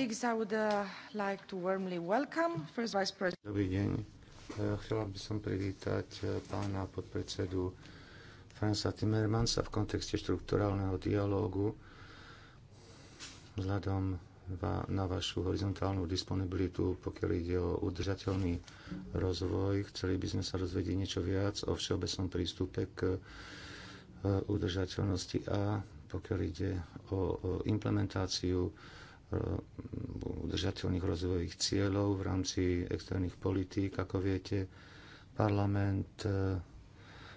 colleagues, I would uh, like to warmly welcome First Vice President. Dobrý deň. Chcela by som privítať uh, pána podpredsedu Fransa Timmermansa v kontexte štruktúrálneho dialógu vzhľadom na vašu horizontálnu disponibilitu, pokiaľ ide o udržateľný rozvoj. Chceli by sme sa rozvedieť niečo viac o všeobecnom prístupe k uh, udržateľnosti a pokiaľ ide o implementáciu E, udržateľných rozvojových cieľov v rámci externých politík. Ako viete, parlament e,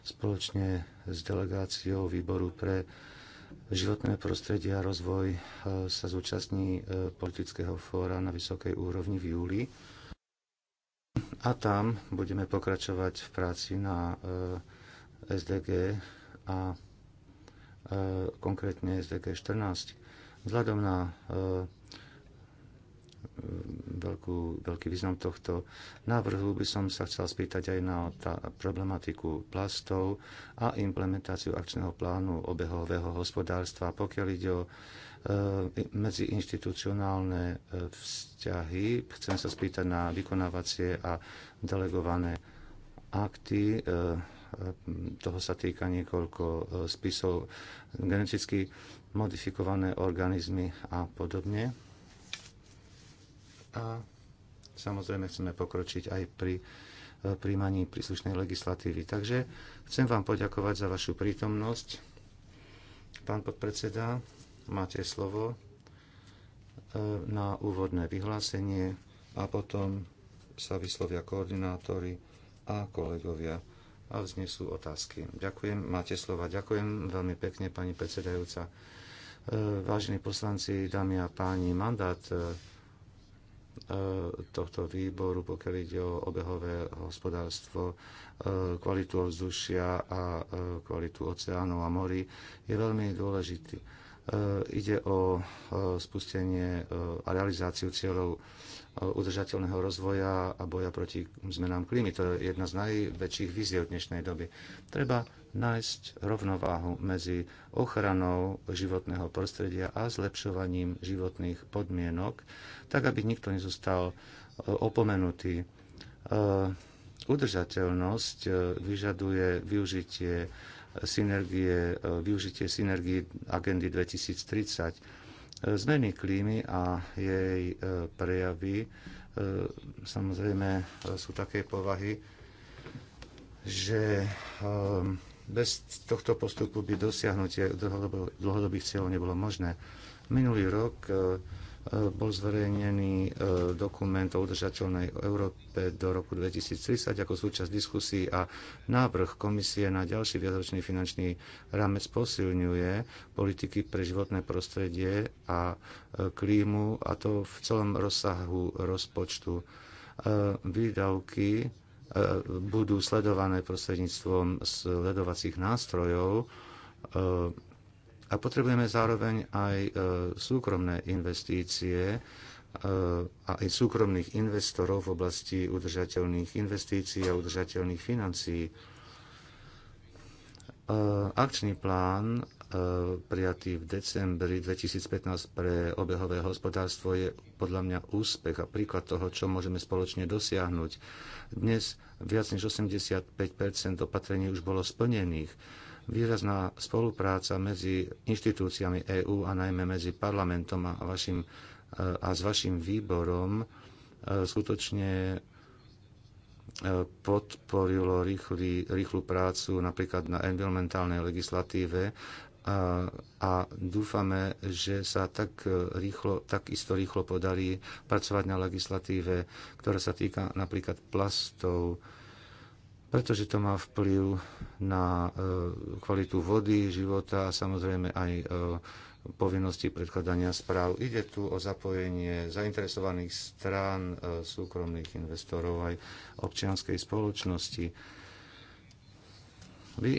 spoločne s delegáciou výboru pre životné prostredie a rozvoj e, sa zúčastní politického fóra na vysokej úrovni v júli. A tam budeme pokračovať v práci na SDG a konkrétne SDG 14. Vzhľadom na veľkú, veľký význam tohto návrhu, by som sa chcel spýtať aj na tá problematiku plastov a implementáciu akčného plánu obehového hospodárstva, pokiaľ ide o e, medziinstitucionálne e, vzťahy. Chcem sa spýtať na vykonávacie a delegované akty. E, toho sa týka niekoľko spisov geneticky modifikované organizmy a podobne a samozrejme chceme pokročiť aj pri e, príjmaní príslušnej legislatívy. Takže chcem vám poďakovať za vašu prítomnosť. Pán podpredseda, máte slovo e, na úvodné vyhlásenie a potom sa vyslovia koordinátori a kolegovia a vznesú otázky. Ďakujem, máte slova. Ďakujem veľmi pekne, pani predsedajúca. E, vážení poslanci, dámy a páni, mandát E, tohto výboru, pokiaľ ide o obehové hospodárstvo, e, kvalitu ovzdušia a e, kvalitu oceánov a morí, je veľmi dôležitý. Ide o spustenie a realizáciu cieľov udržateľného rozvoja a boja proti zmenám klímy. To je jedna z najväčších víziev dnešnej doby. Treba nájsť rovnováhu medzi ochranou životného prostredia a zlepšovaním životných podmienok, tak aby nikto nezostal e, opomenutý. E, udržateľnosť e, vyžaduje využitie synergie, využitie synergie agendy 2030 Zmeny klímy a jej e, prejavy e, samozrejme e, sú také povahy, že bez tohto postupu by dosiahnutie dlhodobých cieľov nebolo možné. Minulý rok E, bol zverejnený e, dokument o udržateľnej Európe do roku 2030 ako súčasť diskusí a návrh komisie na ďalší viacročný finančný rámec posilňuje politiky pre životné prostredie a e, klímu a to v celom rozsahu rozpočtu. Výdavky budú sledované prostredníctvom sledovacích nástrojov a potrebujeme zároveň aj e, súkromné investície e, a aj súkromných investorov v oblasti udržateľných investícií a udržateľných financií. E, akčný plán prijatý v decembri 2015 pre obehové hospodárstvo je podľa mňa úspech a príklad toho, čo môžeme spoločne dosiahnuť. Dnes viac než 85 opatrení už bolo splnených výrazná spolupráca medzi inštitúciami EÚ a najmä medzi parlamentom a, vašim, a s vašim výborom e, skutočne e, podporilo rýchly, rýchlu prácu napríklad na environmentálnej legislatíve a, e, a dúfame, že sa tak rýchlo, takisto rýchlo podarí pracovať na legislatíve, ktorá sa týka napríklad plastov pretože to má vplyv na e, kvalitu vody, života a samozrejme aj e, povinnosti predkladania správ. Ide tu o zapojenie zainteresovaných strán, e, súkromných investorov aj občianskej spoločnosti. My,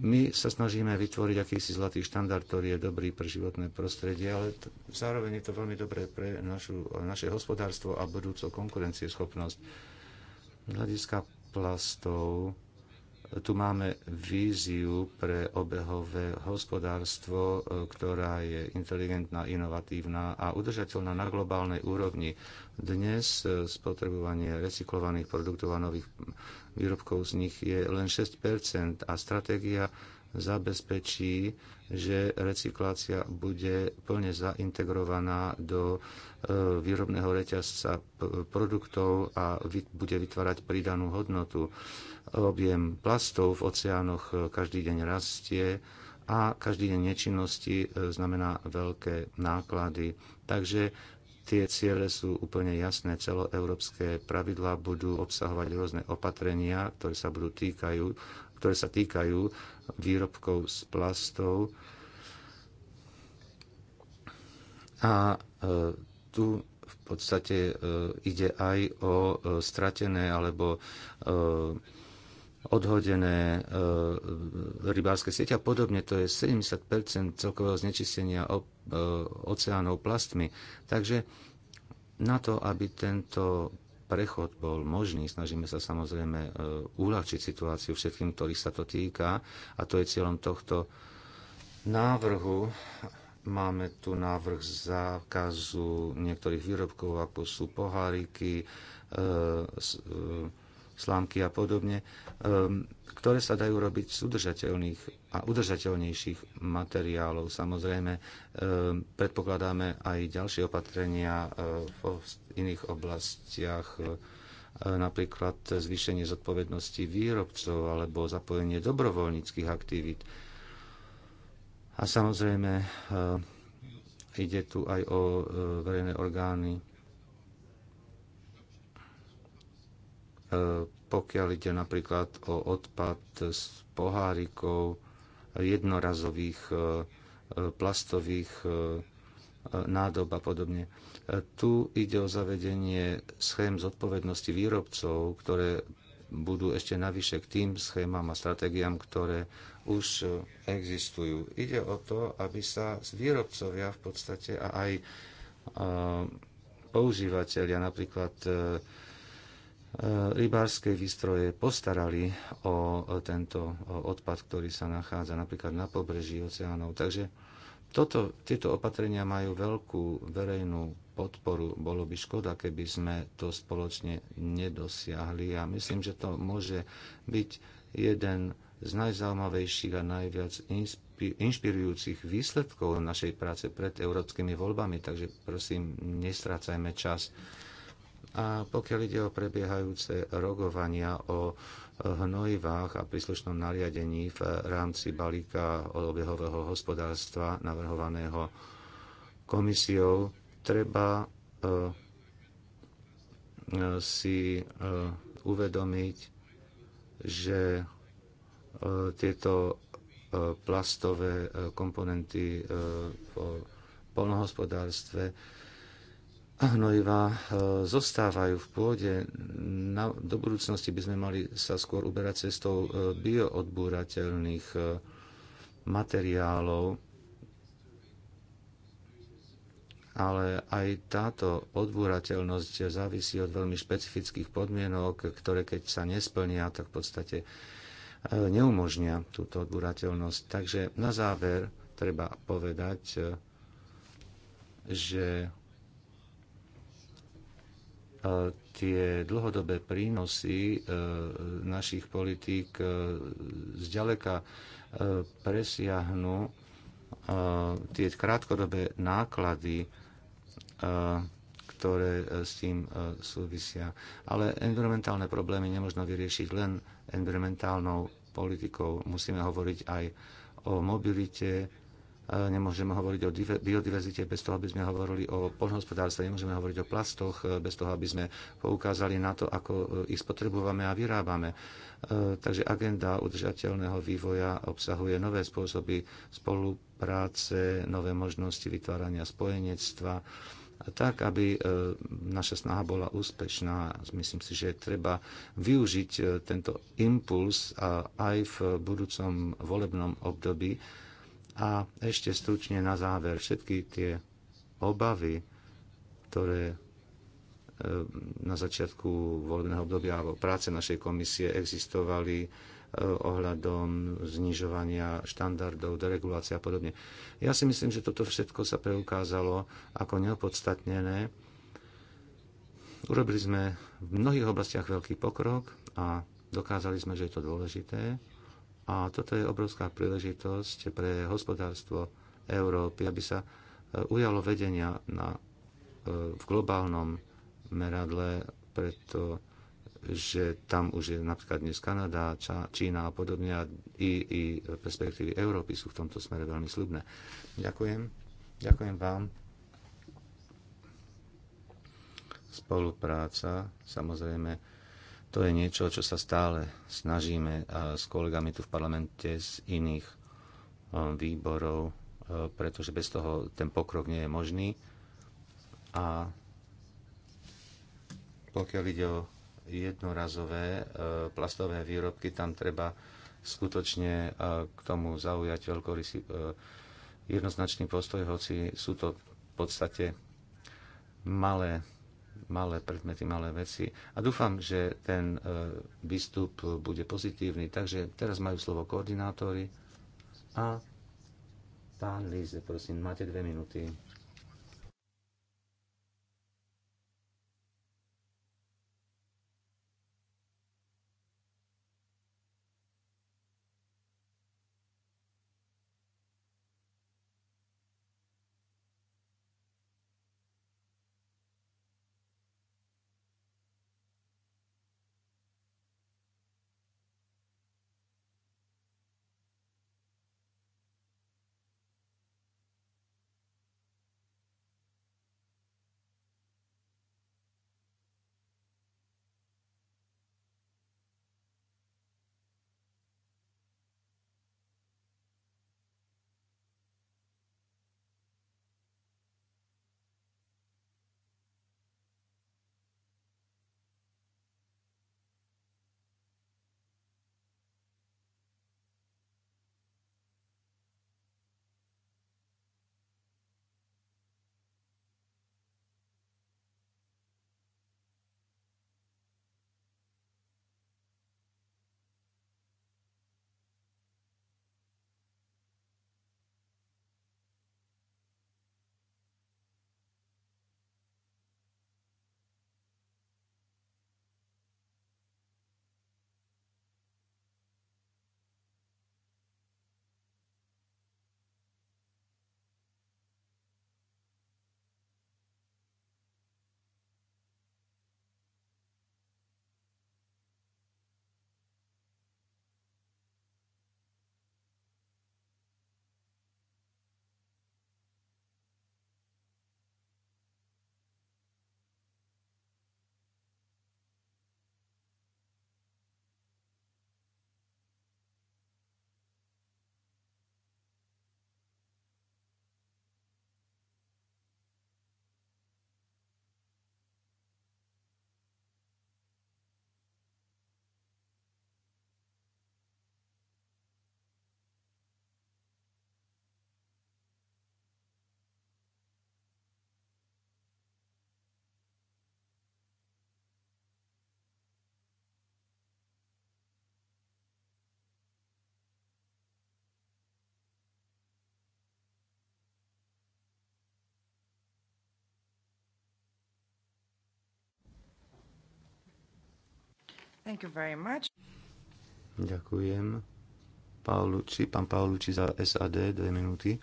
my sa snažíme vytvoriť akýsi zlatý štandard, ktorý je dobrý pre životné prostredie, ale zároveň je to veľmi dobré pre našu, naše hospodárstvo a budúcu konkurencieschopnosť. Z hľadiska plastov. Tu máme víziu pre obehové hospodárstvo, e, ktorá je inteligentná, inovatívna a udržateľná na globálnej úrovni. Dnes e, spotrebovanie recyklovaných produktov a nových výrobkov z nich je len 6 a stratégia zabezpečí, že recyklácia bude plne zaintegrovaná do e, výrobného reťazca produktov a bude vytvárať pridanú hodnotu. Objem plastov v oceánoch e, každý deň rastie a každý deň nečinnosti e, znamená veľké náklady. Takže tie ciele sú úplne jasné. Celoeurópske pravidlá budú obsahovať rôzne opatrenia, ktoré sa budú týkajú ktoré sa týkajú výrobkov z plastov. A e, tu v podstate e, ide aj o e, stratené alebo odhodené rybárske siete a podobne. To je 70 celkového znečistenia oceánov plastmi. Takže na to, aby tento prechod bol možný. Snažíme sa samozrejme e, uľahčiť situáciu všetkým, ktorých sa to týka a to je cieľom tohto návrhu. Máme tu návrh zákazu niektorých výrobkov, ako sú poháriky, e, e, slámky a podobne, ehm, ktoré sa dajú robiť z udržateľných a udržateľnejších materiálov. Samozrejme, ehm, predpokladáme aj ďalšie opatrenia eh, v iných oblastiach, eh, napríklad zvýšenie zodpovednosti výrobcov alebo zapojenie dobrovoľníckých aktivít. A samozrejme, ehm, ide tu aj o eh, verejné orgány E, pokiaľ ide napríklad o odpad z pohárikov, jednorazových, e, e, plastových nádob a podobne. Tu ide o zavedenie schém zodpovednosti výrobcov, ktoré budú ešte navyše k tým schémam a stratégiám, ktoré už existujú. Ide o to, aby sa výrobcovia v podstate a aj používateľia, napríklad Rybárske výstroje postarali o tento odpad, ktorý sa nachádza napríklad na pobreží oceánov. Takže toto, tieto opatrenia majú veľkú verejnú podporu. Bolo by škoda, keby sme to spoločne nedosiahli a myslím, že to môže byť jeden z najzaujímavejších a najviac inšpirujúcich výsledkov našej práce pred európskymi voľbami. Takže prosím, nestrácajme čas a pokiaľ ide o prebiehajúce rogovania o e, hnojivách a príslušnom nariadení v rámci balíka obehového hospodárstva navrhovaného komisiou, treba e, e, si uvedomiť, že tieto plastové komponenty v polnohospodárstve hnojivá e, zostávajú v pôde. Na, do budúcnosti by sme mali sa skôr uberať cestou e, bioodbúrateľných e, materiálov, ale aj táto odbúrateľnosť závisí od veľmi špecifických podmienok, ktoré keď sa nesplnia, tak v podstate neumožnia túto odbúrateľnosť. Takže na záver treba povedať, že tie dlhodobé prínosy e, našich politík e, zďaleka e, presiahnu tie krátkodobé náklady, ktoré s tým súvisia. Ale environmentálne problémy nemôžno vyriešiť len environmentálnou politikou. Musíme hovoriť aj o mobilite, Nemôžeme hovoriť o biodiverzite bez toho, aby sme hovorili o poľnohospodárstve. Nemôžeme hovoriť o plastoch e, bez toho, aby sme poukázali na to, ako e, ich spotrebujeme a vyrábame. E, takže agenda udržateľného vývoja obsahuje nové spôsoby spolupráce, nové možnosti vytvárania spojenectva tak, aby naša snaha bola úspešná. Myslím si, že treba využiť tento impuls aj v budúcom volebnom období a ešte stručne na záver všetky tie obavy, ktoré e, na začiatku voľbného obdobia alebo práce našej komisie existovali e, ohľadom znižovania štandardov, deregulácia a podobne. Ja si myslím, že toto všetko sa preukázalo ako neopodstatnené. Urobili sme v mnohých oblastiach veľký pokrok a dokázali sme, že je to dôležité a toto je obrovská príležitosť pre hospodárstvo Európy, aby sa e, ujalo vedenia na, e, v globálnom meradle, pretože tam už je napríklad dnes Kanada, Čína a podobne a i, i perspektívy Európy sú v tomto smere veľmi slubné. Ďakujem. Ďakujem vám. Spolupráca samozrejme to je niečo, čo sa stále snažíme s kolegami tu v parlamente z iných e, výborov, e, pretože bez toho ten pokrok nie je možný. A pokiaľ ide o jednorazové e, plastové výrobky, tam treba skutočne k tomu zaujať veľkorysý jednoznačný postoj, hoci sú to v podstate malé malé predmety, malé veci. A dúfam, že ten e, výstup bude pozitívny. Takže teraz majú slovo koordinátori. A pán Líze, prosím, máte dve minúty. Thank you very much. Ďakujem. Paolucci, pán Pavluči za SAD, dve minúty.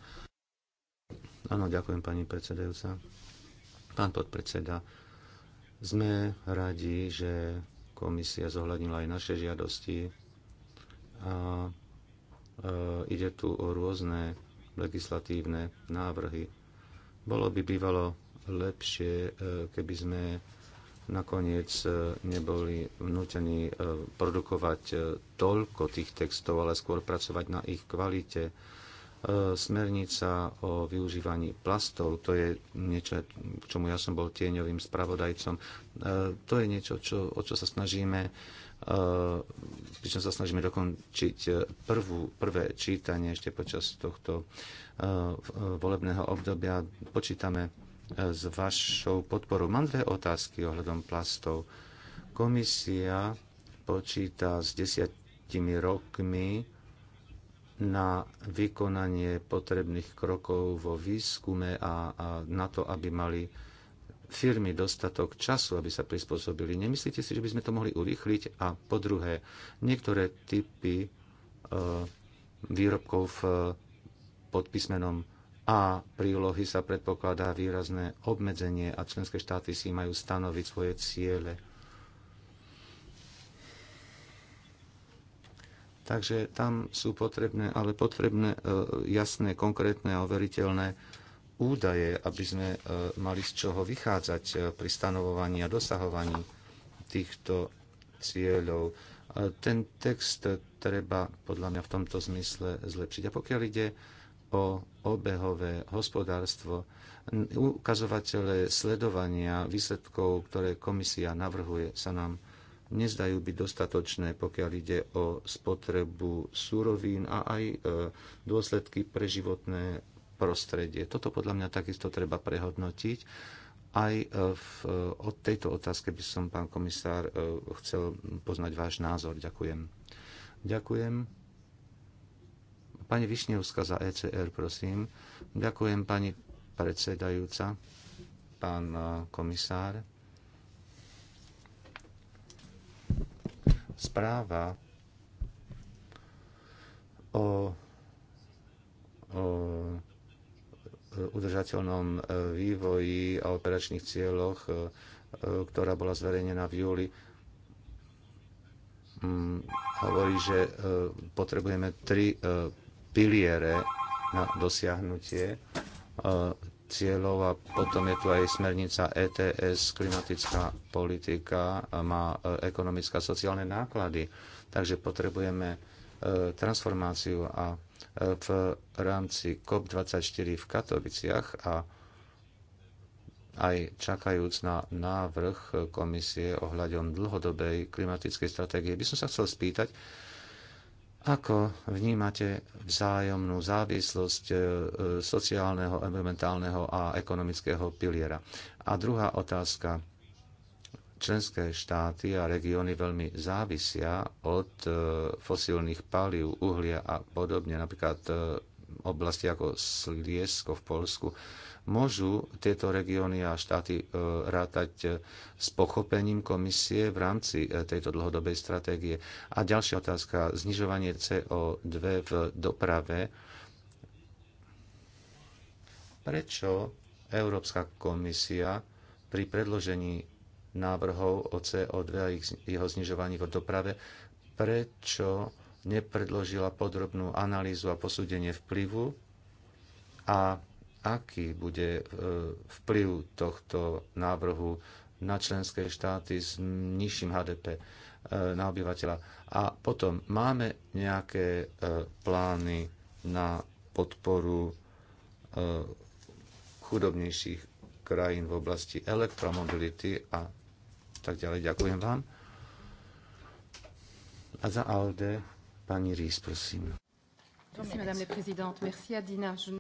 Áno, ďakujem pani predsedajúca. Pán podpredseda, sme radi, že komisia zohľadnila aj naše žiadosti. A e, ide tu o rôzne legislatívne návrhy. Bolo by bývalo lepšie, e, keby sme nakoniec e, neboli vnútení e, produkovať e, toľko tých textov, ale skôr pracovať na ich kvalite. Smernica o využívaní plastov, to je niečo, k čomu ja som bol tieňovým spravodajcom, to je niečo, čo, o čo sa snažíme pričom sa snažíme dokončiť prvú, prvé čítanie ešte počas tohto volebného obdobia. Počítame s vašou podporou. Mám dve otázky ohľadom plastov. Komisia počíta s desiatimi rokmi na vykonanie potrebných krokov vo výskume a, a na to, aby mali firmy dostatok času, aby sa prispôsobili. Nemyslíte si, že by sme to mohli urýchliť? A po druhé, niektoré typy e, výrobkov v, podpísmenom písmenom a prílohy sa predpokladá výrazné obmedzenie a členské štáty si majú stanoviť svoje ciele. Takže tam sú potrebné, ale potrebné e, jasné, konkrétne a overiteľné údaje, aby sme e, mali z čoho vychádzať e, pri stanovovaní a dosahovaní týchto cieľov. Ten text treba podľa mňa v tomto zmysle zlepšiť. A pokiaľ ide o obehové hospodárstvo, ukazovatele sledovania výsledkov, ktoré komisia navrhuje, sa nám nezdajú byť dostatočné, pokiaľ ide o spotrebu surovín a aj e, dôsledky pre životné prostredie. Toto podľa mňa takisto treba prehodnotiť. Aj e, v, e, od tejto otázke by som, pán komisár, chcel poznať váš názor. Ďakujem. Ďakujem. Pani Višňovská za ECR, prosím. Ďakujem, pani predsedajúca, pán e, komisár. Správa o, o e, udržateľnom e, vývoji a operačných cieľoch, ktorá bola zverejnená v júli, mm, hovorí, že potrebujeme tri piliere na dosiahnutie e, cieľov a potom je tu aj smernica ETS, klimatická politika a má e, ekonomické a sociálne náklady. Takže potrebujeme e, transformáciu a v rámci COP24 v Katoviciach a aj čakajúc na návrh komisie ohľadom dlhodobej klimatickej stratégie, by som sa chcel spýtať, ako vnímate vzájomnú závislosť e, e, sociálneho, environmentálneho a ekonomického piliera? A druhá otázka. Členské štáty a regióny veľmi závisia od e, fosílnych palív, uhlia a podobne. Napríklad oblasti ako Sliesko v Polsku môžu tieto regióny a štáty e, rátať e, s pochopením komisie v rámci e, tejto dlhodobej stratégie. A ďalšia otázka, znižovanie CO2 v doprave. Prečo Európska komisia pri predložení návrhov o CO2 a jeho znižovaní v doprave, prečo nepredložila podrobnú analýzu a posúdenie vplyvu a aký bude e, vplyv tohto návrhu na členské štáty s nižším HDP e, na obyvateľa. A potom máme nejaké e, plány na podporu chudobnejších krajín v oblasti elektromobility a tak ďalej. Ďakujem vám. A za ALDE pani Rís, prosím. Merci, Madame la Présidente. Merci, Adina. Je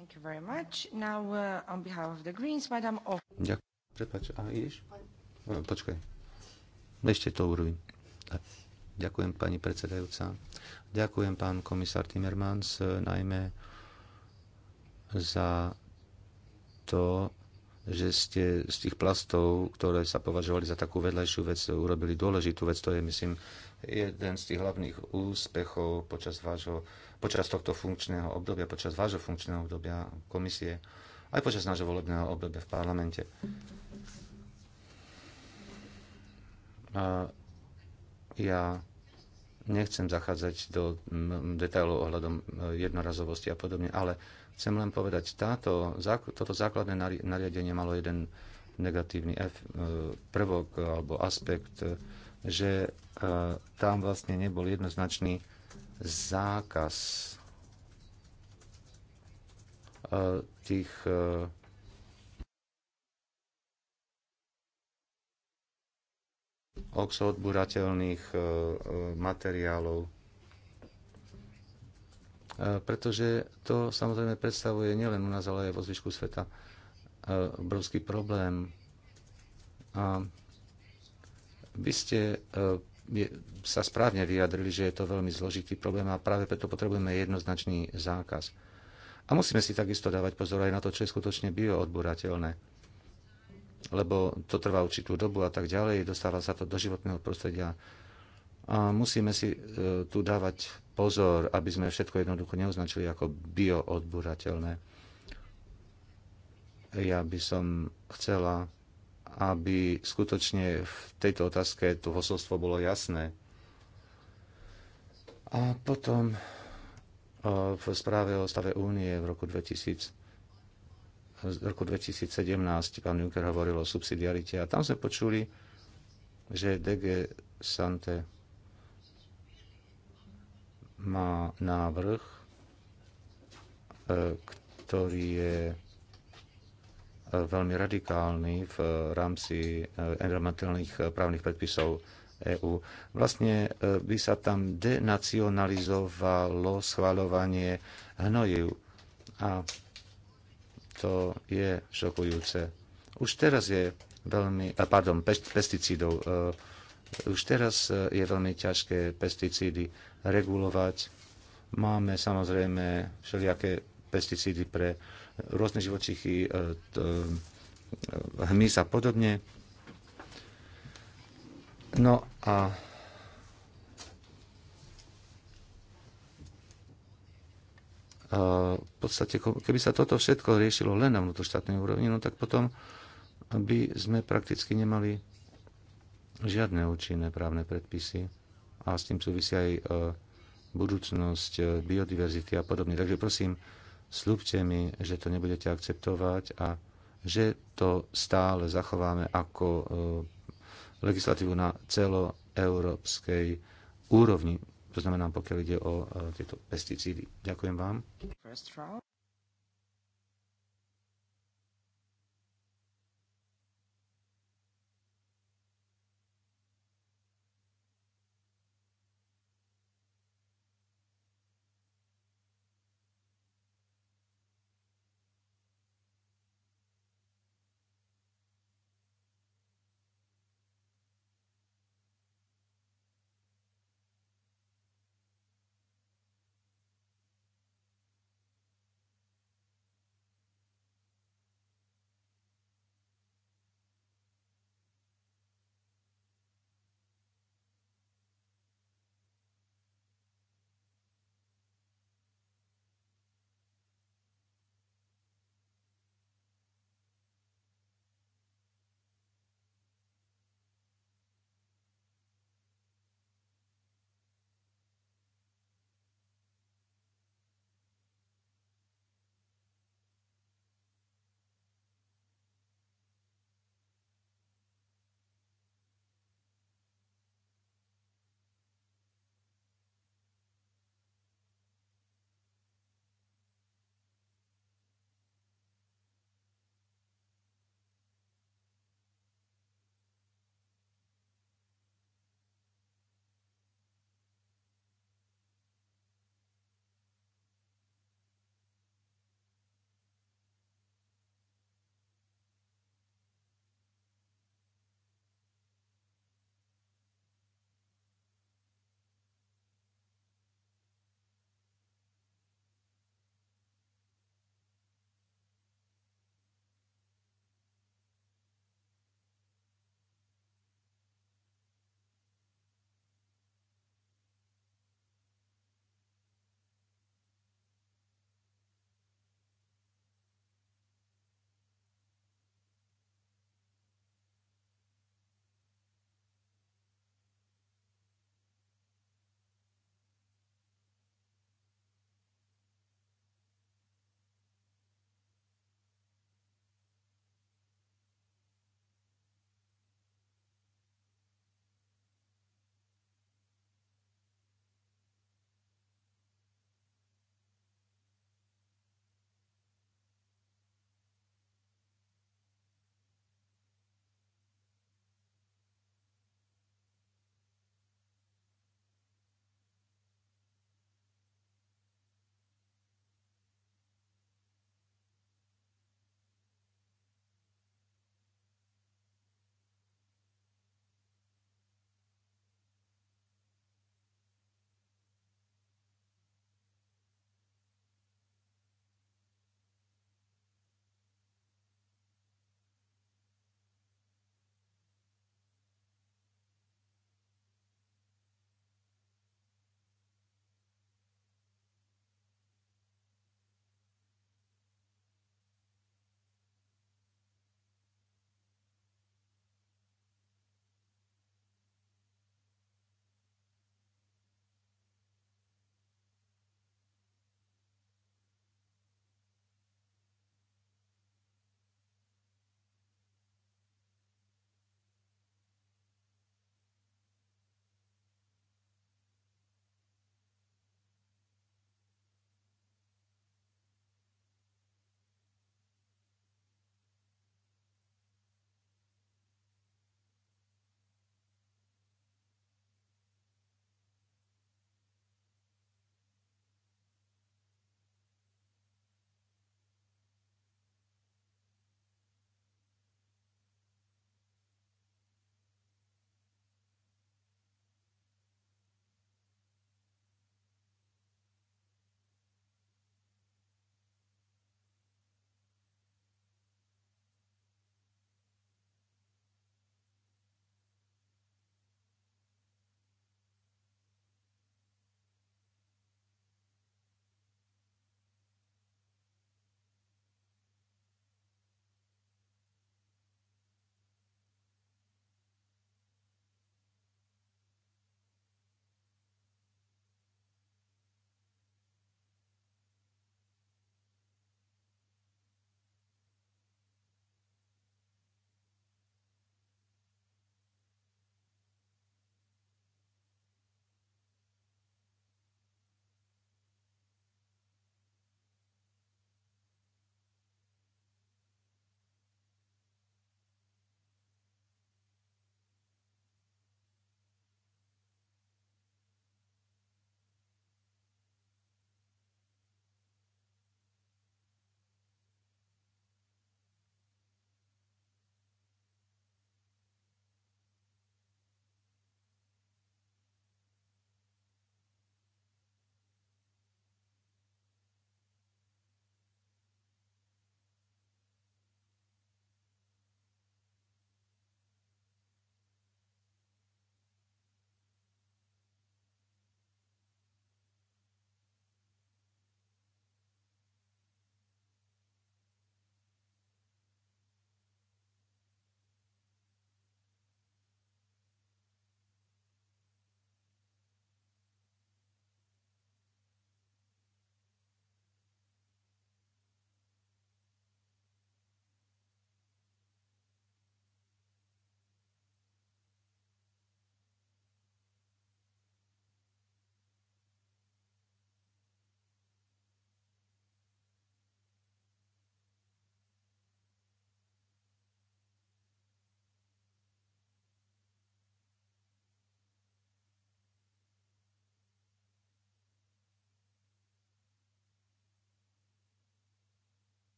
Uh, ďakujem. Prepač, a ideš? No, počkaj. Ešte to urobím. Ďakujem, pani predsedajúca. Ďakujem, pán komisár Timmermans, eh, najmä za to, že ste z tých plastov, ktoré sa považovali za takú vedľajšiu vec, urobili dôležitú vec. To je, myslím, jeden z tých hlavných úspechov počas, vášho, počas tohto funkčného obdobia, počas vášho funkčného obdobia komisie, aj počas nášho volebného obdobia v parlamente. A ja nechcem zachádzať do detailov ohľadom e, jednorazovosti a podobne, ale chcem len povedať, táto, toto základné nariadenie malo jeden negatívny e, prvok alebo aspekt, že e, tam vlastne nebol jednoznačný zákaz e, tých e, oxoodburateľných materiálov. Pretože to samozrejme predstavuje nielen u nás, ale aj vo zvyšku sveta obrovský problém. A vy ste eh, sa správne vyjadrili, že je to veľmi zložitý problém a práve preto potrebujeme jednoznačný zákaz. A musíme si takisto dávať pozor aj na to, čo je skutočne bioodburateľné. Lebo to trvá určitú dobu a tak ďalej, dostáva sa to do životného prostredia. A musíme si eh, tu dávať pozor, aby sme všetko jednoducho neoznačili ako bioodburateľné. Ja by som chcela aby skutočne v tejto otázke to posolstvo bolo jasné. A potom e, v správe o stave únie v roku 2000 v roku 2017 pán Juncker hovoril o subsidiarite a tam sme počuli, že DG Sante má návrh, e, ktorý je veľmi radikálny v rámci eh, environmentálnych eh, právnych predpisov EÚ. Vlastne eh, by sa tam denacionalizovalo schvaľovanie hnojiv a to je šokujúce. Už teraz je veľmi, pardon, pesticídov. Už teraz je veľmi ťažké pesticídy regulovať. Máme samozrejme všelijaké pesticídy pre rôzne živočichy, e, e, hmyz a podobne. No a e, v podstate, keby sa toto všetko riešilo len na vnútroštátnej úrovni, no tak potom by sme prakticky nemali žiadne účinné právne predpisy a s tým súvisí aj budúcnosť biodiverzity a podobne. Takže prosím, slúbte mi, že to nebudete akceptovať a že to stále zachováme ako e, legislatívu na celoeurópskej úrovni. To znamená, pokiaľ ide o e, tieto pesticídy. Ďakujem vám.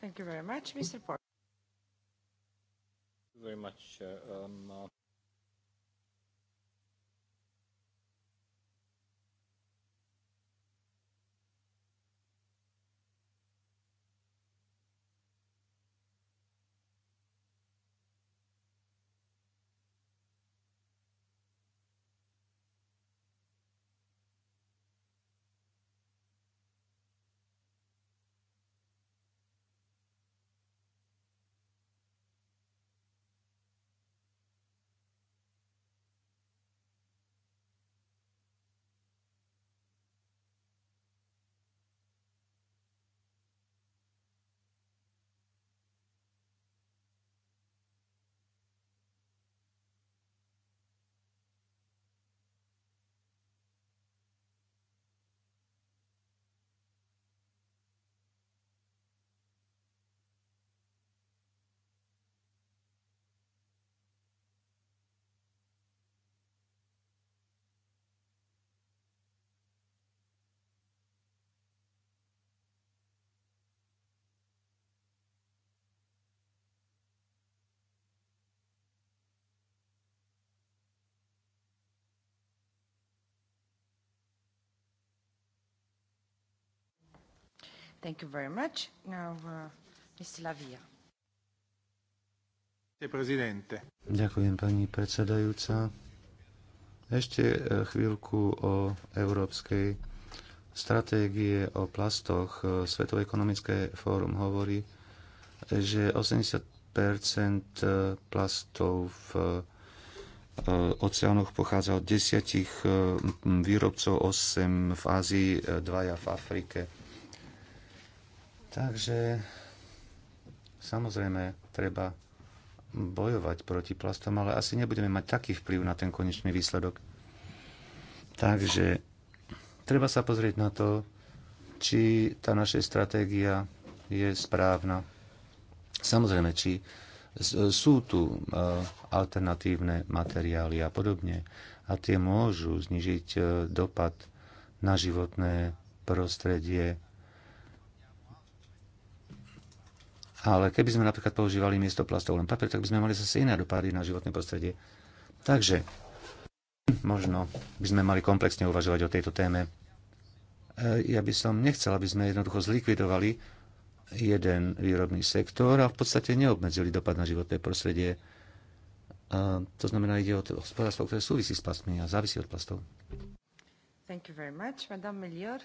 Thank you very much, Mr. Por. Very much, uh, um, uh... Thank you very much. Now, uh, Mr. Lavia. Ďakujem, pani predsedajúca. Ešte eh, chvíľku o európskej stratégie o plastoch. Eh, Svetové ekonomické fórum hovorí, že 80 eh, plastov v oceánoch pochádza od desiatich výrobcov, 8 v Ázii, 2 v Afrike Takže samozrejme treba bojovať proti plastom, ale asi nebudeme mať taký vplyv na ten konečný výsledok. Takže treba sa pozrieť na to, či tá naša stratégia je správna. Samozrejme, či sú tu e, alternatívne materiály a podobne a tie môžu znižiť e, dopad na životné prostredie Ale keby sme napríklad používali miesto plastov len papier, tak by sme mali zase iné dopady na životné prostredie. Takže možno by sme mali komplexne uvažovať o tejto téme. E, ja by som nechcel, aby sme jednoducho zlikvidovali jeden výrobný sektor a v podstate neobmedzili dopad na životné prostredie. A e, to znamená, ide o hospodárstvo, ktoré súvisí s plastmi a závisí od plastov. Thank you very much, Madame Melior.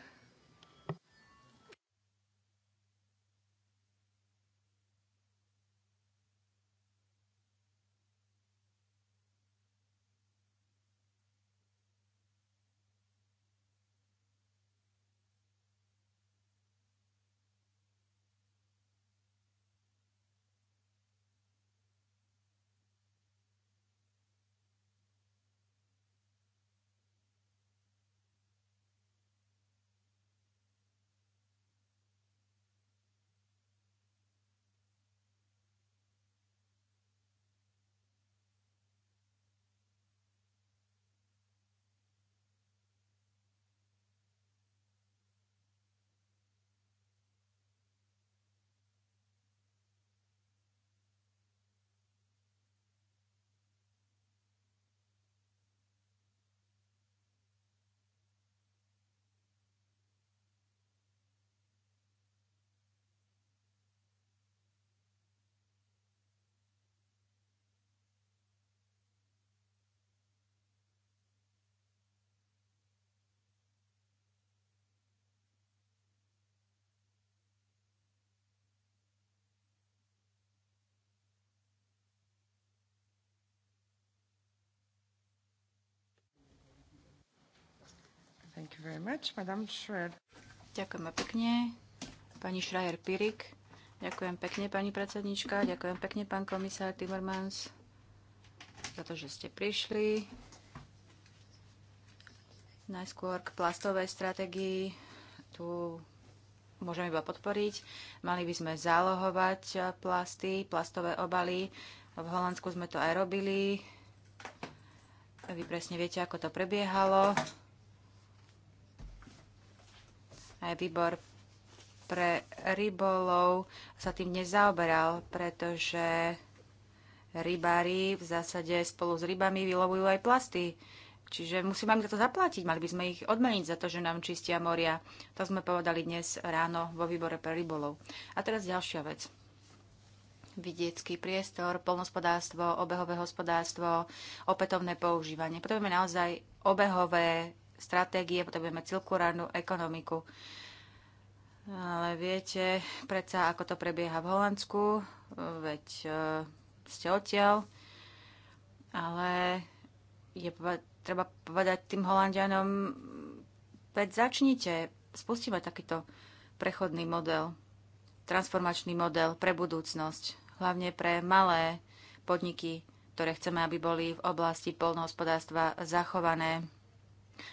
Ďakujem Ďakujeme pekne. Pani Schreier Pirik. Ďakujem pekne, pani predsednička. Ďakujem pekne, pán komisár Timmermans, za to, že ste prišli. Najskôr k plastovej stratégii. Tu môžeme iba podporiť. Mali by sme zálohovať plasty, plastové obaly. V Holandsku sme to aj robili. Vy presne viete, ako to prebiehalo. Aj výbor pre rybolov sa tým nezaoberal, pretože rybári v zásade spolu s rybami vylovujú aj plasty. Čiže musíme im za to zaplatiť, mali by sme ich odmeniť za to, že nám čistia moria. To sme povedali dnes ráno vo výbore pre rybolov. A teraz ďalšia vec. Vidiecký priestor, polnospodárstvo, obehové hospodárstvo, opätovné používanie. Potrebujeme naozaj obehové stratégie, potrebujeme cirkulárnu ekonomiku. Ale viete predsa, ako to prebieha v Holandsku, veď e, ste odtiaľ, ale je treba povedať tým Holandianom, veď začnite, spustíme takýto prechodný model, transformačný model pre budúcnosť, hlavne pre malé podniky, ktoré chceme, aby boli v oblasti polnohospodárstva zachované.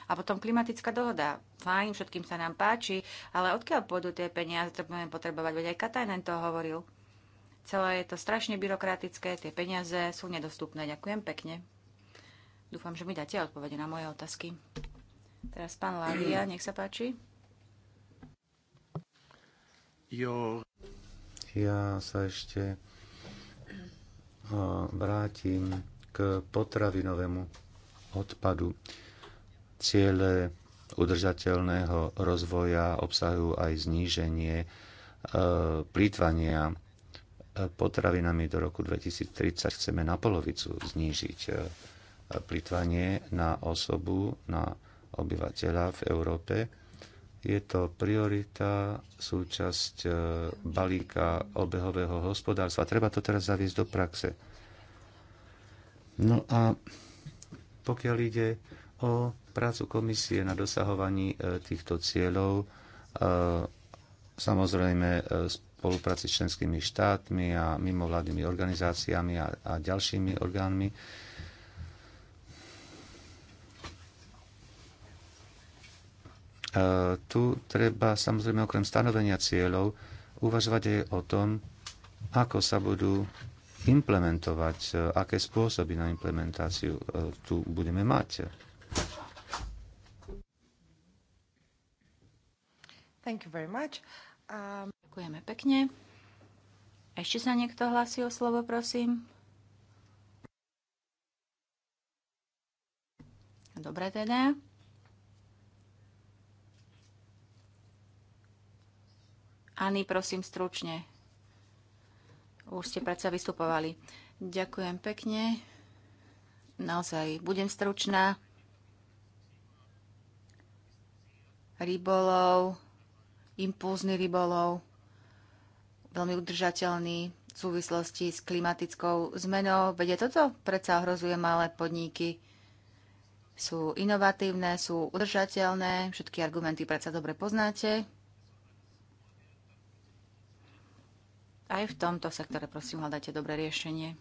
A potom klimatická dohoda. Fajn, všetkým sa nám páči, ale odkiaľ pôjdu tie peniaze, to budeme potrebovať, veď aj Katajnen to hovoril. Celé je to strašne byrokratické, tie peniaze sú nedostupné. Ďakujem pekne. Dúfam, že mi dáte odpovede na moje otázky. Teraz pán Lavia, nech sa páči. Jo. Ja sa ešte eh, vrátim k potravinovému odpadu. Ciele udržateľného rozvoja obsahujú aj zníženie e, plýtvania e, potravinami do roku 2030. Chceme na polovicu znížiť e, plýtvanie na osobu, na obyvateľa v Európe. Je to priorita, súčasť balíka obehového hospodárstva. Treba to teraz zaviesť do praxe. No a pokiaľ ide o prácu komisie na dosahovaní e, týchto cieľov, e, samozrejme e, spolupráci s členskými štátmi a mimovládnymi organizáciami a, a ďalšími orgánmi. Tu treba samozrejme okrem stanovenia cieľov uvažovať aj o tom, ako sa budú implementovať, aké spôsoby na implementáciu tu budeme mať Thank you very much. Um... Ďakujeme pekne. Ešte sa niekto hlási o slovo, prosím? Dobre teda. Ani, prosím, stručne. Už ste predsa vystupovali. Ďakujem pekne. Naozaj budem stručná. rybolov, impulzný rybolov, veľmi udržateľný v súvislosti s klimatickou zmenou. Vede toto predsa ohrozuje malé podniky. Sú inovatívne, sú udržateľné, všetky argumenty predsa dobre poznáte. Aj v tomto sektore prosím hľadajte dobré riešenie.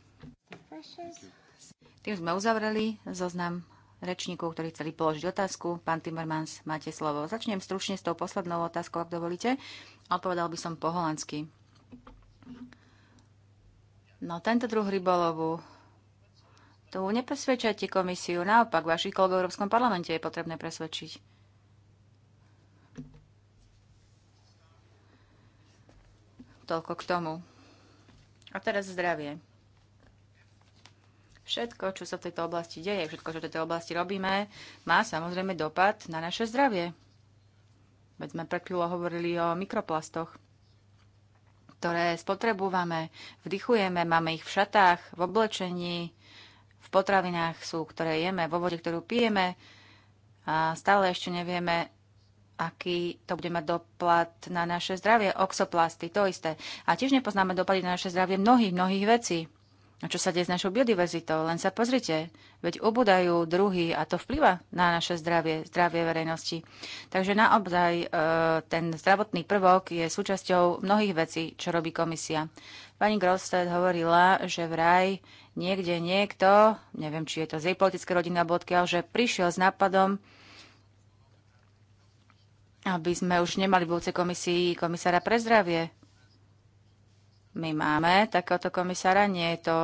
Tým sme uzavreli zoznam rečníkov, ktorí chceli položiť otázku. Pán Timmermans, máte slovo. Začnem stručne s tou poslednou otázkou, ak dovolíte. Odpovedal by som po holandsky. No, tento druh rybolovu tu nepresvedčajte komisiu, naopak vašich kolegov v Európskom parlamente je potrebné presvedčiť. Toľko k tomu. A teraz zdravie. Všetko, čo sa v tejto oblasti deje, všetko, čo v tejto oblasti robíme, má samozrejme dopad na naše zdravie. Veď sme pred chvíľou hovorili o mikroplastoch, ktoré spotrebujeme, vdychujeme, máme ich v šatách, v oblečení, v potravinách sú, ktoré jeme, vo vode, ktorú pijeme a stále ešte nevieme, aký to bude mať doplat na naše zdravie. Oxoplasty, to isté. A tiež nepoznáme dopady na naše zdravie mnohých, mnohých vecí. A čo sa deje s našou biodiverzitou? Len sa pozrite, veď obudajú druhy a to vplyva na naše zdravie, zdravie verejnosti. Takže naozaj e, ten zdravotný prvok je súčasťou mnohých vecí, čo robí komisia. Pani Grosted hovorila, že vraj niekde niekto, neviem, či je to z jej politické rodiny alebo odkiaľ, že prišiel s nápadom, aby sme už nemali v budúcej komisii komisára pre zdravie my máme takéhoto komisára, nie je to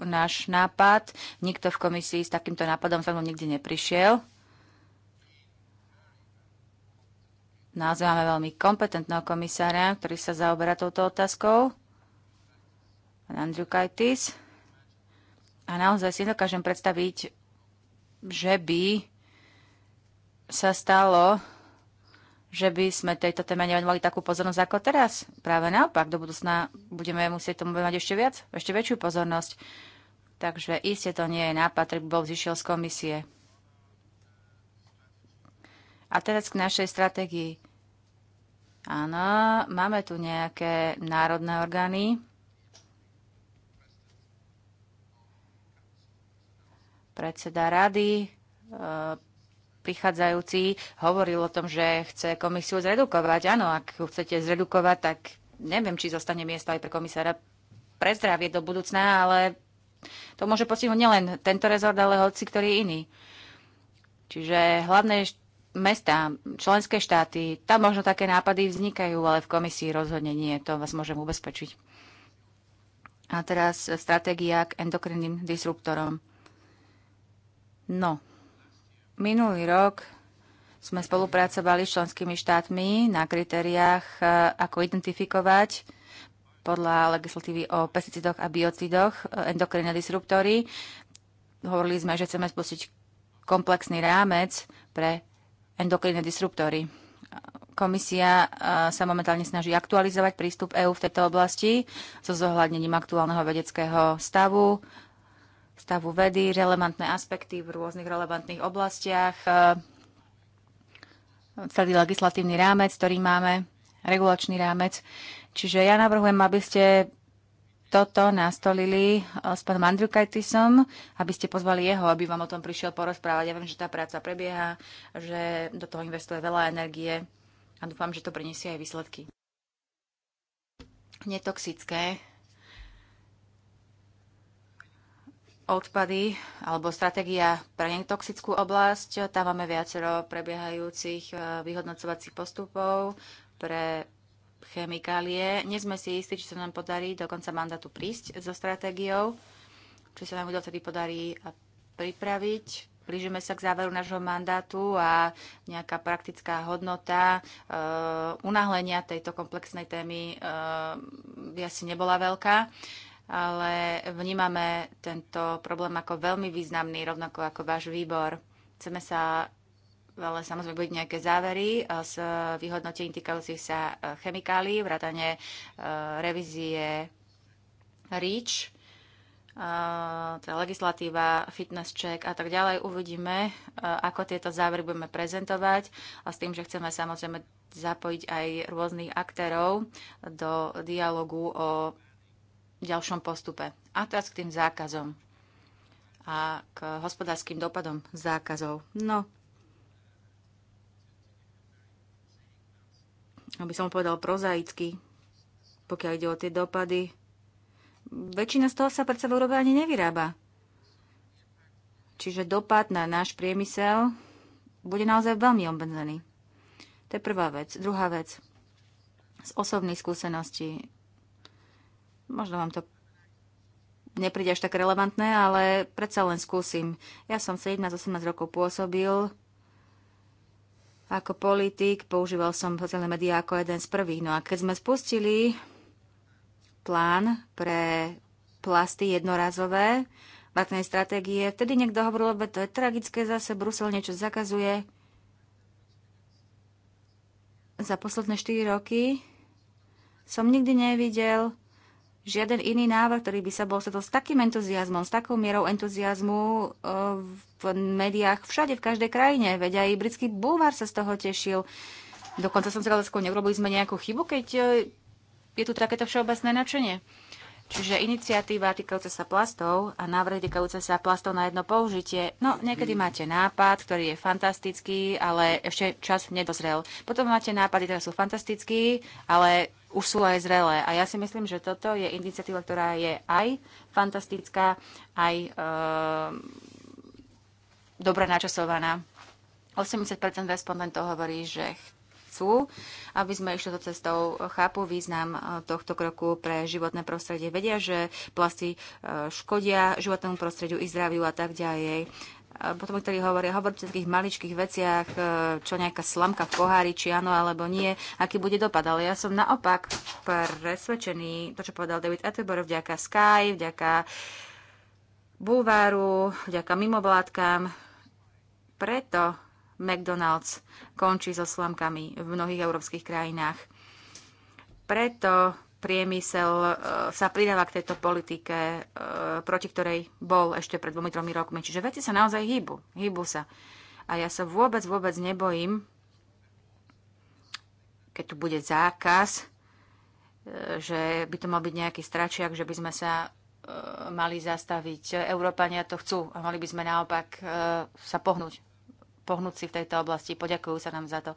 náš nápad. Nikto v komisii s takýmto nápadom sa mnou nikdy neprišiel. Naozaj máme veľmi kompetentného komisára, ktorý sa zaoberá touto otázkou, pán Andrew Kajtis. A naozaj si dokážem predstaviť, že by sa stalo, že by sme tejto téme nevenovali takú pozornosť ako teraz. Práve naopak, do budúcna budeme musieť tomu venovať ešte viac, ešte väčšiu pozornosť. Takže iste to nie je nápad, ktorý by bol vzýšiel z komisie. A teraz k našej stratégii. Áno, máme tu nejaké národné orgány. Predseda rady, e, prichádzajúci hovoril o tom, že chce komisiu zredukovať. Áno, ak ju chcete zredukovať, tak neviem, či zostane miesto aj pre komisára pre zdravie do budúcna, ale to môže postihnúť nielen tento rezort, ale hoci ktorý iný. Čiže hlavné mesta, členské štáty, tam možno také nápady vznikajú, ale v komisii rozhodne nie, to vás môžem ubezpečiť. A teraz stratégia k endokrinným disruptorom. No, Minulý rok sme spolupracovali s členskými štátmi na kritériách, e, ako identifikovať podľa legislatívy o pesticidoch a biocidoch e, endokrinné disruptory. Hovorili sme, že chceme spustiť komplexný rámec pre endokrinné disruptory. Komisia e, sa momentálne snaží aktualizovať prístup EÚ v tejto oblasti so zohľadnením aktuálneho vedeckého stavu, stavu vedy, relevantné aspekty v rôznych relevantných oblastiach, e, celý legislatívny rámec, ktorý máme, regulačný rámec. Čiže ja navrhujem, aby ste toto nastolili e, s pánom Andriukajtisom, aby ste pozvali jeho, aby vám o tom prišiel porozprávať. Ja viem, že tá práca prebieha, že do toho investuje veľa energie a dúfam, že to prinesie aj výsledky. Netoxické odpady alebo stratégia pre netoxickú oblasť. Tam máme viacero prebiehajúcich e, vyhodnocovacích postupov pre chemikálie. Nie sme si istí, či sa nám podarí do konca mandátu prísť so stratégiou, či sa nám ju dotedy podarí pripraviť. Blížime sa k záveru nášho mandátu a nejaká praktická hodnota e, unáhlenia tejto komplexnej témy e, by asi nebola veľká. E, ale vnímame tento problém ako veľmi významný, rovnako ako váš výbor. Chceme sa ale samozrejme budú nejaké závery eh, z vyhodnotení týkajúcich sa eh, chemikálií, vrátane eh, revízie REACH, legislatíva, fitness check a tak ďalej. Uvidíme, ako tieto závery budeme prezentovať a s tým, že chceme samozrejme zapojiť aj rôznych aktérov do dialogu o v ďalšom postupe. A teraz k tým zákazom a k hospodárskym dopadom zákazov. No, aby som povedal prozaicky, pokiaľ ide o tie dopady, väčšina z toho sa predsa v Európe ani nevyrába. Čiže dopad na náš priemysel bude naozaj veľmi obmedzený. To je prvá vec. Druhá vec. Z osobných skúseností Možno vám to nepríde až tak relevantné, ale predsa len skúsim. Ja som 17-18 rokov pôsobil ako politik, používal som sociálne médiá ako jeden z prvých. No a keď sme spustili plán pre plasty jednorazové, vrátnej stratégie, vtedy niekto hovoril, že to je tragické, zase Brusel niečo zakazuje. Za posledné 4 roky som nikdy nevidel žiaden iný návrh, ktorý by sa bol stretol s takým entuziasmom, s takou mierou entuziasmu e, v médiách všade, v každej krajine. Veď aj britský bulvár sa z toho tešil. Dokonca som si skôr neurobili sme nejakú chybu, keď e, je tu takéto všeobecné načenie. Čiže iniciatíva týkajúca sa plastov a návrh týkajúca sa plastov na jedno použitie. No, niekedy máte nápad, ktorý je fantastický, ale ešte čas nedozrel. Potom máte nápady, ktoré sú fantastický, ale už sú aj zrelé. A ja si myslím, že toto je iniciatíva, ktorá je aj fantastická, aj e, dobre načasovaná. 80% respondentov hovorí, že chcú, aby sme išli do cestou, chápu význam e, tohto kroku pre životné prostredie. Vedia, že plasty e, škodia životnému prostrediu i zdraviu a tak ďalej potom, ktorí hovoria, hovoríte o takých maličkých veciach, e, čo nejaká slamka v pohári, či áno alebo nie, aký bude dopad. Ale ja som naopak presvedčený, to, čo povedal David Attenborough, vďaka Sky, vďaka Bulváru, vďaka mimovládkam, preto McDonald's končí so slamkami v mnohých európskych krajinách. Preto priemysel e, sa pridáva k tejto politike, e, proti ktorej bol ešte pred dvomi, tromi rokmi. Čiže veci sa naozaj hýbu, hýbu sa. A ja sa vôbec, vôbec nebojím, keď tu bude zákaz, e, že by to mal byť nejaký stračiak, že by sme sa mali zastaviť. Európania to chcú a mali by sme naopak sa pohnúť, pohnúť si v tejto oblasti. Poďakujú sa nám za to.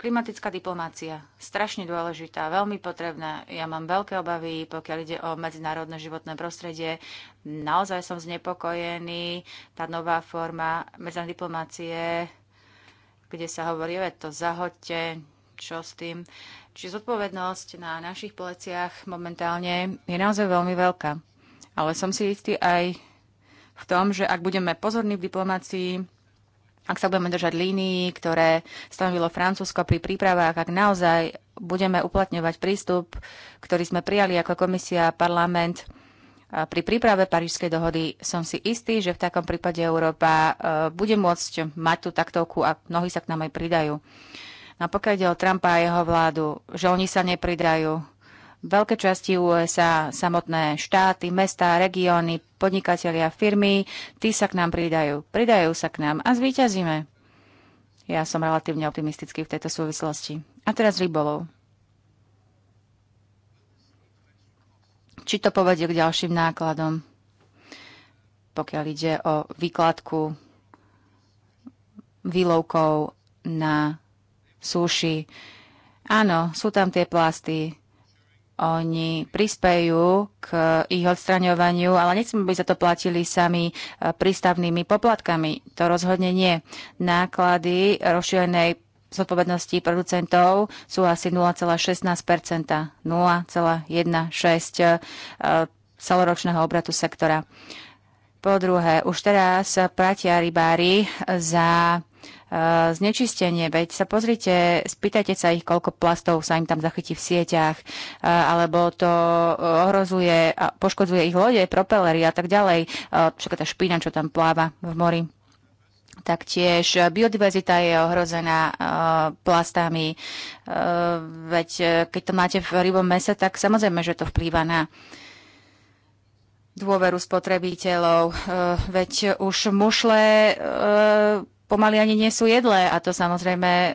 Klimatická diplomácia, strašne dôležitá, veľmi potrebná. Ja mám veľké obavy, pokiaľ ide o medzinárodné životné prostredie. Naozaj som znepokojený. Tá nová forma medzinárodnej diplomácie, kde sa hovorí, že to zahoďte, čo s tým. Čiže zodpovednosť na našich pleciach momentálne je naozaj veľmi veľká. Ale som si istý aj v tom, že ak budeme pozorní v diplomácii, ak sa budeme držať línií, ktoré stanovilo Francúzsko pri prípravách, ak naozaj budeme uplatňovať prístup, ktorý sme prijali ako komisia a parlament pri príprave Parížskej dohody, som si istý, že v takom prípade Európa e, bude môcť mať tú taktovku a mnohí sa k nám aj pridajú. A pokiaľ ide o Trumpa a jeho vládu, že oni sa nepridajú, veľké časti USA, samotné štáty, mestá, regióny, podnikatelia, firmy, tí sa k nám pridajú. Pridajú sa k nám a zvíťazíme. Ja som relatívne optimistický v tejto súvislosti. A teraz rybolov. Či to povedie k ďalším nákladom, pokiaľ ide o výkladku výlovkov na súši. Áno, sú tam tie plasty, oni prispejú k ich odstraňovaniu, ale nechcem, aby za to platili sami e, prístavnými poplatkami. To rozhodne nie. Náklady rozšírenej zodpovednosti producentov sú asi 0,16 0,16 e, celoročného obratu sektora. Po druhé, už teraz platia rybári za Eh, znečistenie. Veď sa pozrite, spýtajte sa ich, koľko plastov sa im tam zachytí v sieťach, eh, alebo to eh, ohrozuje a poškodzuje ich lode, propelery a tak ďalej. Všetko tá špína, čo tam pláva v mori. Taktiež biodiverzita je ohrozená plastami. Veď keď to máte v rybom mese, tak samozrejme, že to vplýva na dôveru spotrebiteľov. Veď už mušle pomaly ani nie sú jedlé a to samozrejme e,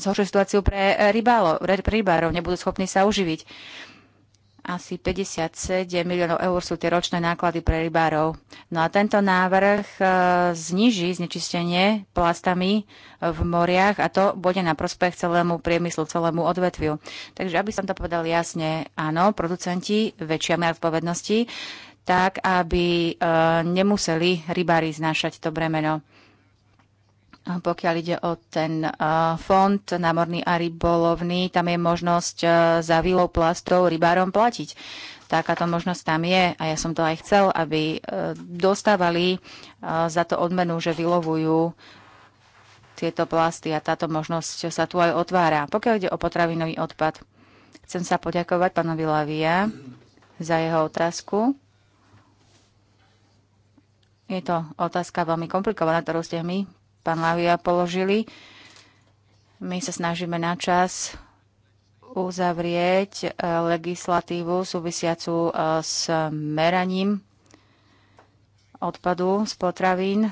zhoršuje situáciu pre, e, rybálo, pre rybárov, nebudú schopní sa uživiť. Asi 57 miliónov eur sú tie ročné náklady pre rybárov. No a tento návrh e, zniží znečistenie plastami v moriach a to bude na prospech celému priemyslu, celému odvetviu. Takže aby som to povedal jasne, áno, producenti väčšia miera odpovednosti, tak aby nemuseli rybári znášať to bremeno. Pokiaľ ide o ten eh, fond námorný a rybolovný, tam je možnosť eh, za výlov plastov rybárom platiť. Takáto možnosť tam je a ja som to aj chcel, aby eh, dostávali za to odmenu, že vylovujú tieto plasty a táto možnosť sa tu aj otvára. Pokiaľ ide o potravinový odpad, chcem sa poďakovať pánovi Lavia za jeho otázku. Je to otázka veľmi komplikovaná, ktorú ste mi pán Lavia položili. My sa snažíme na čas uzavrieť e, legislatívu súvisiacu e, s meraním odpadu z potravín.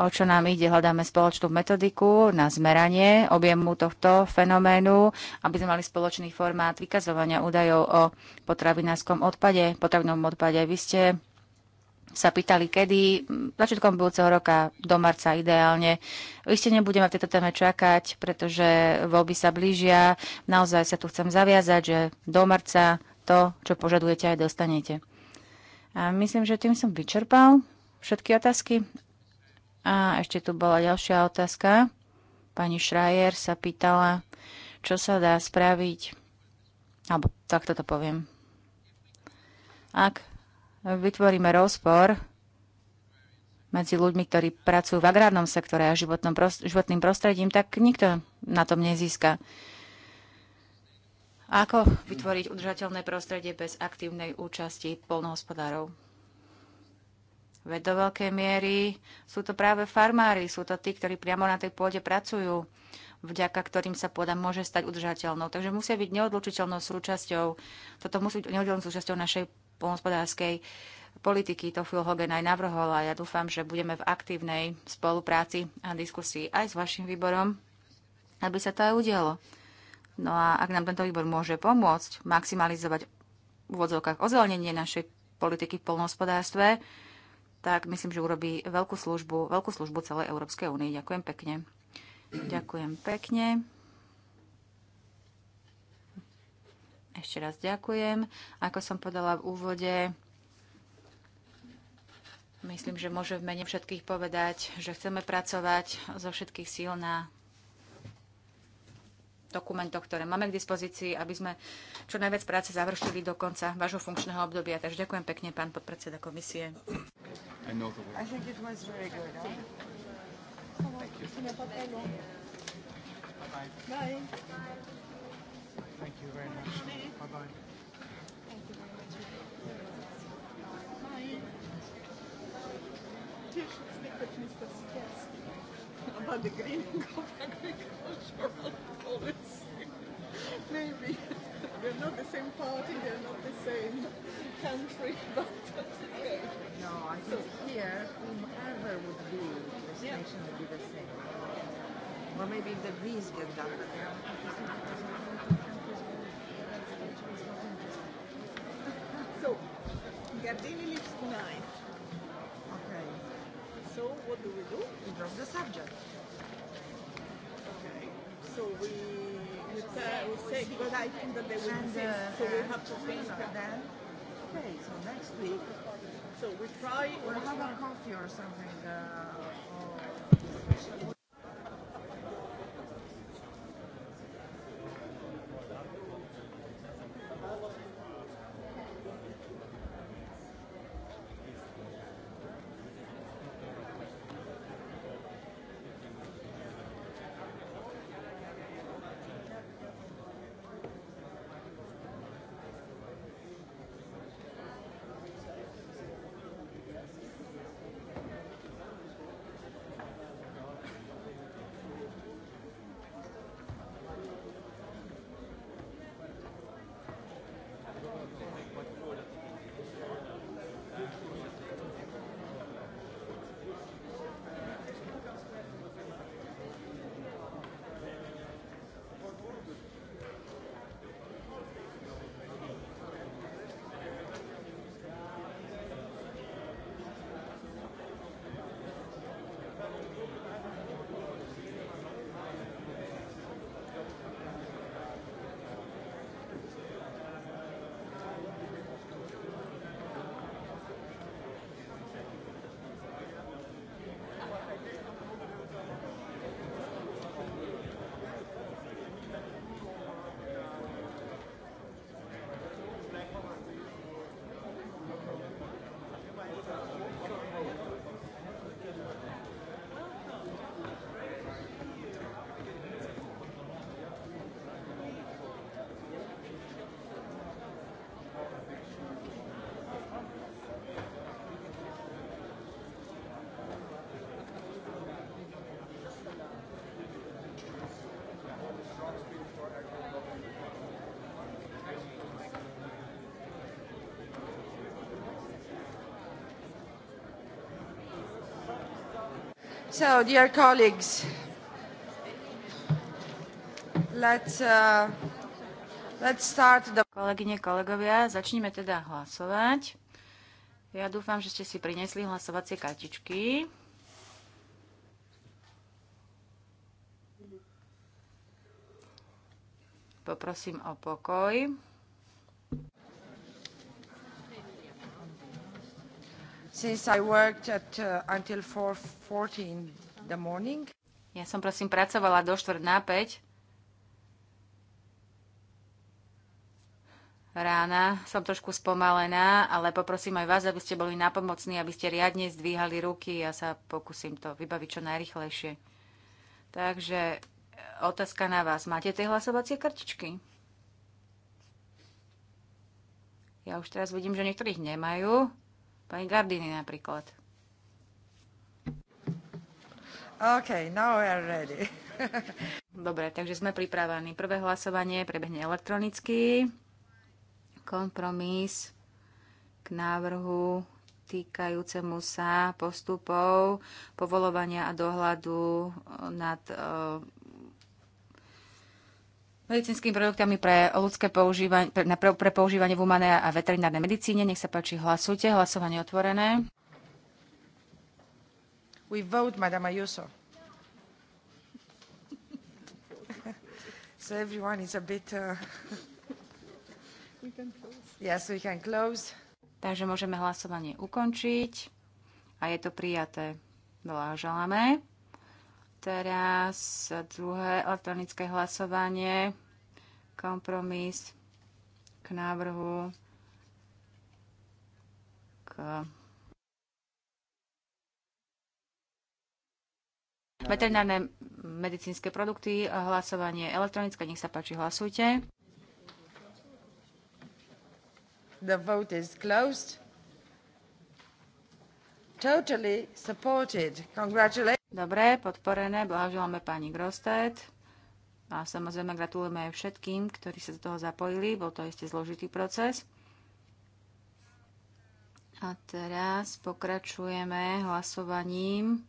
O čo nám ide? Hľadáme spoločnú metodiku na zmeranie objemu tohto fenoménu, aby sme mali spoločný formát vykazovania údajov o potravinárskom odpade, potravinom odpade. Vy ste sa pýtali, kedy, začiatkom budúceho roka, do marca ideálne. Iste nebudeme v tejto téme čakať, pretože voľby sa blížia. Naozaj sa tu chcem zaviazať, že do marca to, čo požadujete, aj dostanete. A myslím, že tým som vyčerpal všetky otázky. A ešte tu bola ďalšia otázka. Pani Schreier sa pýtala, čo sa dá spraviť, alebo takto to poviem. Ak vytvoríme rozpor medzi ľuďmi, ktorí pracujú v agrárnom sektore a prost životným prostredím, tak nikto na tom nezíska. Ako vytvoriť udržateľné prostredie bez aktívnej účasti polnohospodárov? Veď do veľkej miery sú to práve farmári, sú to tí, ktorí priamo na tej pôde pracujú, vďaka ktorým sa pôda môže stať udržateľnou. Takže musia byť neodlučiteľnou súčasťou, toto musí byť neodlučiteľnou súčasťou našej polnospodárskej politiky. To Phil Hogan aj navrhol a ja dúfam, že budeme v aktívnej spolupráci a diskusii aj s vašim výborom, aby sa to aj udialo. No a ak nám tento výbor môže pomôcť maximalizovať v odzovkách ozelenenie našej politiky v polnohospodárstve, tak myslím, že urobí veľkú službu, veľkú službu celej Európskej únie. Ďakujem pekne. Ďakujem pekne. Ešte raz ďakujem. Ako som podala v úvode, myslím, že môžem v mene všetkých povedať, že chceme pracovať zo všetkých síl na dokumentoch, ktoré máme k dispozícii, aby sme čo najviac práce završili do konca vášho funkčného obdobia. Takže ďakujem pekne, pán podpredseda komisie. Bye. Thank you very much. Bye-bye. Thank you very much. Yes. About the green agricultural policy. Maybe. We're not the same party, we're not the same country, but okay. No, I think so, here, whomever would be, the situation yeah. would be the same. Well maybe the Greens get done. Gardini leaves tonight. Okay. So what do we do? We drop the subject. Okay. So we we, uh, we say because I think that they will and, Uh, so we have to think. Then. Okay. So next week. So we try. We'll have a coffee or something. Uh, or So, dear colleagues, let's, uh, let's start the... Kolegyne, kolegovia, začneme teda hlasovať. Ja dúfam, že ste si prinesli hlasovacie kartičky. Poprosím o pokoj. Since I worked at, uh, until in the morning. Ja som prosím pracovala do štvrt na 5. rána. Som trošku spomalená, ale poprosím aj vás, aby ste boli napomocní, aby ste riadne zdvíhali ruky. Ja sa pokúsim to vybaviť čo najrychlejšie. Takže e, otázka na vás. Máte tie hlasovacie kartičky? Ja už teraz vidím, že niektorých nemajú. Pani Gardini napríklad. OK, now we are ready. Dobre, takže sme pripravení. Prvé hlasovanie prebehne elektronicky. Kompromis k návrhu týkajúcemu sa postupov povolovania a dohľadu nad eh, medicínskymi produktami pre ľudské používanie, pre, pre, pre používanie v humanej a veterinárnej medicíne. Nech sa páči, hlasujte. Hlasovanie otvorené. We vote, Madame Ayuso. so everyone is a bit... Uh... we can close. Yes, we can close. Takže môžeme hlasovanie ukončiť a je to prijaté. želáme. Teraz druhé elektronické hlasovanie, kompromis k návrhu k veterinárne medicínske produkty, hlasovanie elektronické, nech sa páči, hlasujte. The vote is closed. Totally supported. Congratulations. Dobre, podporené. Blahoželáme pani Grostet. A samozrejme gratulujeme aj všetkým, ktorí sa do toho zapojili. Bol to ešte zložitý proces. A teraz pokračujeme hlasovaním.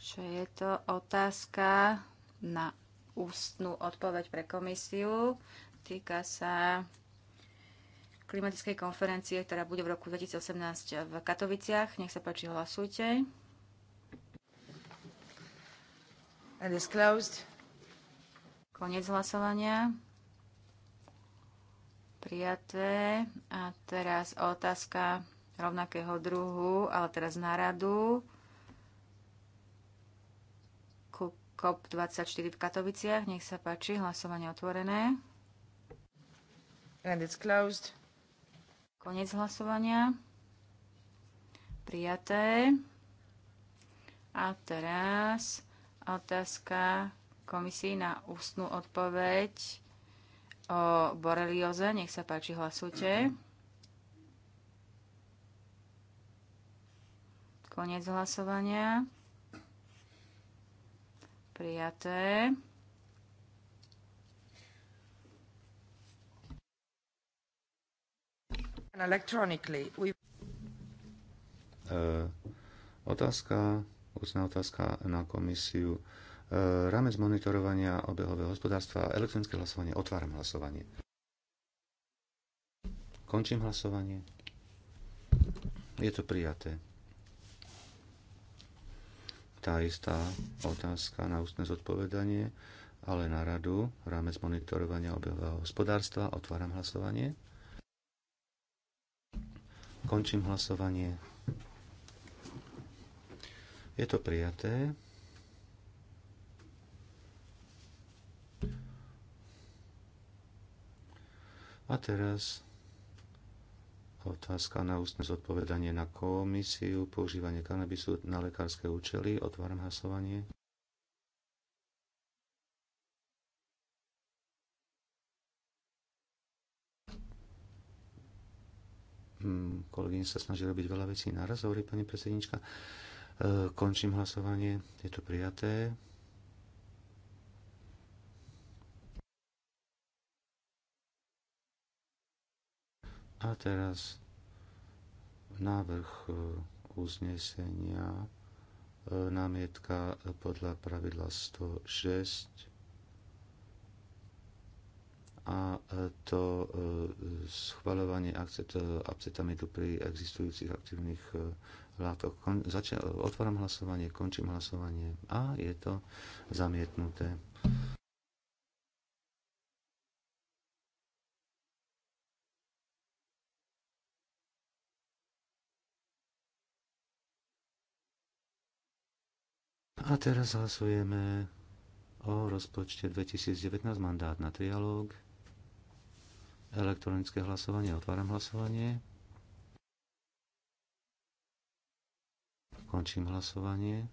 Čo je to otázka na ústnu odpoveď pre komisiu? Týka sa klimatickej konferencie, ktorá bude v roku 2018 v Katoviciach. Nech sa páči, hlasujte. And is closed. Konec hlasovania. Prijaté. A teraz otázka rovnakého druhu, ale teraz na radu. COP24 v Katoviciach. Nech sa páči, hlasovanie otvorené. And it's closed. Konec hlasovania. Prijaté. A teraz otázka komisii na ústnu odpoveď o borelioze. Nech sa páči, hlasujte. Konec hlasovania. Prijaté. We... Uh, otázka, ústna otázka na komisiu. Uh, rámec monitorovania obehového hospodárstva, elektronické hlasovanie, otváram hlasovanie. Končím hlasovanie. Je to prijaté. Tá istá otázka na ústne zodpovedanie, ale na radu, rámec monitorovania obehového hospodárstva, otváram hlasovanie. Končím hlasovanie. Je to prijaté. A teraz otázka na ústne zodpovedanie na komisiu, používanie kanabisu na lekárske účely. Otváram hlasovanie. Mm, kolegyne sa snaží robiť veľa vecí naraz, hovorí pani predsednička. E, končím hlasovanie, je to prijaté. A teraz návrh e, uznesenia e, námietka podľa pravidla 106 a e, to e, schvaľovanie acetamidu e, pri existujúcich aktívnych látok. otváram hlasovanie, končím hlasovanie a je to zamietnuté. A teraz hlasujeme o rozpočte 2019 mandát na trialóg. Elektronické hlasovanie. Otváram hlasovanie. Končím hlasovanie.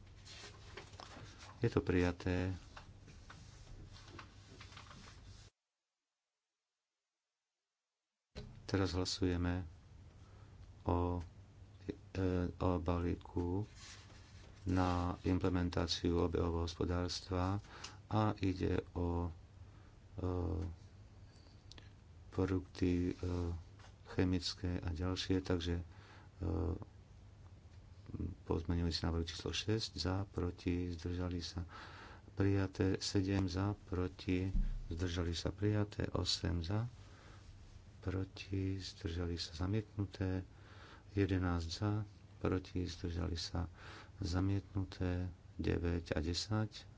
Je to prijaté. Teraz hlasujeme o, e, o balíku na implementáciu obehového hospodárstva a ide o, o e, produkty e, chemické a ďalšie, takže e, pozmenili sa návrh číslo 6 za, proti, zdržali sa prijaté 7 za, proti, zdržali sa prijaté 8 za, proti, zdržali sa zamietnuté 11 za, proti, zdržali sa zamietnuté 9 a 10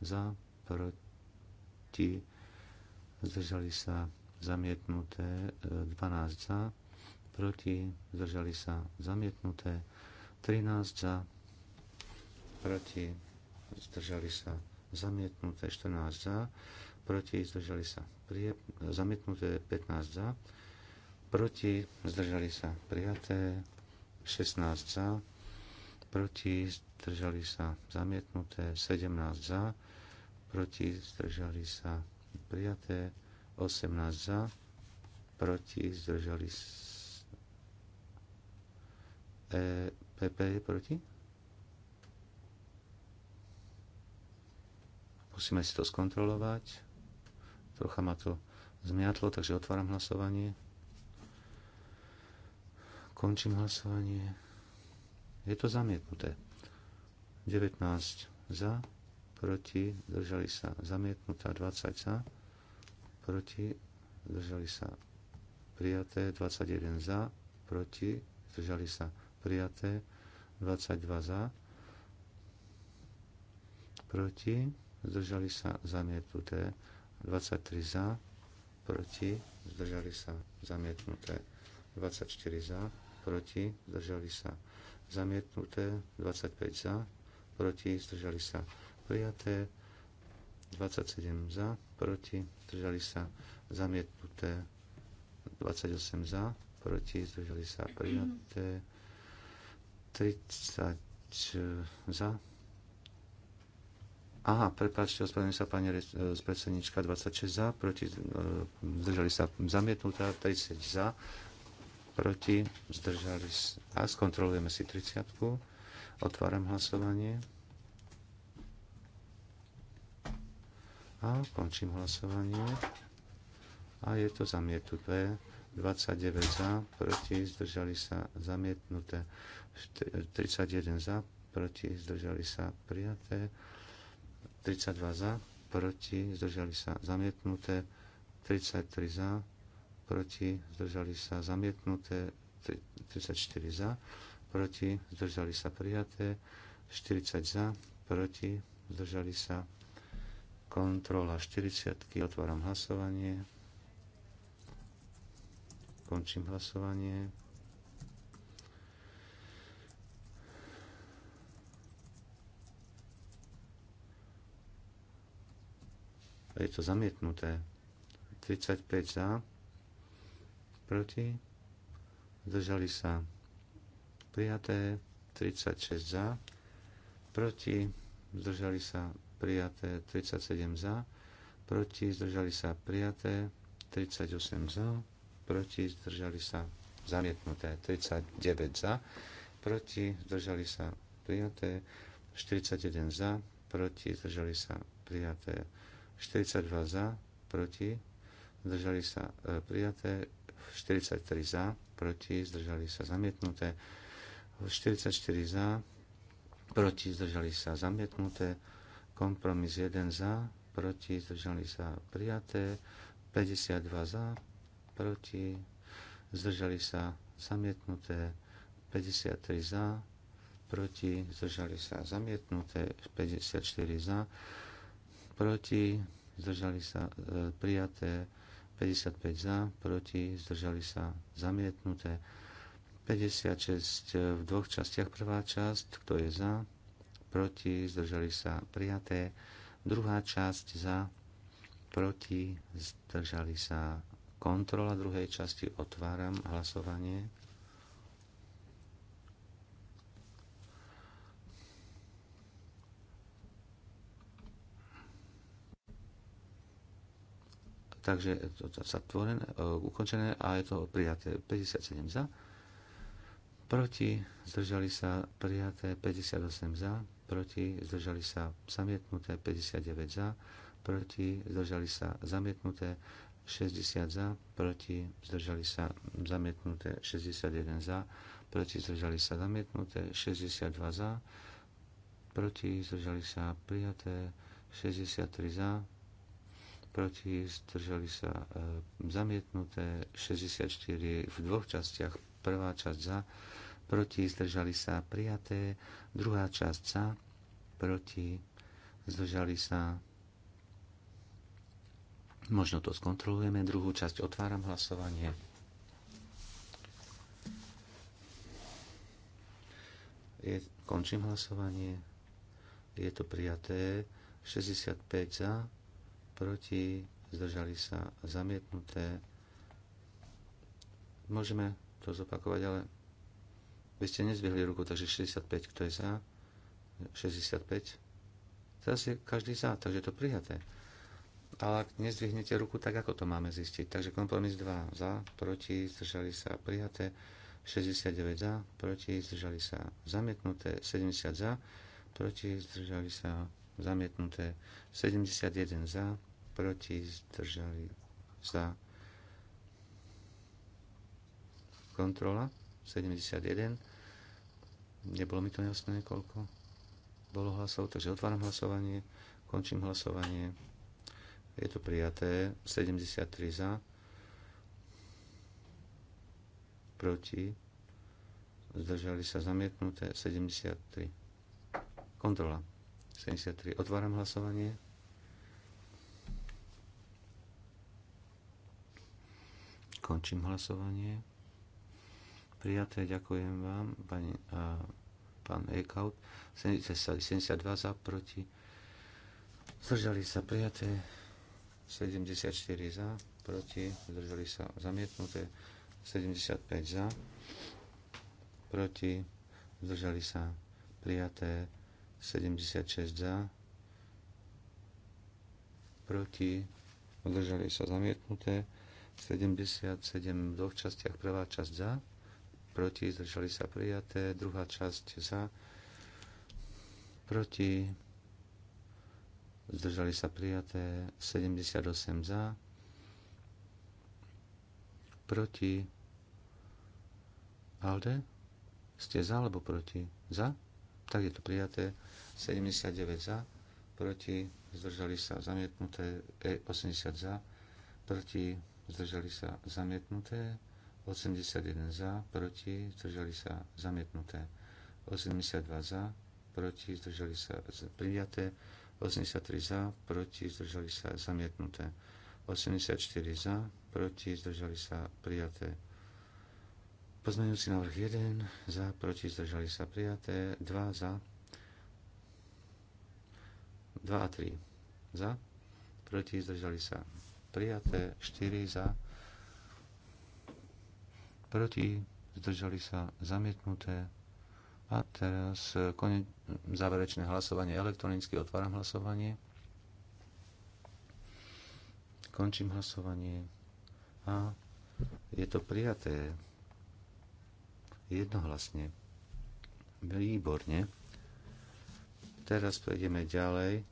za, proti, zdržali sa zamietnuté, 12 e, za, proti, zdržali sa, zamietnuté, 13 za, proti, zdržali sa, zamietnuté, 14 za, proti, zdržali sa, prie, zamietnuté, 15 za, proti, zdržali sa, prijaté, 16 za, proti, zdržali sa, zamietnuté, 17 za, proti, zdržali sa, prijaté, 18 za, proti, zdržali e, PP je proti. Musíme si to skontrolovať. Trocha ma to zmiatlo, takže otváram hlasovanie. Končím hlasovanie. Je to zamietnuté. 19 za, proti, držali sa zamietnutá 20 za proti, zdržali sa prijaté, 21 za, proti, zdržali sa prijaté, 22 za, proti, zdržali sa zamietnuté, 23 za, proti, zdržali sa zamietnuté, 24 za, proti, zdržali sa zamietnuté, 25 za, proti, zdržali sa prijaté, 27 za, proti, zdržali sa zamietnuté 28 za, proti, zdržali sa prijaté 30 eh, za. Aha, prepáčte, ospravedlňujem sa pani eh, predsednička 26 eh, za, proti, zdržali sa zamietnutá 30 za, proti, zdržali sa. A skontrolujeme si 30. -ku. Otváram hlasovanie. A končím hlasovanie. A je to zamietnuté. 29 za, proti, zdržali sa zamietnuté. 31 za, proti, zdržali sa prijaté. 32 za, proti, zdržali sa zamietnuté. 33 za, proti, zdržali sa zamietnuté. 34 za, proti, zdržali sa prijaté. 40 za, proti, zdržali sa Kontrola 40. Otváram hlasovanie. Končím hlasovanie. Je to zamietnuté. 35 za. Proti. Zdržali sa. Prijaté. 36 za. Proti. Zdržali sa prijaté 37 za, proti zdržali sa prijaté 38 za, proti zdržali sa zamietnuté 39 za, proti zdržali sa prijaté 41 za, proti zdržali sa prijaté 42 za, proti zdržali sa e, prijaté 43 za, proti zdržali sa zamietnuté 44 za, proti zdržali sa zamietnuté Kompromis 1 za, proti, zdržali sa prijaté. 52 za, proti, zdržali sa zamietnuté. 53 za, proti, zdržali sa zamietnuté. 54 za, proti, zdržali sa e, prijaté. 55 za, proti, zdržali sa zamietnuté. 56 v dvoch častiach. Prvá časť, kto je za, proti, zdržali sa prijaté. Druhá časť za, proti, zdržali sa kontrola druhej časti. Otváram hlasovanie. Takže to sa tvorené, e, ukončené a je to prijaté 57 za. Proti zdržali sa prijaté 58 za proti, zdržali sa zamietnuté, 59 za, proti, zdržali sa zamietnuté, 60 za, proti, zdržali sa zamietnuté, 61 za, proti, zdržali sa zamietnuté, 62 za, proti, zdržali sa prijaté, 63 za, proti, zdržali sa e, zamietnuté, 64 v dvoch častiach, prvá časť za, proti, zdržali sa prijaté, druhá časť za, proti, zdržali sa. Možno to skontrolujeme, druhú časť otváram hlasovanie. Je, končím hlasovanie. Je to prijaté. 65 za, proti, zdržali sa zamietnuté. Môžeme to zopakovať, ale vy ste nezvihli ruku, takže 65. Kto je za? 65. Zase je každý za, takže to prijaté. Ale ak nezdvihnete ruku, tak ako to máme zistiť? Takže kompromis 2 za, proti, zdržali sa, prijaté. 69 za, proti, zdržali sa, zamietnuté. 70 za, proti, zdržali sa, zamietnuté. 71 za, proti, zdržali sa. Kontrola. 71. Nebolo mi to jasné, koľko bolo hlasov, takže otváram hlasovanie, končím hlasovanie. Je to prijaté, 73 za, proti, zdržali sa zamietnuté, 73. Kontrola, 73. Otváram hlasovanie. Končím hlasovanie. Prijaté, ďakujem vám, pani, a, pán Ekaut. 72 za, proti. Zdržali sa prijaté. 74 za, proti. Zdržali sa zamietnuté. 75 za, proti. Zdržali sa prijaté. 76 za, proti. Zdržali sa zamietnuté. 77 v dvoch častiach, prvá časť za, proti, zdržali sa prijaté, druhá časť za, proti, zdržali sa prijaté, 78 za, proti, Alde, ste za alebo proti? Za? Tak je to prijaté. 79 za, proti, zdržali sa zamietnuté, 80 e, za, proti, zdržali sa zamietnuté, 81 za, proti, zdržali sa zamietnuté. 82 za, proti, zdržali sa prijaté. 83 za, proti, zdržali sa zamietnuté. 84 za, proti, zdržali sa prijaté. Pozmeňujúci návrh 1, za, proti, zdržali sa prijaté. 2 za, 2 a 3 za, proti, zdržali sa prijaté. 4 za, proti, zdržali sa zamietnuté. A teraz e, kone, záverečné hlasovanie elektronicky. Otváram hlasovanie. Končím hlasovanie. A je to prijaté jednohlasne. Výborne. Teraz prejdeme ďalej.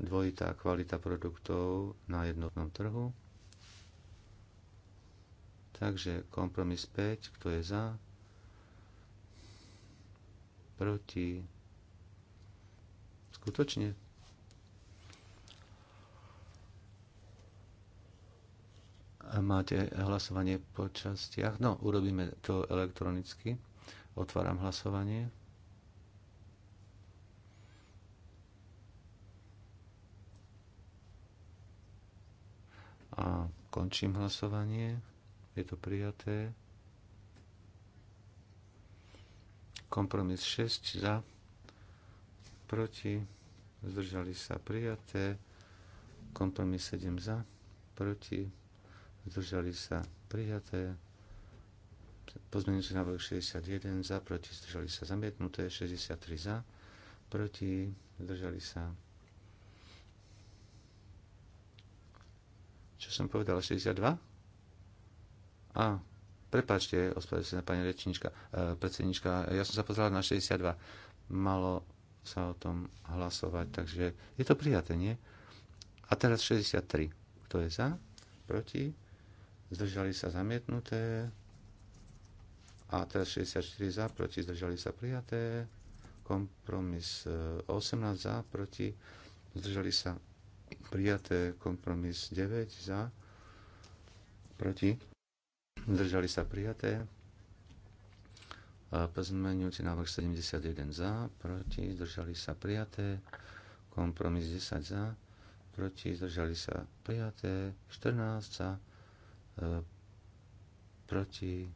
Dvojitá kvalita produktov na jednotnom trhu. Takže kompromis 5, kto je za, proti, skutočne. Máte hlasovanie po častiach? No, urobíme to elektronicky. Otváram hlasovanie. A končím hlasovanie. Je to prijaté. Kompromis 6 za, proti, zdržali sa prijaté. Kompromis 7 za, proti, zdržali sa prijaté. Pozmeňujúci návrh 61 za, proti, zdržali sa zamietnuté. 63 za, proti, zdržali sa čo som povedal, 62? A, prepáčte, ospravedlňujem sa, pani rečnička, e, predsednička, ja som sa pozrela na 62. Malo sa o tom hlasovať, takže je to prijaté, nie? A teraz 63. Kto je za? Proti? Zdržali sa zamietnuté. A teraz 64 za, proti, zdržali sa prijaté. Kompromis 18 e, za, proti, zdržali sa prijaté. Kompromis 9 za, proti, Držali sa prijaté. Pozmeňujúci návrh 71 za, proti, zdržali sa prijaté. Kompromis 10 za, proti, zdržali sa prijaté. 14 e, e, za, proti,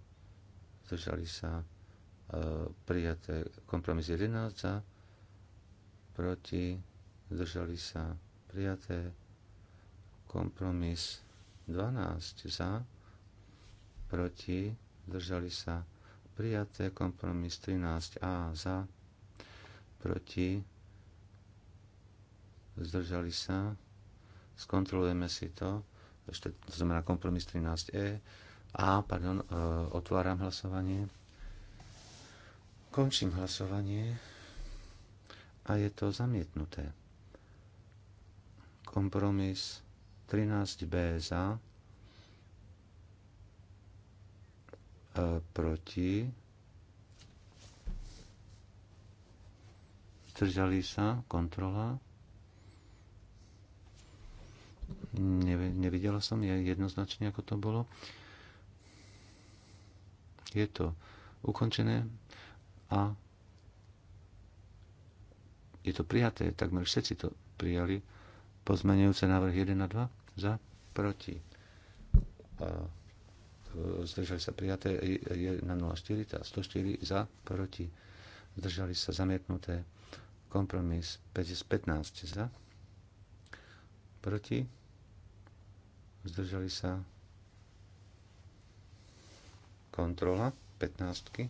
zdržali sa prijaté. Kompromis 11 za, proti, zdržali sa prijaté. Kompromis 12 za, proti, zdržali sa prijaté, kompromis 13a za, proti, zdržali sa, skontrolujeme si to, ešte to znamená kompromis 13e, a, pardon, e, otváram hlasovanie, končím hlasovanie a je to zamietnuté. Kompromis 13b za, proti, zdržali sa, kontrola. Nevidela som je jednoznačne, ako to bolo. Je to ukončené a je to prijaté, takmer všetci to prijali. Pozmenujúce návrh 1 a 2 za, proti. A zdržali sa prijaté 04 a 104 za, proti, zdržali sa zamietnuté kompromis 15 za, proti, zdržali sa kontrola 15.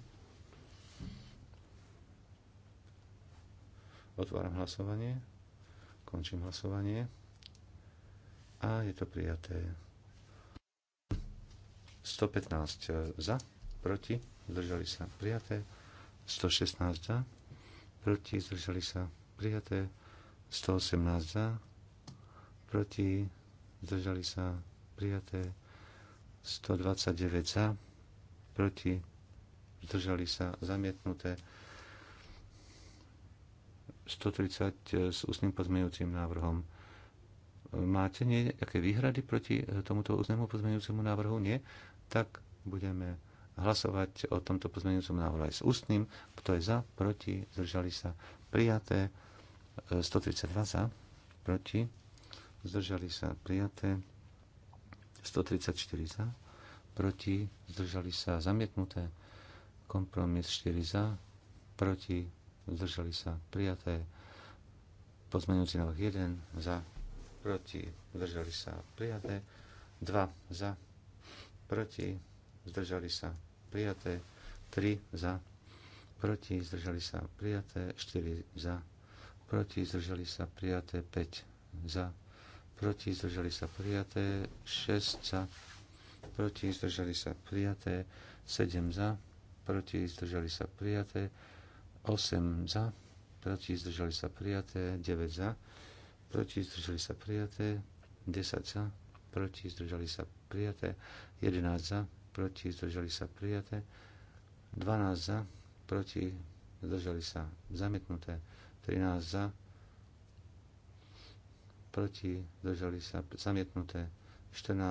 Otváram hlasovanie, končím hlasovanie a je to prijaté. 115 e, za, proti, zdržali sa prijaté, 116 za, proti, zdržali sa prijaté, 118 za, proti, zdržali sa prijaté, 129 za, proti, zdržali sa zamietnuté, 130 e, s ústnym pozmeňujúcim návrhom. E, máte nejaké výhrady proti tomuto ústnemu pozmeňujúcemu návrhu? Nie? tak budeme hlasovať o tomto pozmeňujúcom návrhu aj s ústnym. Kto je za, proti, zdržali sa, prijaté. 132 e, za, proti, zdržali sa, prijaté. 134 za, proti, zdržali sa, zamietnuté. Kompromis 4 za, proti, zdržali sa, prijaté. Pozmeňujúci návrh 1 za, proti, zdržali sa, prijaté. 2 za, proti, zdržali sa prijaté, 3 za, proti, zdržali sa prijaté, 4 za, proti, zdržali sa prijaté, 5 za, proti, zdržali sa prijaté, 6 za, proti, zdržali sa prijaté, 7 za, proti, zdržali sa prijaté, 8 za, proti, zdržali sa prijaté, 9 za, proti, zdržali sa prijaté, 10 za, proti, zdržali sa prijaté. 11 za, proti, zdržali sa prijaté. 12 za, proti, zdržali sa zamietnuté. 13 za, proti, zdržali sa zamietnuté. 14 e,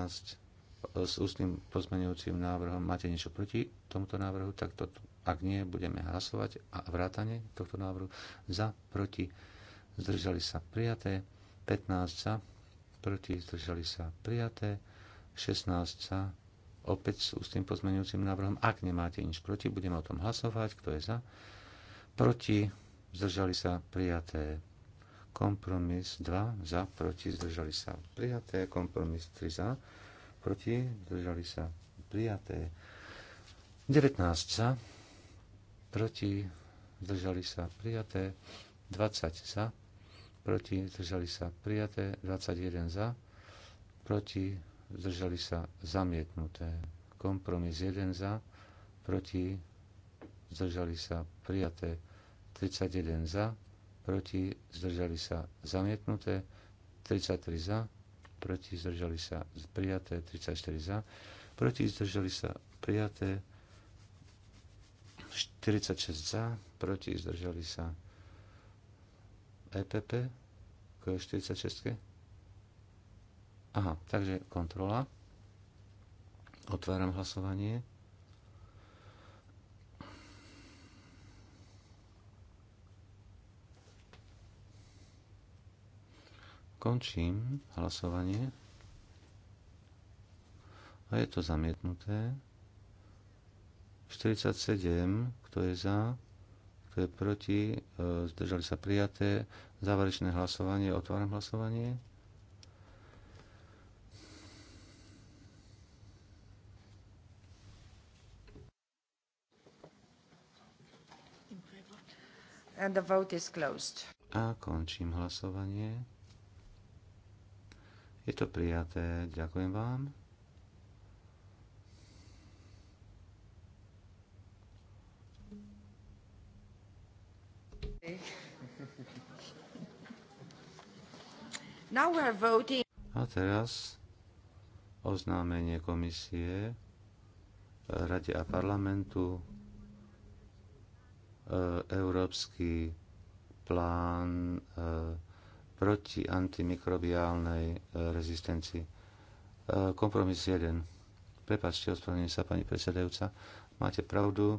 s ústnym pozmeňujúcim návrhom. Máte niečo proti tomuto návrhu? Tak to, ak nie, budeme hlasovať a vrátanie tohto návrhu za, proti, zdržali sa prijaté. 15 za, proti, zdržali sa prijaté, 16 sa opäť s tým pozmenujúcim návrhom. Ak nemáte nič proti, budeme o tom hlasovať. Kto je za? Proti, zdržali sa prijaté. Kompromis 2 za, proti, zdržali sa prijaté. Kompromis 3 za, proti, zdržali sa prijaté. 19 za, proti, zdržali sa prijaté. 20 za, proti, zdržali sa prijaté, 21 za, proti, zdržali sa zamietnuté. Kompromis 1 za, proti, zdržali sa prijaté, 31 za, proti, zdržali sa zamietnuté, 33 za, proti, zdržali sa prijaté, 34 za, proti, zdržali sa prijaté, 46 za, proti, zdržali sa prijaté, EPP k 46. Aha, takže kontrola. Otváram hlasovanie. Končím hlasovanie. A je to zamietnuté. 47, kto je za? proti, e, zdržali sa prijaté. Záverečné hlasovanie, otváram hlasovanie. And the vote is closed. A končím hlasovanie. Je to prijaté. Ďakujem vám. A teraz oznámenie komisie eh, Rade a parlamentu eh, Európsky plán eh, proti antimikrobiálnej rezistencii. Kompromis 1. Prepačte, ospravedlňujem sa, pani predsedajúca. Máte pravdu,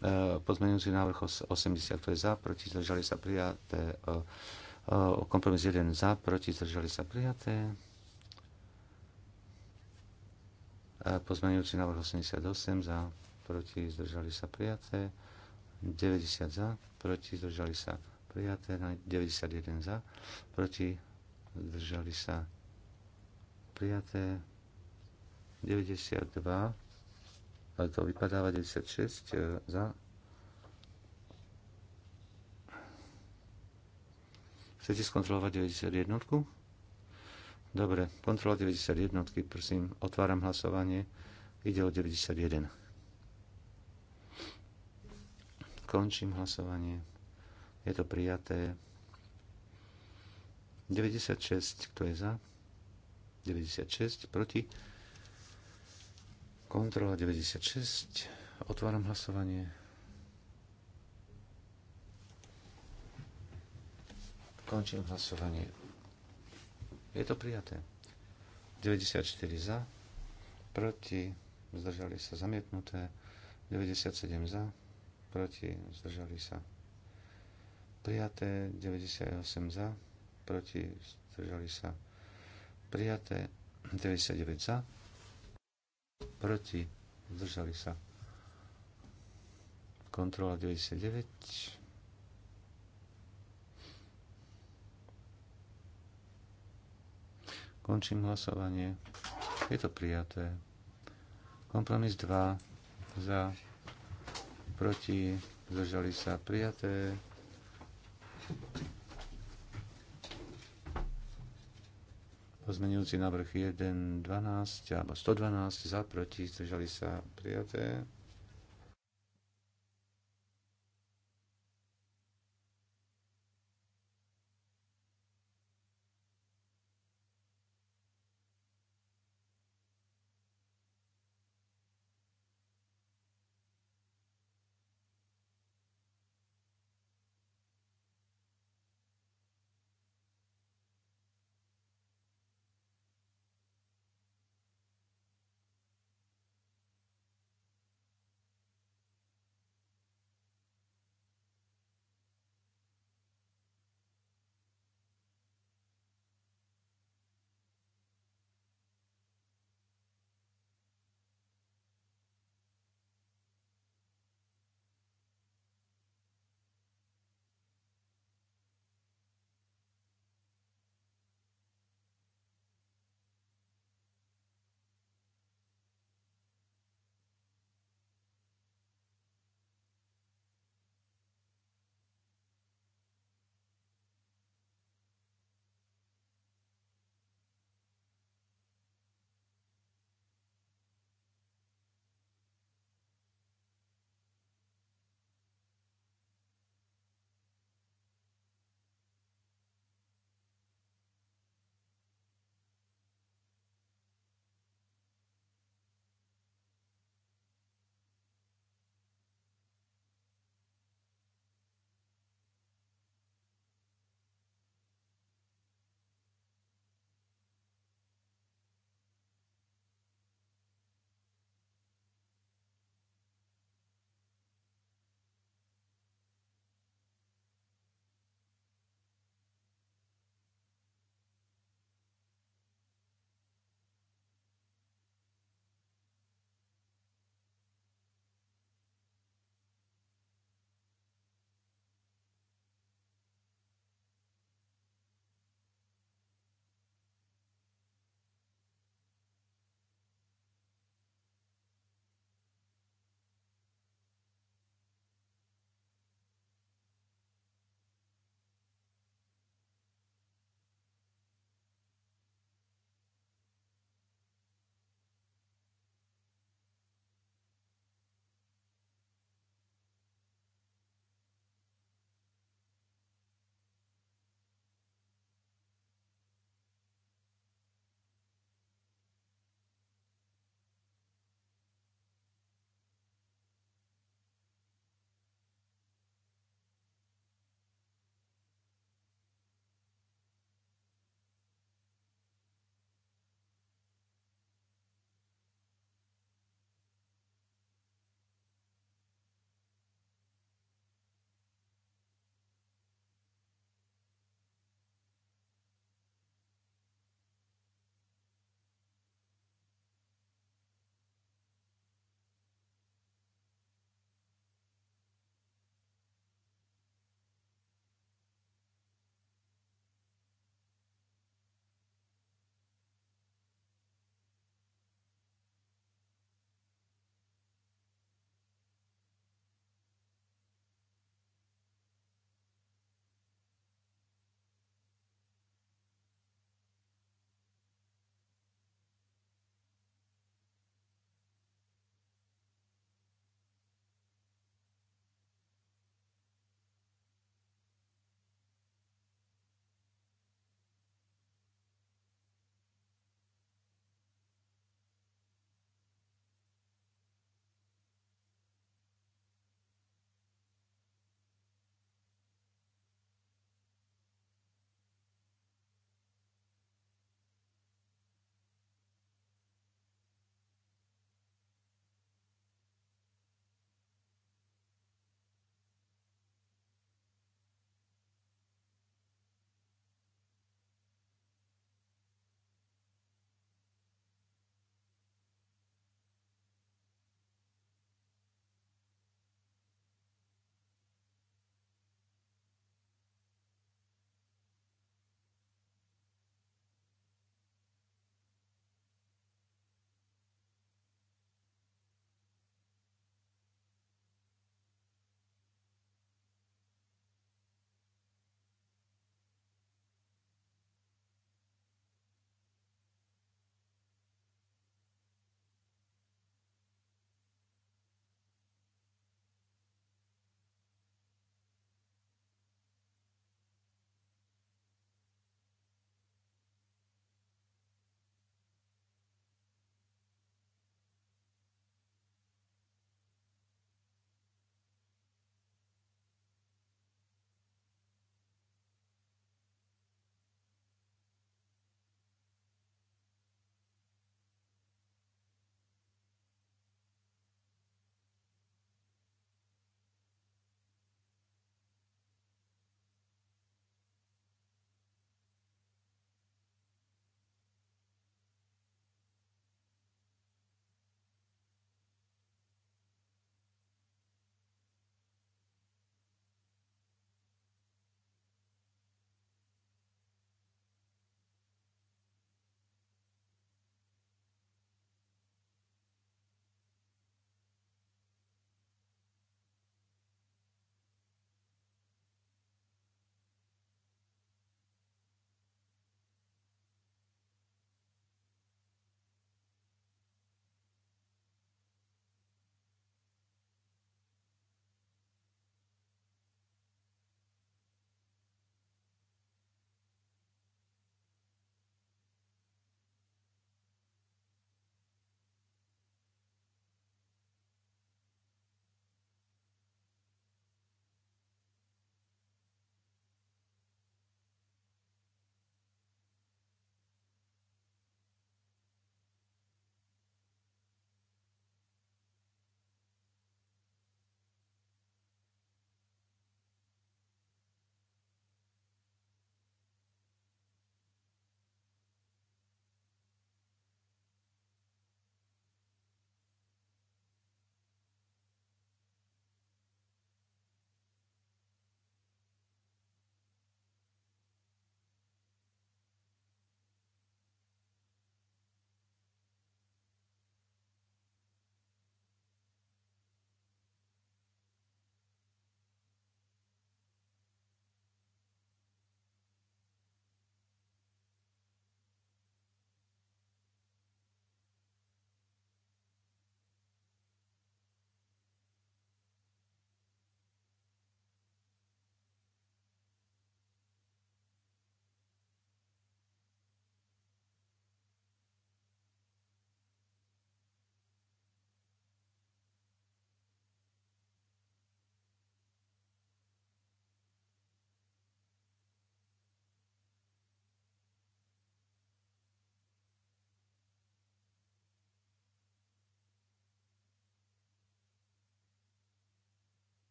E, Pozmenujúci návrh 80, kto je za, proti, zdržali sa prijaté. E, e, kompromis 1 za, proti, zdržali sa prijaté. Pozmenujúci návrh 88 za, proti, zdržali sa prijaté. 90 za, proti, zdržali sa prijaté. 91 za, proti, zdržali sa prijaté. 92 ale to vypadáva 96 e, za Chcete skontrolovať 91? Dobre, kontrola 91, prosím. Otváram hlasovanie. Ide o 91. Končím hlasovanie. Je to prijaté. 96, kto je za? 96, proti? Kontrola 96. Otváram hlasovanie. Končím hlasovanie. Je to prijaté. 94 za, proti, zdržali sa zamietnuté. 97 za, proti, zdržali sa prijaté. 98 za, proti, zdržali sa prijaté. 99 za, proti, zdržali sa. Kontrola 99. Končím hlasovanie. Je to prijaté. Kompromis 2 za, proti, zdržali sa prijaté. Pozmenujúci návrh 1, 12 alebo 112 za, proti, zdržali sa prijaté.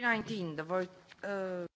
19, the vote, uh...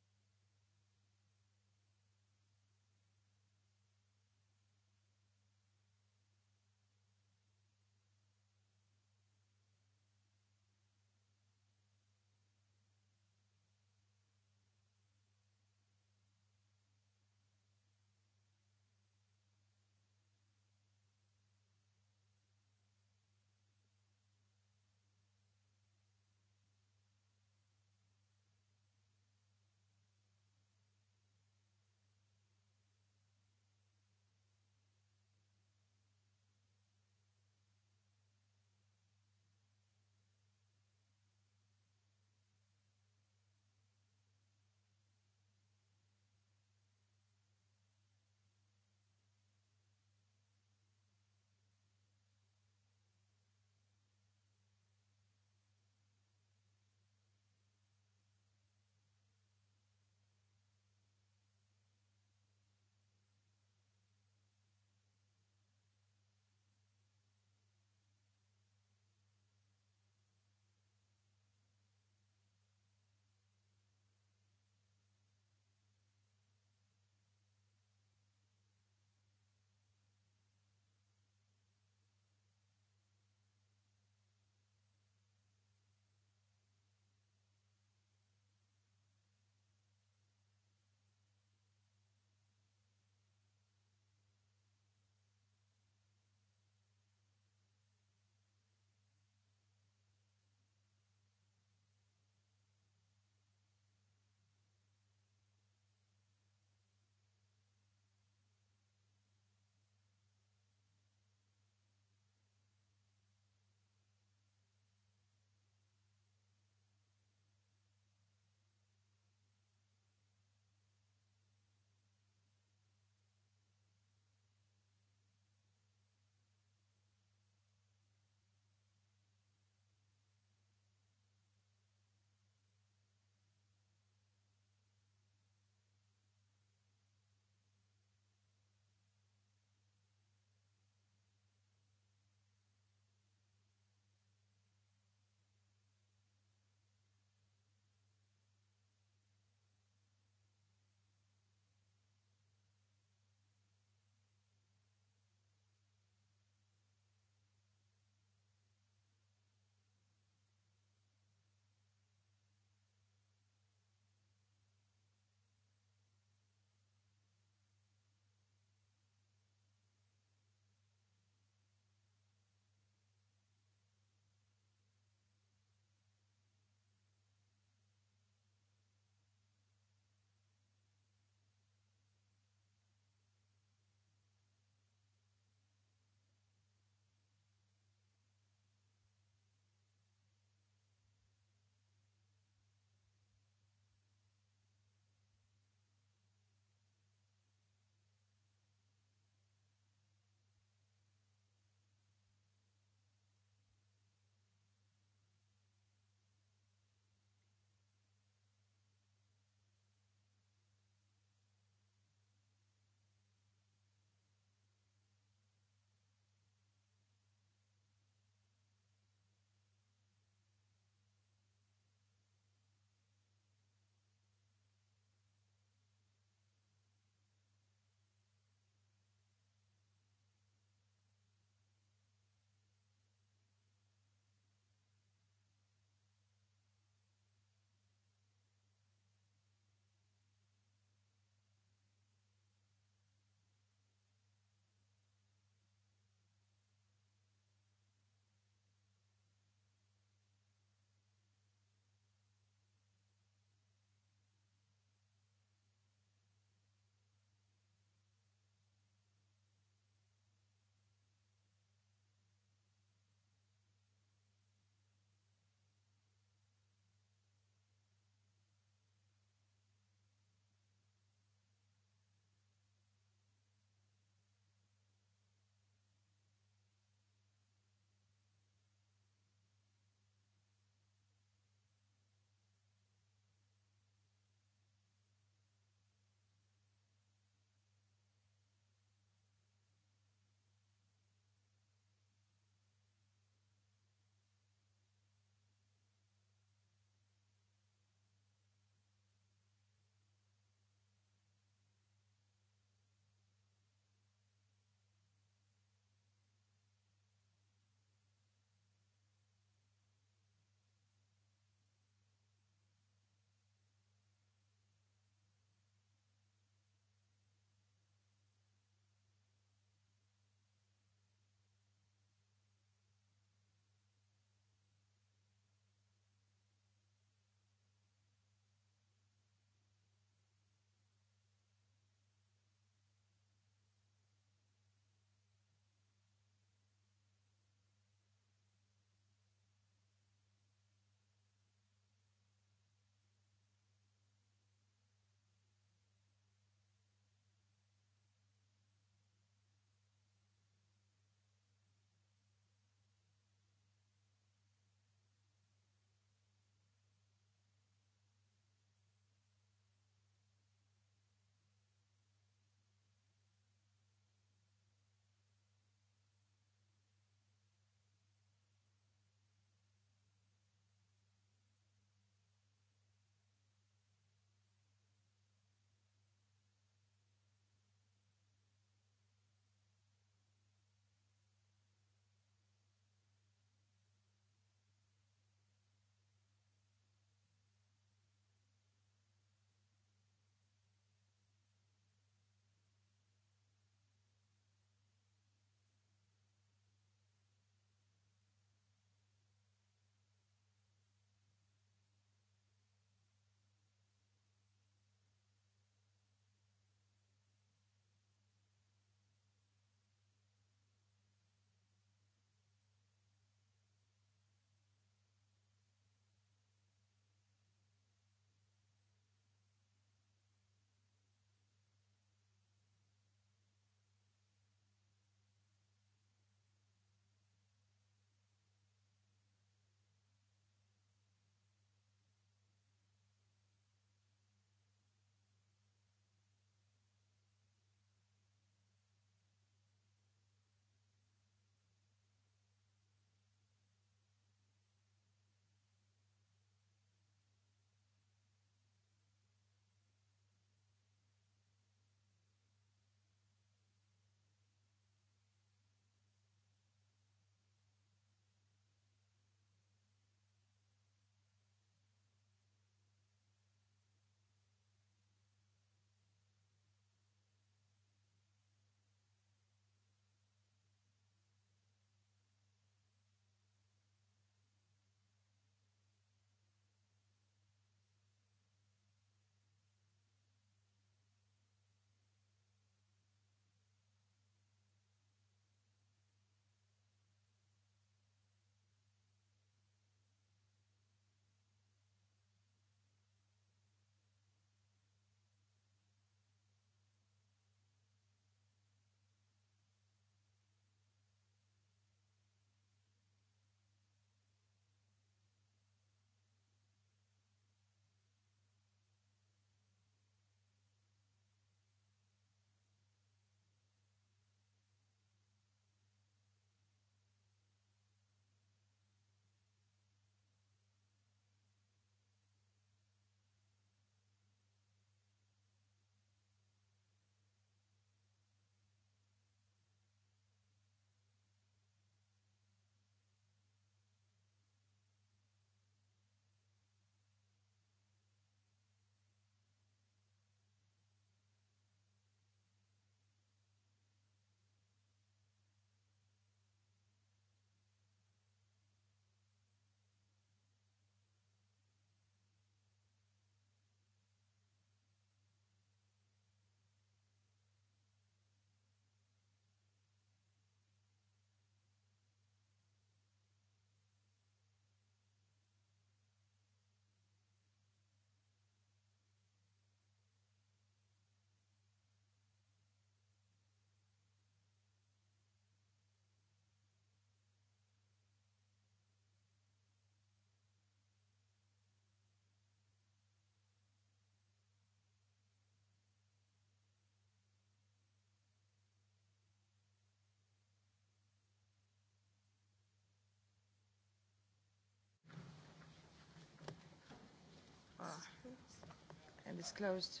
And is closed.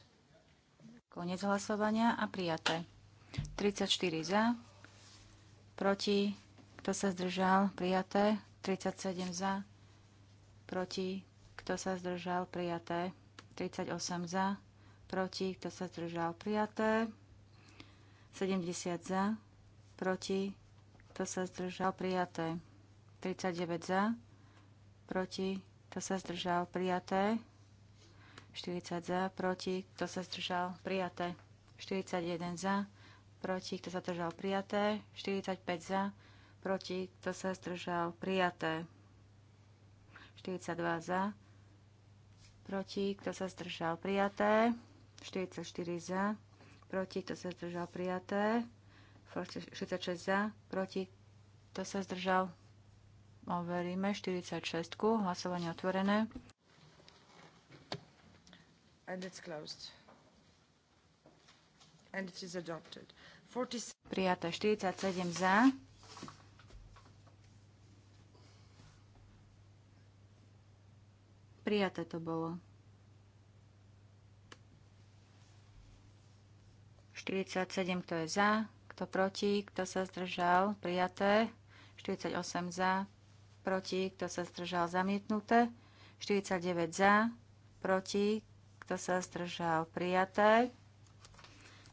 Konec hlasovania a prijaté. 34 za, proti, kto sa zdržal, prijaté. 37 za, proti, kto sa zdržal, prijaté. 38 za, proti, kto sa zdržal, prijaté. 70 za, proti, kto sa zdržal, prijaté. 39 za, proti, kto sa zdržal, prijaté. 40 za, proti, kto sa zdržal, prijaté. 41 za, proti, kto sa zdržal, prijaté. 45 za, proti, kto sa zdržal, prijaté. 42 za, proti, kto sa zdržal, prijaté. 44 za, proti, kto sa zdržal, prijaté. 46 za, proti, kto sa zdržal, overíme 46, hlasovanie otvorené. Prijaté 47 za. Prijaté to bolo. 47, kto je za, kto proti, kto sa zdržal, prijaté. 48 za, proti, kto sa zdržal, zamietnuté. 49 za, proti, kto sa zdržal? Prijaté.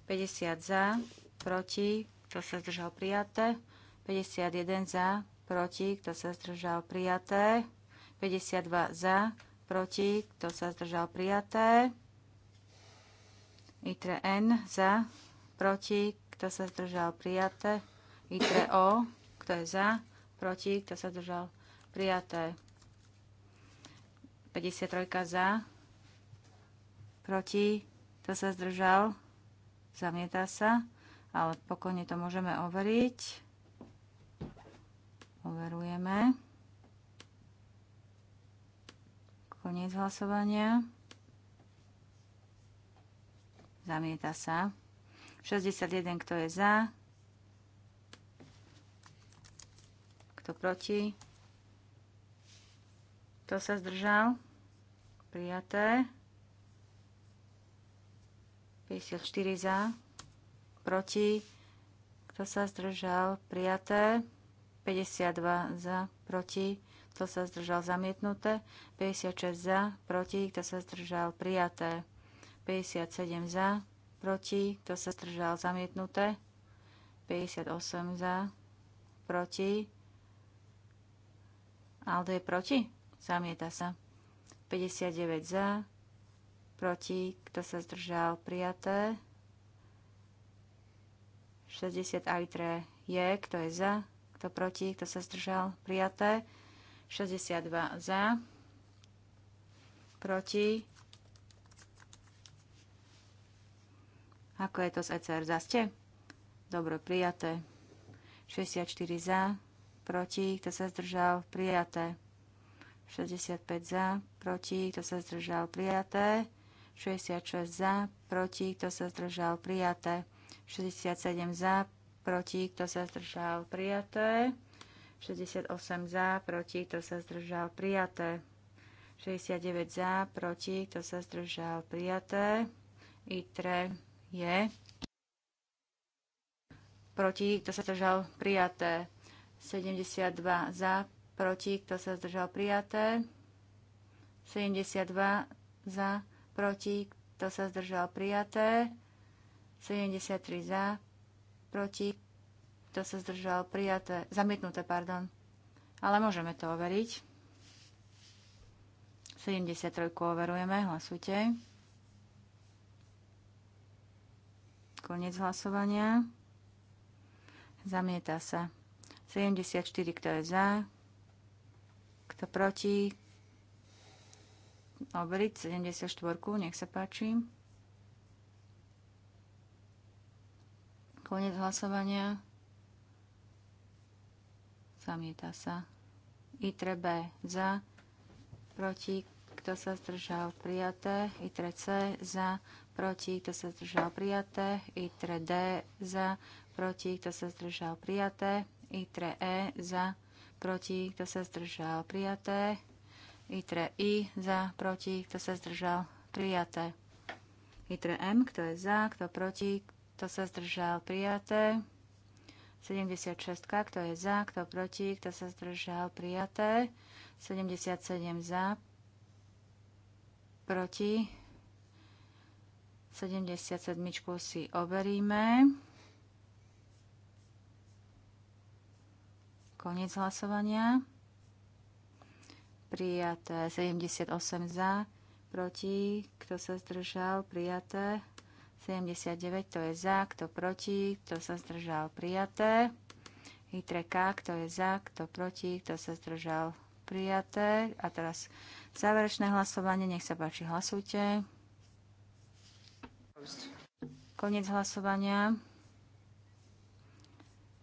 50 za, proti. Kto sa zdržal? Prijaté. 51 za, proti. Kto sa zdržal? Prijaté. 52 za, proti. Kto sa zdržal? Prijaté. ITRE N za, proti. Kto sa zdržal? Prijaté. ITRE O. Kto je za? Proti. Kto sa zdržal? Prijaté. 53 za, proti, kto sa zdržal, zamieta sa, ale pokojne to môžeme overiť. Overujeme. Koniec hlasovania. Zamieta sa. 61, kto je za? Kto proti? Kto sa zdržal? Prijaté. 54 za, proti, kto sa zdržal, prijaté, 52 za, proti, kto sa zdržal, zamietnuté, 56 za, proti, kto sa zdržal, prijaté, 57 za, proti, kto sa zdržal, zamietnuté, 58 za, proti, Aldo je proti, zamieta sa, 59 za, proti, kto sa zdržal, prijaté. 60 3 je, kto je za, kto proti, kto sa zdržal, prijaté. 62 za, proti. Ako je to z ECR? Za ste? Dobro, prijaté. 64 za, proti, kto sa zdržal, prijaté. 65 za, proti, kto sa zdržal, prijaté. 66 za, proti, kto sa zdržal, prijaté. 67 za, proti, kto sa zdržal, prijaté. 68 za, proti, kto sa zdržal, prijaté. 69 za, proti, kto sa zdržal, prijaté. ITRE je. Proti, kto sa zdržal, prijaté. 72 za, proti, kto sa zdržal, prijaté. 72 za, proti, kto sa zdržal prijaté, 73 za, proti, kto sa zdržal prijaté, zamietnuté, pardon. Ale môžeme to overiť. 73 overujeme, hlasujte. Koniec hlasovania. Zamieta sa. 74, kto je za, kto proti, overiť 74. Nech sa páči. Konec hlasovania. Zamieta sa. ITRE B za. Proti. Kto sa zdržal? Prijaté. ITRE C za. Proti. Kto sa zdržal? Prijaté. ITRE D za. Proti. Kto sa zdržal? Prijaté. ITRE E za. Proti. Kto sa zdržal? Prijaté. ITRE I za, proti, kto sa zdržal, prijaté. ITRE M, kto je za, kto proti, kto sa zdržal, prijaté. 76, kto je za, kto proti, kto sa zdržal, prijaté. 77 za, proti. 77 si overíme. Koniec hlasovania prijaté. 78 za, proti, kto sa zdržal, prijaté. 79, to je za, kto proti, kto sa zdržal, prijaté. k, kto je za, kto proti, kto sa zdržal, prijaté. A teraz záverečné hlasovanie, nech sa páči, hlasujte. Koniec hlasovania.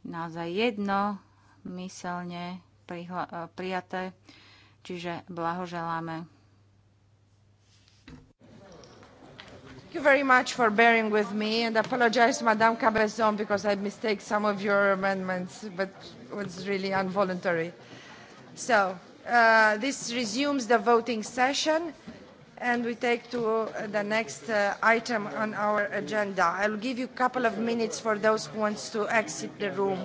Naozaj jedno myselne prijaté čiže blahoželáme. Thank you very much for bearing with me and apologize Madame Cabezon because I mistake some of your amendments, but it was really involuntary. So uh, this resumes the voting session and we take to uh, the next uh, item on our agenda. I'll give you a couple of minutes for those who want to exit the room.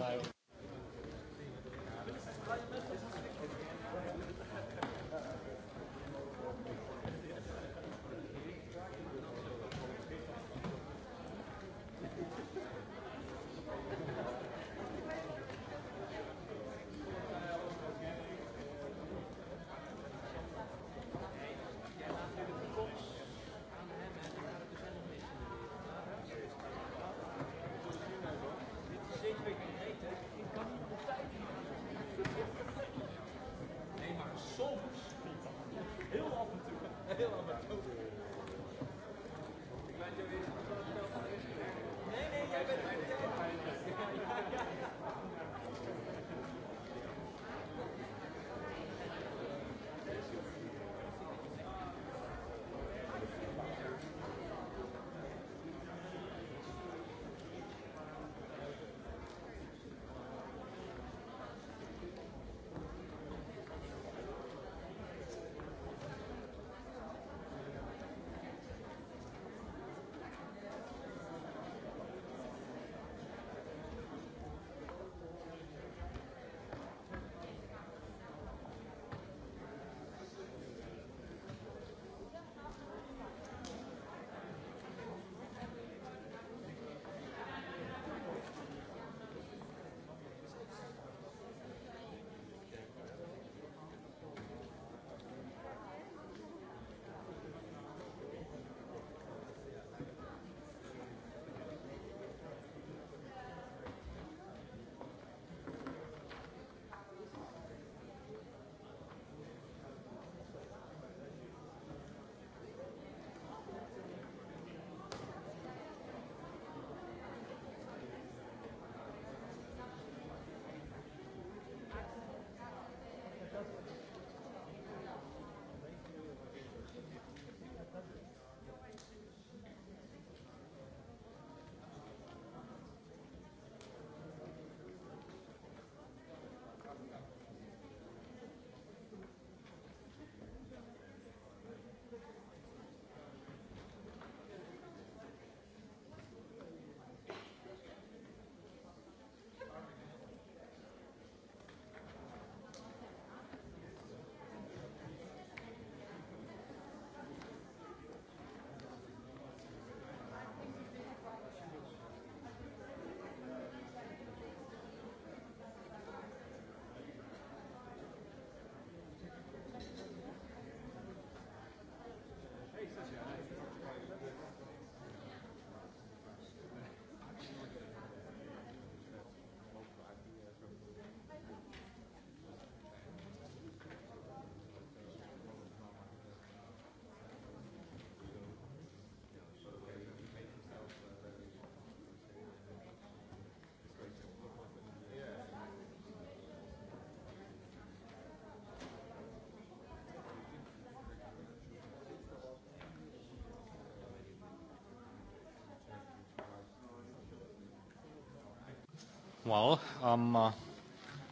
Well, um, uh,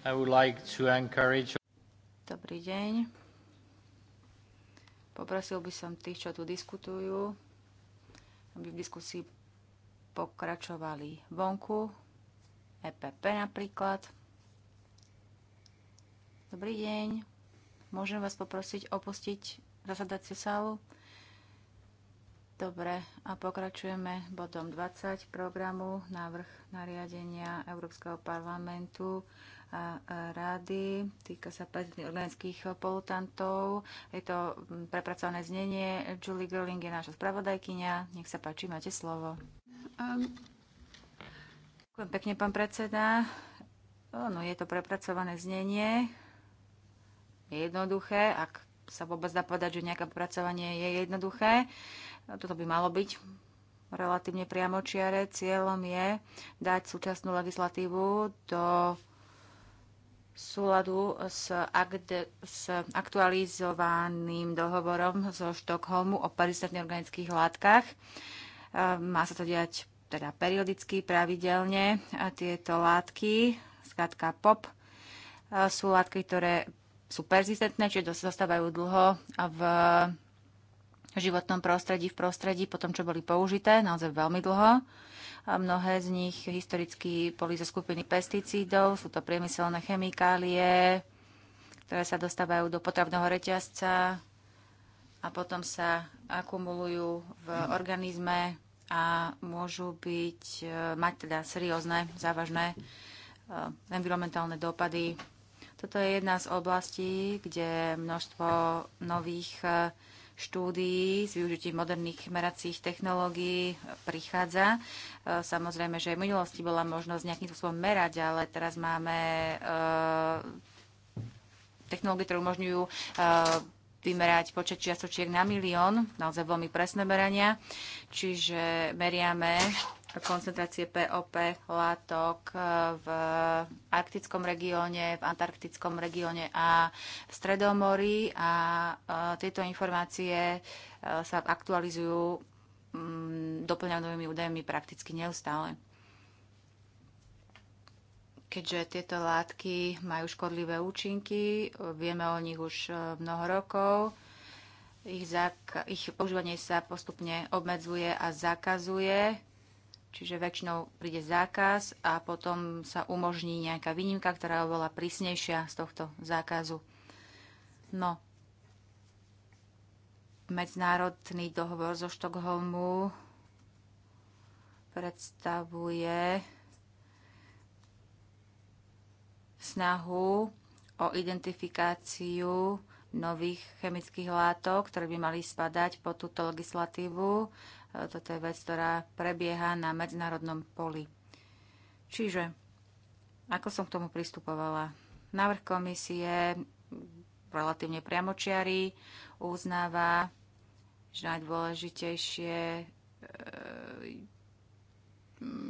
I would like to encourage... Dobrý deň. Poprosil by som tých, čo tu diskutujú, aby v diskusii pokračovali vonku, EPP napríklad. Dobrý deň. Môžem vás poprosiť opustiť zasadaciu sálu? Dobre, a pokračujeme bodom 20 programu návrh nariadenia Európskeho parlamentu a rady. Týka sa organických polutantov. Je to mm, prepracované znenie. Julie Girling je naša spravodajkyňa. Nech sa páči, máte slovo. Um. pekne, pán predseda. No, je to prepracované znenie. Je jednoduché, ak sa vôbec dá povedať, že nejaké prepracovanie je jednoduché. Toto by malo byť relatívne priamočiare. Cieľom je dať súčasnú legislatívu do súladu s, akde, s aktualizovaným dohovorom zo Štokholmu o perzistentných organických látkach. Ehm, má sa to diať teda periodicky, pravidelne. A tieto látky, skratka POP, ehm, sú látky, ktoré sú persistentné, čiže zostávajú dlho v životnom prostredí, v prostredí, po tom, čo boli použité, naozaj veľmi dlho. A mnohé z nich historicky boli zo skupiny pesticídov, sú to priemyselné chemikálie, ktoré sa dostávajú do potravného reťazca a potom sa akumulujú v organizme a môžu byť, e, mať teda seriózne, závažné e, environmentálne dopady. Toto je jedna z oblastí, kde množstvo nových e, štúdií s využitím moderných meracích technológií prichádza. E, samozrejme, že v minulosti bola možnosť nejakým spôsobom merať, ale teraz máme e, technológie, ktoré umožňujú e, vymerať počet čiastočiek na milión, naozaj veľmi presné merania. Čiže meriame koncentrácie POP látok eh, v arktickom regióne, v antarktickom regióne a v Stredomorí a eh, tieto informácie eh, sa aktualizujú mm, doplňanými údajmi prakticky neustále. Keďže tieto látky majú škodlivé účinky, vieme o nich už mnoho rokov, ich, ich používanie sa postupne obmedzuje a zakazuje Čiže väčšinou príde zákaz a potom sa umožní nejaká výnimka, ktorá je oveľa prísnejšia z tohto zákazu. No, medzinárodný dohovor zo Štokholmu predstavuje snahu o identifikáciu nových chemických látok, ktoré by mali spadať pod túto legislatívu E, toto je vec, ktorá prebieha na medzinárodnom poli. Čiže, ako som k tomu pristupovala? Návrh komisie relatívne priamočiarý uznáva, že najdôležitejšie e,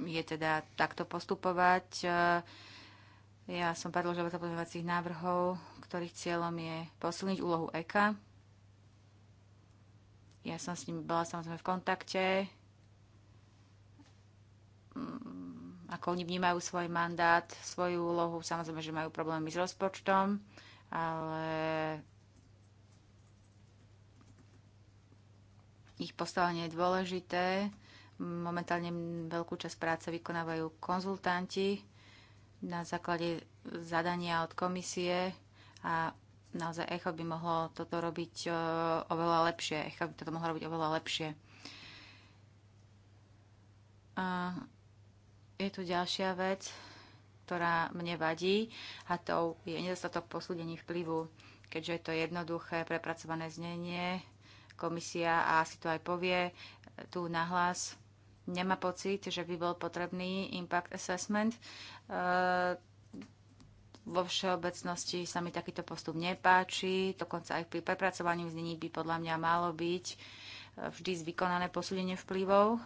je teda takto postupovať. E, ja som predložila pozmeňovacích návrhov, ktorých cieľom je posilniť úlohu EKA ja som s ním bola samozrejme v kontakte. Mm, ako oni vnímajú svoj mandát, svoju úlohu. Samozrejme, že majú problémy s rozpočtom, ale ich postavenie je dôležité. Momentálne veľkú časť práce vykonávajú konzultanti na základe zadania od komisie a naozaj echo by mohlo toto robiť e, oveľa lepšie. Echo by toto mohlo robiť oveľa lepšie. A je tu ďalšia vec, ktorá mne vadí a to je nedostatok posúdení vplyvu. Keďže je to jednoduché, prepracované znenie, komisia a asi to aj povie tu nahlas, nemá pocit, že by bol potrebný impact assessment. E, vo všeobecnosti sa mi takýto postup nepáči, dokonca aj pri prepracovaní vznení by podľa mňa malo byť e, vždy vykonané posúdenie vplyvov.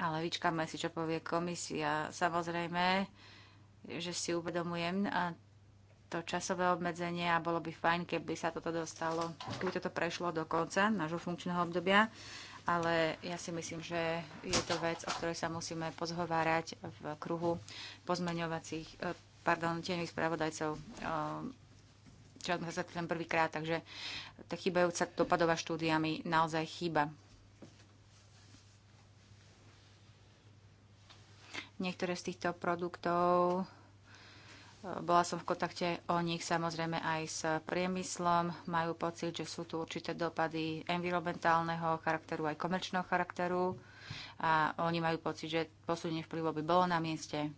Ale vyčkáme si, čo povie komisia. Samozrejme, že si uvedomujem a to časové obmedzenie a bolo by fajn, keby sa toto dostalo, keby toto prešlo do konca nášho funkčného obdobia. Ale ja si myslím, že je to vec, o ktorej sa musíme pozhovárať v kruhu pozmeňovacích, e, pardon, tieňových spravodajcov, ehm, čo sme sa ten prvýkrát, takže tá chýbajúca dopadová štúdia mi naozaj chýba. Niektoré z týchto produktov ehm, bola som v kontakte o nich samozrejme aj s priemyslom. Majú pocit, že sú tu určité dopady environmentálneho charakteru aj komerčného charakteru a oni majú pocit, že posúdenie vplyvu by bolo na mieste.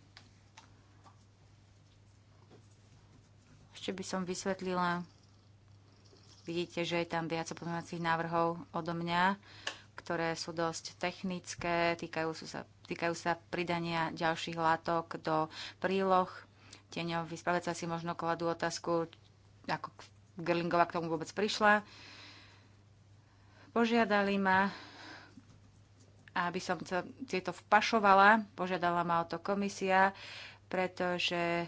Ešte by som vysvetlila, vidíte, že je tam viac pozmeňovacích návrhov odo mňa, ktoré sú dosť technické, týkajú sa, týkajú sa pridania ďalších látok do príloh. Tieňoví sa si možno kladú otázku, ako Gerlingova k tomu vôbec prišla. Požiadali ma, aby som tieto vpašovala. Požiadala ma o to komisia, pretože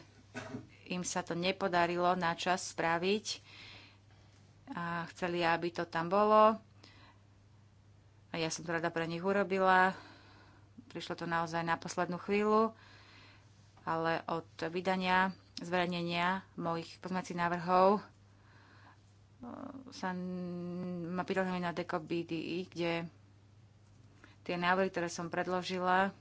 im sa to nepodarilo na čas spraviť a chceli, aby to tam bolo. A ja som to rada pre nich urobila. Prišlo to naozaj na poslednú chvíľu, ale od vydania, zverejnenia mojich pozmacích návrhov e, sa ma pýtali na Deco BDI, e, kde tie návrhy, ktoré som predložila,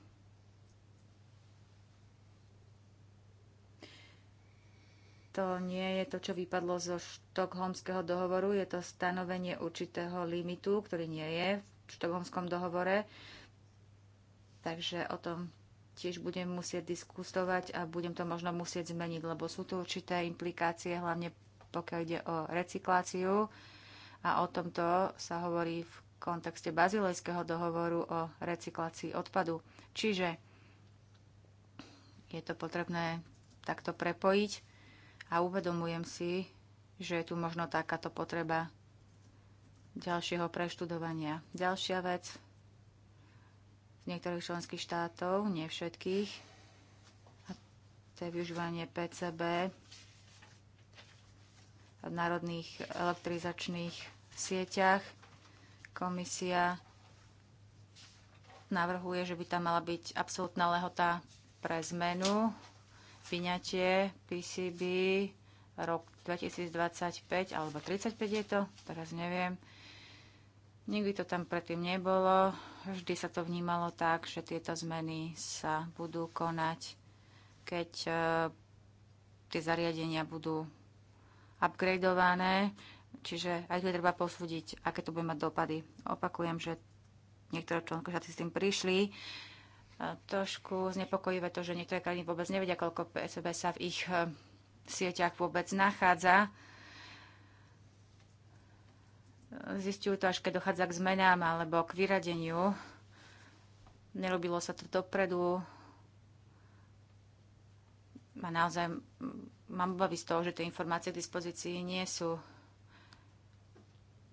to nie je to, čo vypadlo zo štokholmského dohovoru. Je to stanovenie určitého limitu, ktorý nie je v štokholmskom dohovore. Takže o tom tiež budem musieť diskutovať a budem to možno musieť zmeniť, lebo sú tu určité implikácie, hlavne pokiaľ ide o recikláciu. A o tomto sa hovorí v kontexte bazilejského dohovoru o recyklácii odpadu. Čiže je to potrebné takto prepojiť a uvedomujem si, že je tu možno takáto potreba ďalšieho preštudovania. Ďalšia vec z niektorých členských štátov, nie všetkých, a to je využívanie PCB v národných elektrizačných sieťach. Komisia navrhuje, že by tam mala byť absolútna lehota pre zmenu vyňatie PCB rok 2025 alebo 35 je to, teraz neviem. Nikdy to tam predtým nebolo, vždy sa to vnímalo tak, že tieto zmeny sa budú konať, keď e, tie zariadenia budú upgradeované, čiže aj tu treba posúdiť, aké to bude mať dopady. Opakujem, že niektoré členské štáty s tým prišli, trošku znepokojivé to, že niektoré krajiny vôbec nevedia, koľko PCB sa v ich eh, sieťach vôbec nachádza. Zistujú to až keď dochádza k zmenám alebo k vyradeniu. Nerobilo sa to dopredu. A naozaj mám obavy z toho, že tie informácie k dispozícii nie sú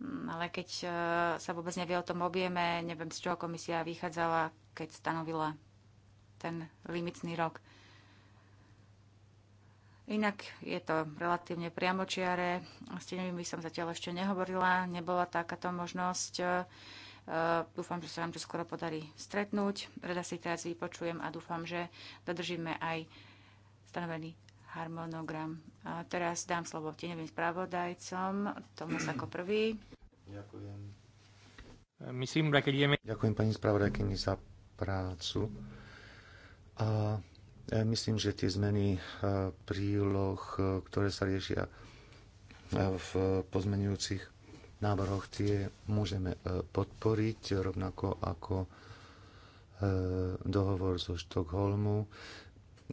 Mm, ale keď e, sa vôbec nevie o tom objeme, neviem, z čoho komisia vychádzala, keď stanovila ten limitný rok. Inak je to relatívne priamočiare. S by som zatiaľ ešte nehovorila. Nebola takáto možnosť. E, e, dúfam, že sa vám to skoro podarí stretnúť. Rada si teraz vypočujem a dúfam, že dodržíme aj stanovený harmonogram. A teraz dám slovo tieňovým spravodajcom. Tomas ako prvý. Ďakujem. Myslím, že ideme... Ďakujem pani spravodajkyni za prácu. A e, myslím, že tie zmeny e, príloh, e, ktoré sa riešia v pozmenujúcich návrhoch, tie môžeme podporiť rovnako ako dohovor zo Štokholmu.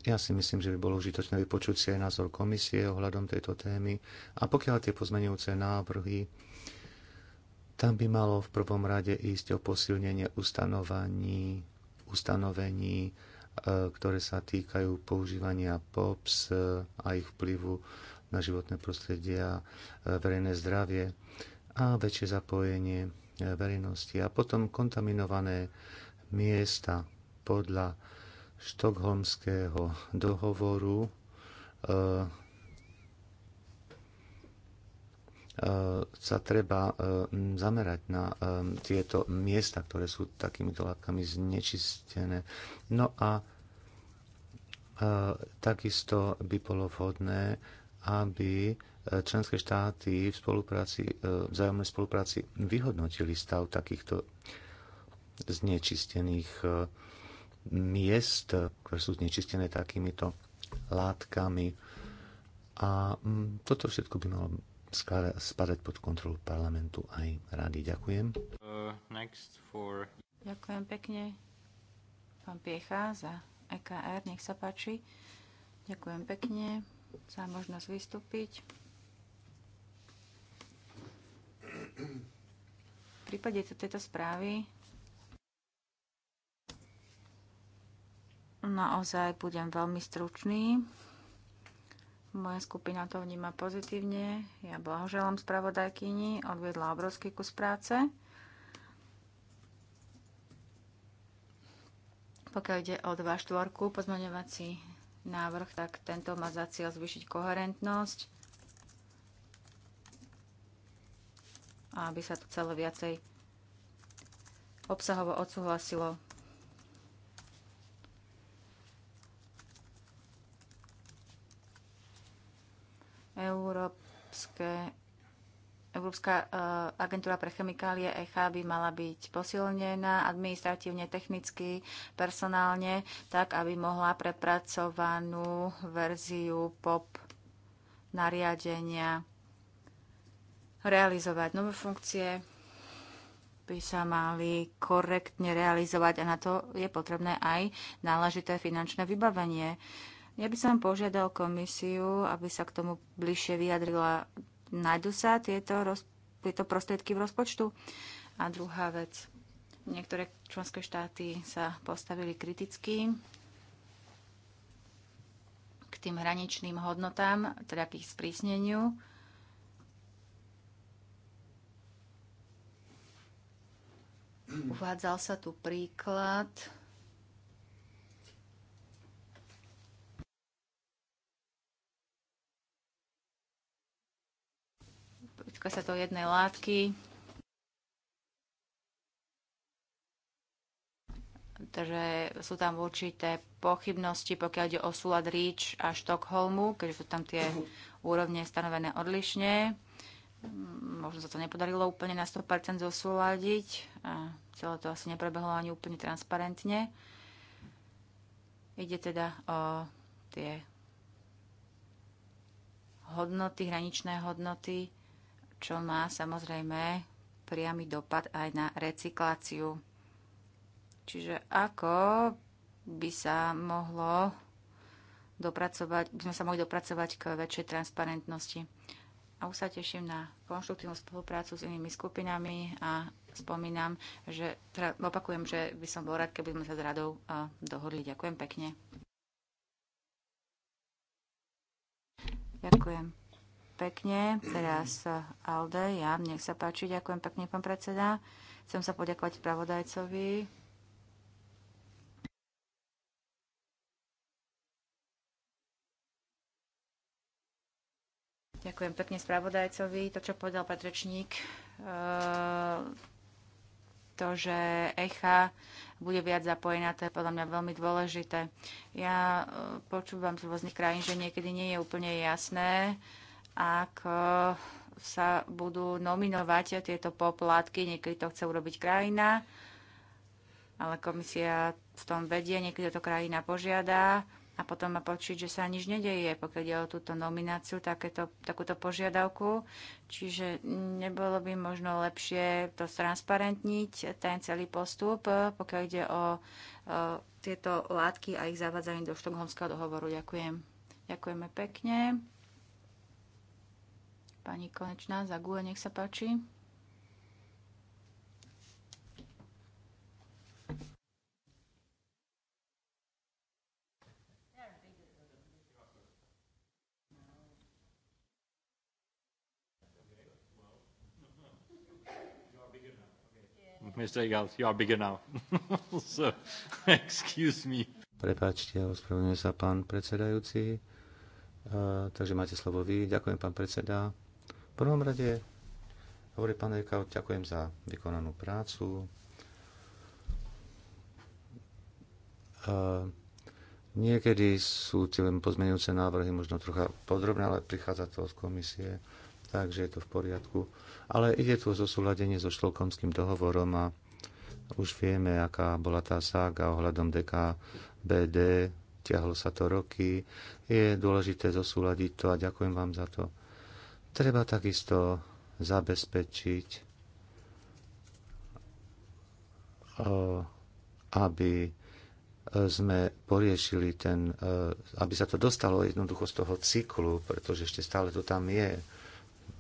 Ja si myslím, že by bolo užitočné vypočuť si aj názor komisie ohľadom tejto témy. A pokiaľ tie pozmenujúce návrhy, tam by malo v prvom rade ísť o posilnenie ustanovaní, ustanovení, e, ktoré sa týkajú používania POPS e, a ich vplyvu na životné prostredie a e, verejné zdravie a väčšie zapojenie verejnosti a potom kontaminované miesta podľa štokholmského dohovoru e, e, sa treba e, zamerať na tieto miesta, ktoré sú takýmito látkami znečistené. No a takisto by bolo vhodné, aby členské štáty v spolupráci, vzájomnej spolupráci vyhodnotili stav takýchto znečistených miest, ktoré sú znečistené takýmito látkami. A mm, toto všetko by malo spadať pod kontrolu parlamentu aj rady. Ďakujem. Uh, next for... Ďakujem pekne. Pán Piecha za EKR, nech sa páči. Ďakujem pekne za možnosť vystúpiť. V prípade tejto správy Naozaj budem veľmi stručný. Moja skupina to vníma pozitívne. Ja blahoželám spravodajkyni, odvedla obrovský kus práce. Pokiaľ ide o štvorku pozmaňovací návrh, tak tento má za cieľ zvýšiť koherentnosť, aby sa to celé viacej obsahovo odsúhlasilo Európske, Európska e, agentúra pre chemikálie ECHA by mala byť posilnená administratívne, technicky, personálne, tak aby mohla prepracovanú verziu POP nariadenia realizovať. Nové funkcie by sa mali korektne realizovať a na to je potrebné aj náležité finančné vybavenie. Uh, ja by som požiadal komisiu, aby sa k tomu bližšie vyjadrila. Nájdu sa tieto, roz, tieto prostriedky v rozpočtu? A druhá vec. Niektoré členské štáty sa postavili kriticky k tým hraničným hodnotám, teda k ich sprísneniu. Uvádzal sa tu príklad Týka sa to jednej látky. Takže sú tam určité pochybnosti, pokiaľ ide o súlad Ríč a Štokholmu, keďže sú tam tie úrovne stanovené odlišne. Možno sa to nepodarilo úplne na 100% zosúľadiť a celé to asi neprebehlo ani úplne transparentne. Ide teda o tie hodnoty, hraničné hodnoty čo má samozrejme priamy dopad aj na recykláciu. Čiže ako by sa mohlo dopracovať, by sme sa mohli dopracovať k väčšej transparentnosti. A už sa teším na konštruktívnu spoluprácu s inými skupinami a spomínam, že teda opakujem, že by som bol rád, keby sme sa s radou dohodli. Ďakujem pekne. Ďakujem pekne. Teraz eh, Alde, ja, nech sa páči. Ďakujem pekne, pán predseda. Chcem sa poďakovať pravodajcovi. Ďakujem pekne spravodajcovi. To, čo povedal Patrečník, eh, to, že ECHA bude viac zapojená, to je podľa mňa veľmi dôležité. Ja eh, počúvam z rôznych krajín, že niekedy nie je úplne jasné, ak e, sa budú nominovať tieto poplatky. Niekedy to chce urobiť krajina, ale komisia v tom vedie, niekedy to krajina požiada a potom má pocit, že sa nič nedeje, pokiaľ ide o túto nomináciu, takéto, takúto požiadavku. Čiže nebolo by možno lepšie to transparentniť, ten celý postup, pokiaľ ide o, o e, tieto látky a ich zavádzanie do štokholmského dohovoru. Ďakujem. Ďakujeme pekne. Pani Konečná, za gule, nech sa páči. Mr. Eagles, you are bigger now. so, excuse me. ospravedlňujem sa pán predsedajúci. Uh, takže máte slovo vy. Ďakujem, pán predseda prvom rade, hovorí pán Eka, ďakujem za vykonanú prácu. Niekedy sú tie pozmenujúce návrhy možno trocha podrobné, ale prichádza to od komisie, takže je to v poriadku. Ale ide tu o zosúladenie so štolkomským dohovorom a už vieme, aká bola tá sága ohľadom DKBD, ťahlo sa to roky. Je dôležité zosúľadiť to a ďakujem vám za to. Treba takisto zabezpečiť, e, aby sme poriešili ten, e, aby sa to dostalo jednoducho z toho cyklu, pretože ešte stále to tam je.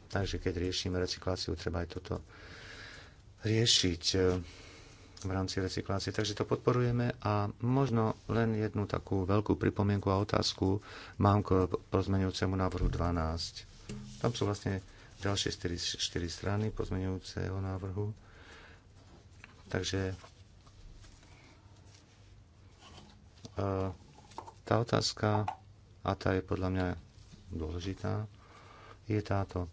Takže keď riešime recykláciu, treba aj toto riešiť e, v rámci recyklácie. Takže to podporujeme a možno len jednu takú veľkú pripomienku a otázku mám k pozmeňujúcemu návrhu 12. Tam sú vlastne ďalšie 4, 4 strany pozmeňujúceho návrhu. Takže e, tá otázka, a tá je podľa mňa dôležitá, je táto.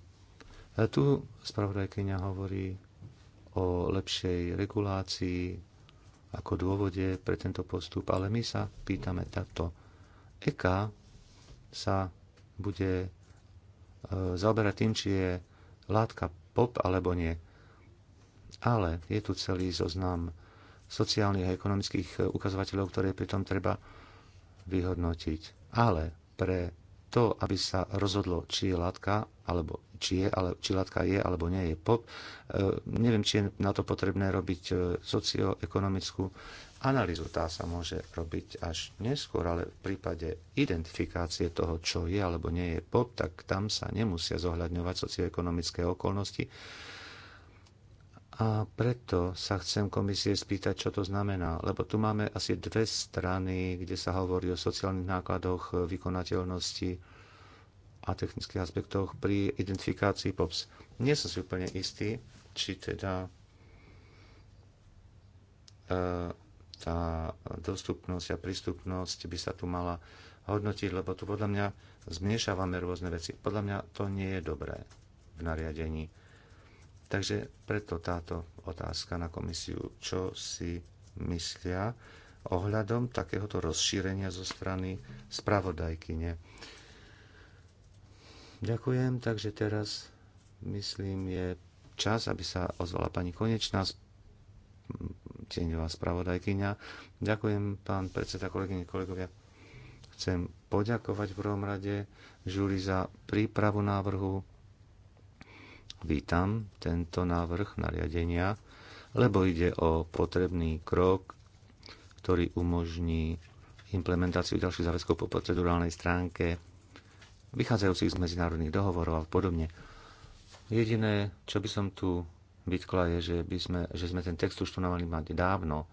E, tu spravodajkyňa hovorí o lepšej regulácii ako dôvode pre tento postup, ale my sa pýtame takto. EK sa bude E, zaoberať tým, či je látka pop alebo nie. Ale je tu celý zoznam sociálnych a ekonomických e, ukazovateľov, ktoré pritom treba vyhodnotiť. Ale pre to, aby sa rozhodlo, či je látka, alebo či, je, ale, či látka je alebo nie je pop, e, neviem, či je na to potrebné robiť socioekonomickú Analýzu tá sa môže robiť až neskôr, ale v prípade identifikácie toho, čo je alebo nie je pop, tak tam sa nemusia zohľadňovať socioekonomické okolnosti. A preto sa chcem komisie spýtať, čo to znamená, lebo tu máme asi dve strany, kde sa hovorí o sociálnych nákladoch, vykonateľnosti a technických aspektoch pri identifikácii POPS. Nie som si úplne istý, či teda e, tá dostupnosť a prístupnosť by sa tu mala hodnotiť, lebo tu podľa mňa zmiešavame rôzne veci. Podľa mňa to nie je dobré v nariadení. Takže preto táto otázka na komisiu, čo si myslia ohľadom takéhoto rozšírenia zo strany spravodajkyne. Ďakujem, takže teraz myslím je čas, aby sa ozvala pani Konečná, tieňová spravodajkyňa. Ďakujem, pán predseda, kolegyne, kolegovia. Chcem poďakovať v prvom rade žúri za prípravu návrhu. Vítam tento návrh nariadenia, lebo ide o potrebný krok, ktorý umožní implementáciu ďalších záväzkov po procedurálnej stránke, vychádzajúcich z medzinárodných dohovorov a podobne. Jediné, čo by som tu Vytkla je, že, by sme, že sme ten text už tu mali mať dávno.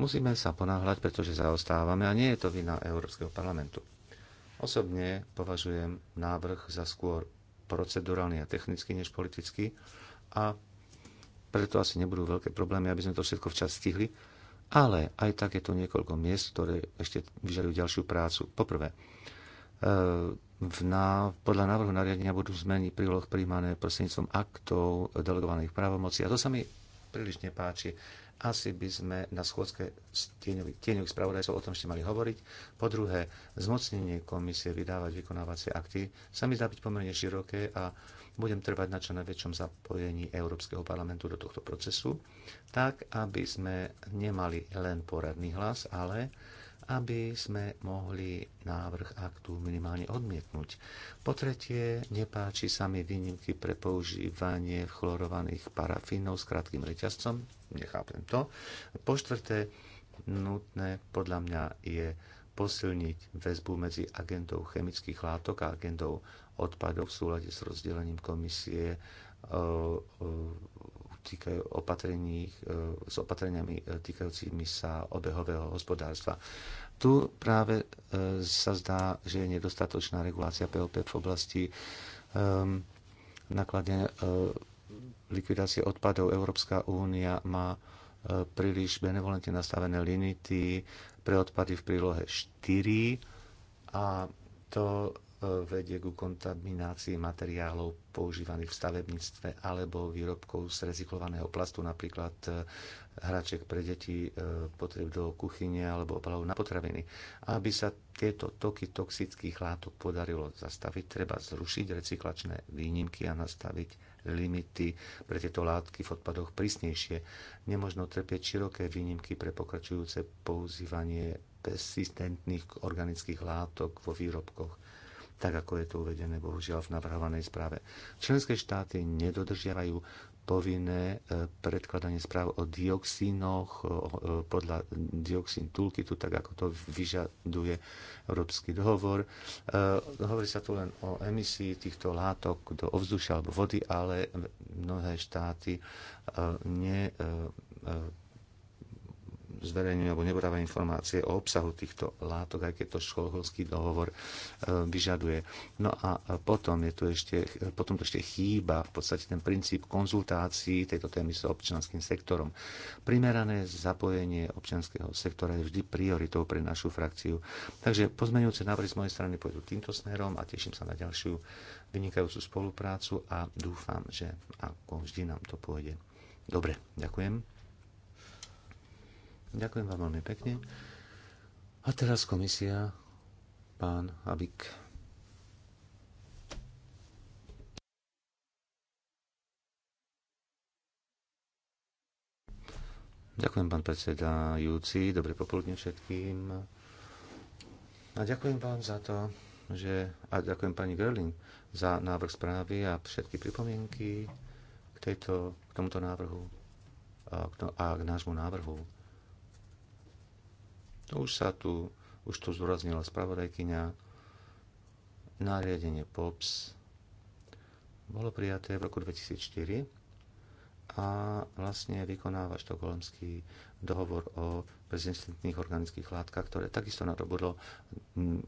Musíme sa ponáhľať, pretože zaostávame a nie je to vina Európskeho parlamentu. Osobne považujem návrh za skôr procedurálny a technický než politický a preto asi nebudú veľké problémy, aby sme to všetko včas stihli, ale aj tak je tu niekoľko miest, ktoré ešte vyžadujú ďalšiu prácu. Poprvé, na, podľa návrhu nariadenia budú zmeny príloh príjmané prostredníctvom aktov delegovaných právomocí. A to sa mi príliš nepáči. Asi by sme na schôdzke tieňových, tieňových spravodajcov o tom ešte mali hovoriť. Po druhé, zmocnenie komisie vydávať vykonávacie akty sa mi zdá byť pomerne široké a budem trvať na čo najväčšom zapojení Európskeho parlamentu do tohto procesu, tak aby sme nemali len poradný hlas, ale aby sme mohli návrh aktu minimálne odmietnúť. Po tretie, nepáči sa mi výnimky pre používanie chlorovaných parafínov s krátkým reťazcom. Nechápem to. Po štvrté, nutné podľa mňa je posilniť väzbu medzi agendou chemických látok a agendou odpadov v súlade s rozdelením komisie týkajú opatrení, e, s opatreniami e, týkajúcimi sa obehového hospodárstva. Tu práve e, sa zdá, že je nedostatočná regulácia POP v oblasti um, nakladne likvidácie odpadov. Európska únia má príliš benevolentne nastavené limity pre odpady v prílohe 4 a to vedie ku kontaminácii materiálov používaných v stavebníctve alebo výrobkov z recyklovaného plastu, napríklad e, hraček pre deti, e, potreb do kuchyne alebo obalov na potraviny. Aby sa tieto toky toxických látok podarilo zastaviť, treba zrušiť recyklačné výnimky a nastaviť limity pre tieto látky v odpadoch prísnejšie. Nemožno trpieť široké výnimky pre pokračujúce používanie persistentných organických látok vo výrobkoch tak ako je to uvedené bohužiaľ v navrhovanej správe. Členské štáty nedodržiavajú povinné e, predkladanie správ o dioxínoch podľa dioxín toolkitu, tak ako to vyžaduje Európsky dohovor. E, hovorí sa tu len o emisii týchto látok do ovzdušia alebo vody, ale mnohé štáty e, ne zverejňuje alebo nepodáva informácie o obsahu týchto látok, aj keď to školský dohovor e, vyžaduje. No a potom, je tu ešte, potom to ešte chýba v podstate ten princíp konzultácií tejto témy s občianským sektorom. Primerané zapojenie občianského sektora je vždy prioritou pre našu frakciu. Takže pozmeňujúce návrhy z mojej strany pôjdu týmto smerom a teším sa na ďalšiu vynikajúcu spoluprácu a dúfam, že ako vždy nám to pôjde. Dobre, ďakujem. Ďakujem vám veľmi pekne. A teraz komisia, pán Abik. Ďakujem, pán predsedajúci. Dobré popoludne všetkým. A ďakujem vám za to, že... A ďakujem pani Gerling za návrh správy a všetky pripomienky k, tejto, k tomuto návrhu a k, to, a k nášmu návrhu už sa tu, už tu zdôraznila spravodajkyňa, nariadenie POPS bolo prijaté v roku 2004 a vlastne vykonáva štokholmský dohovor o prezidentných organických látkach, ktoré takisto nadobudlo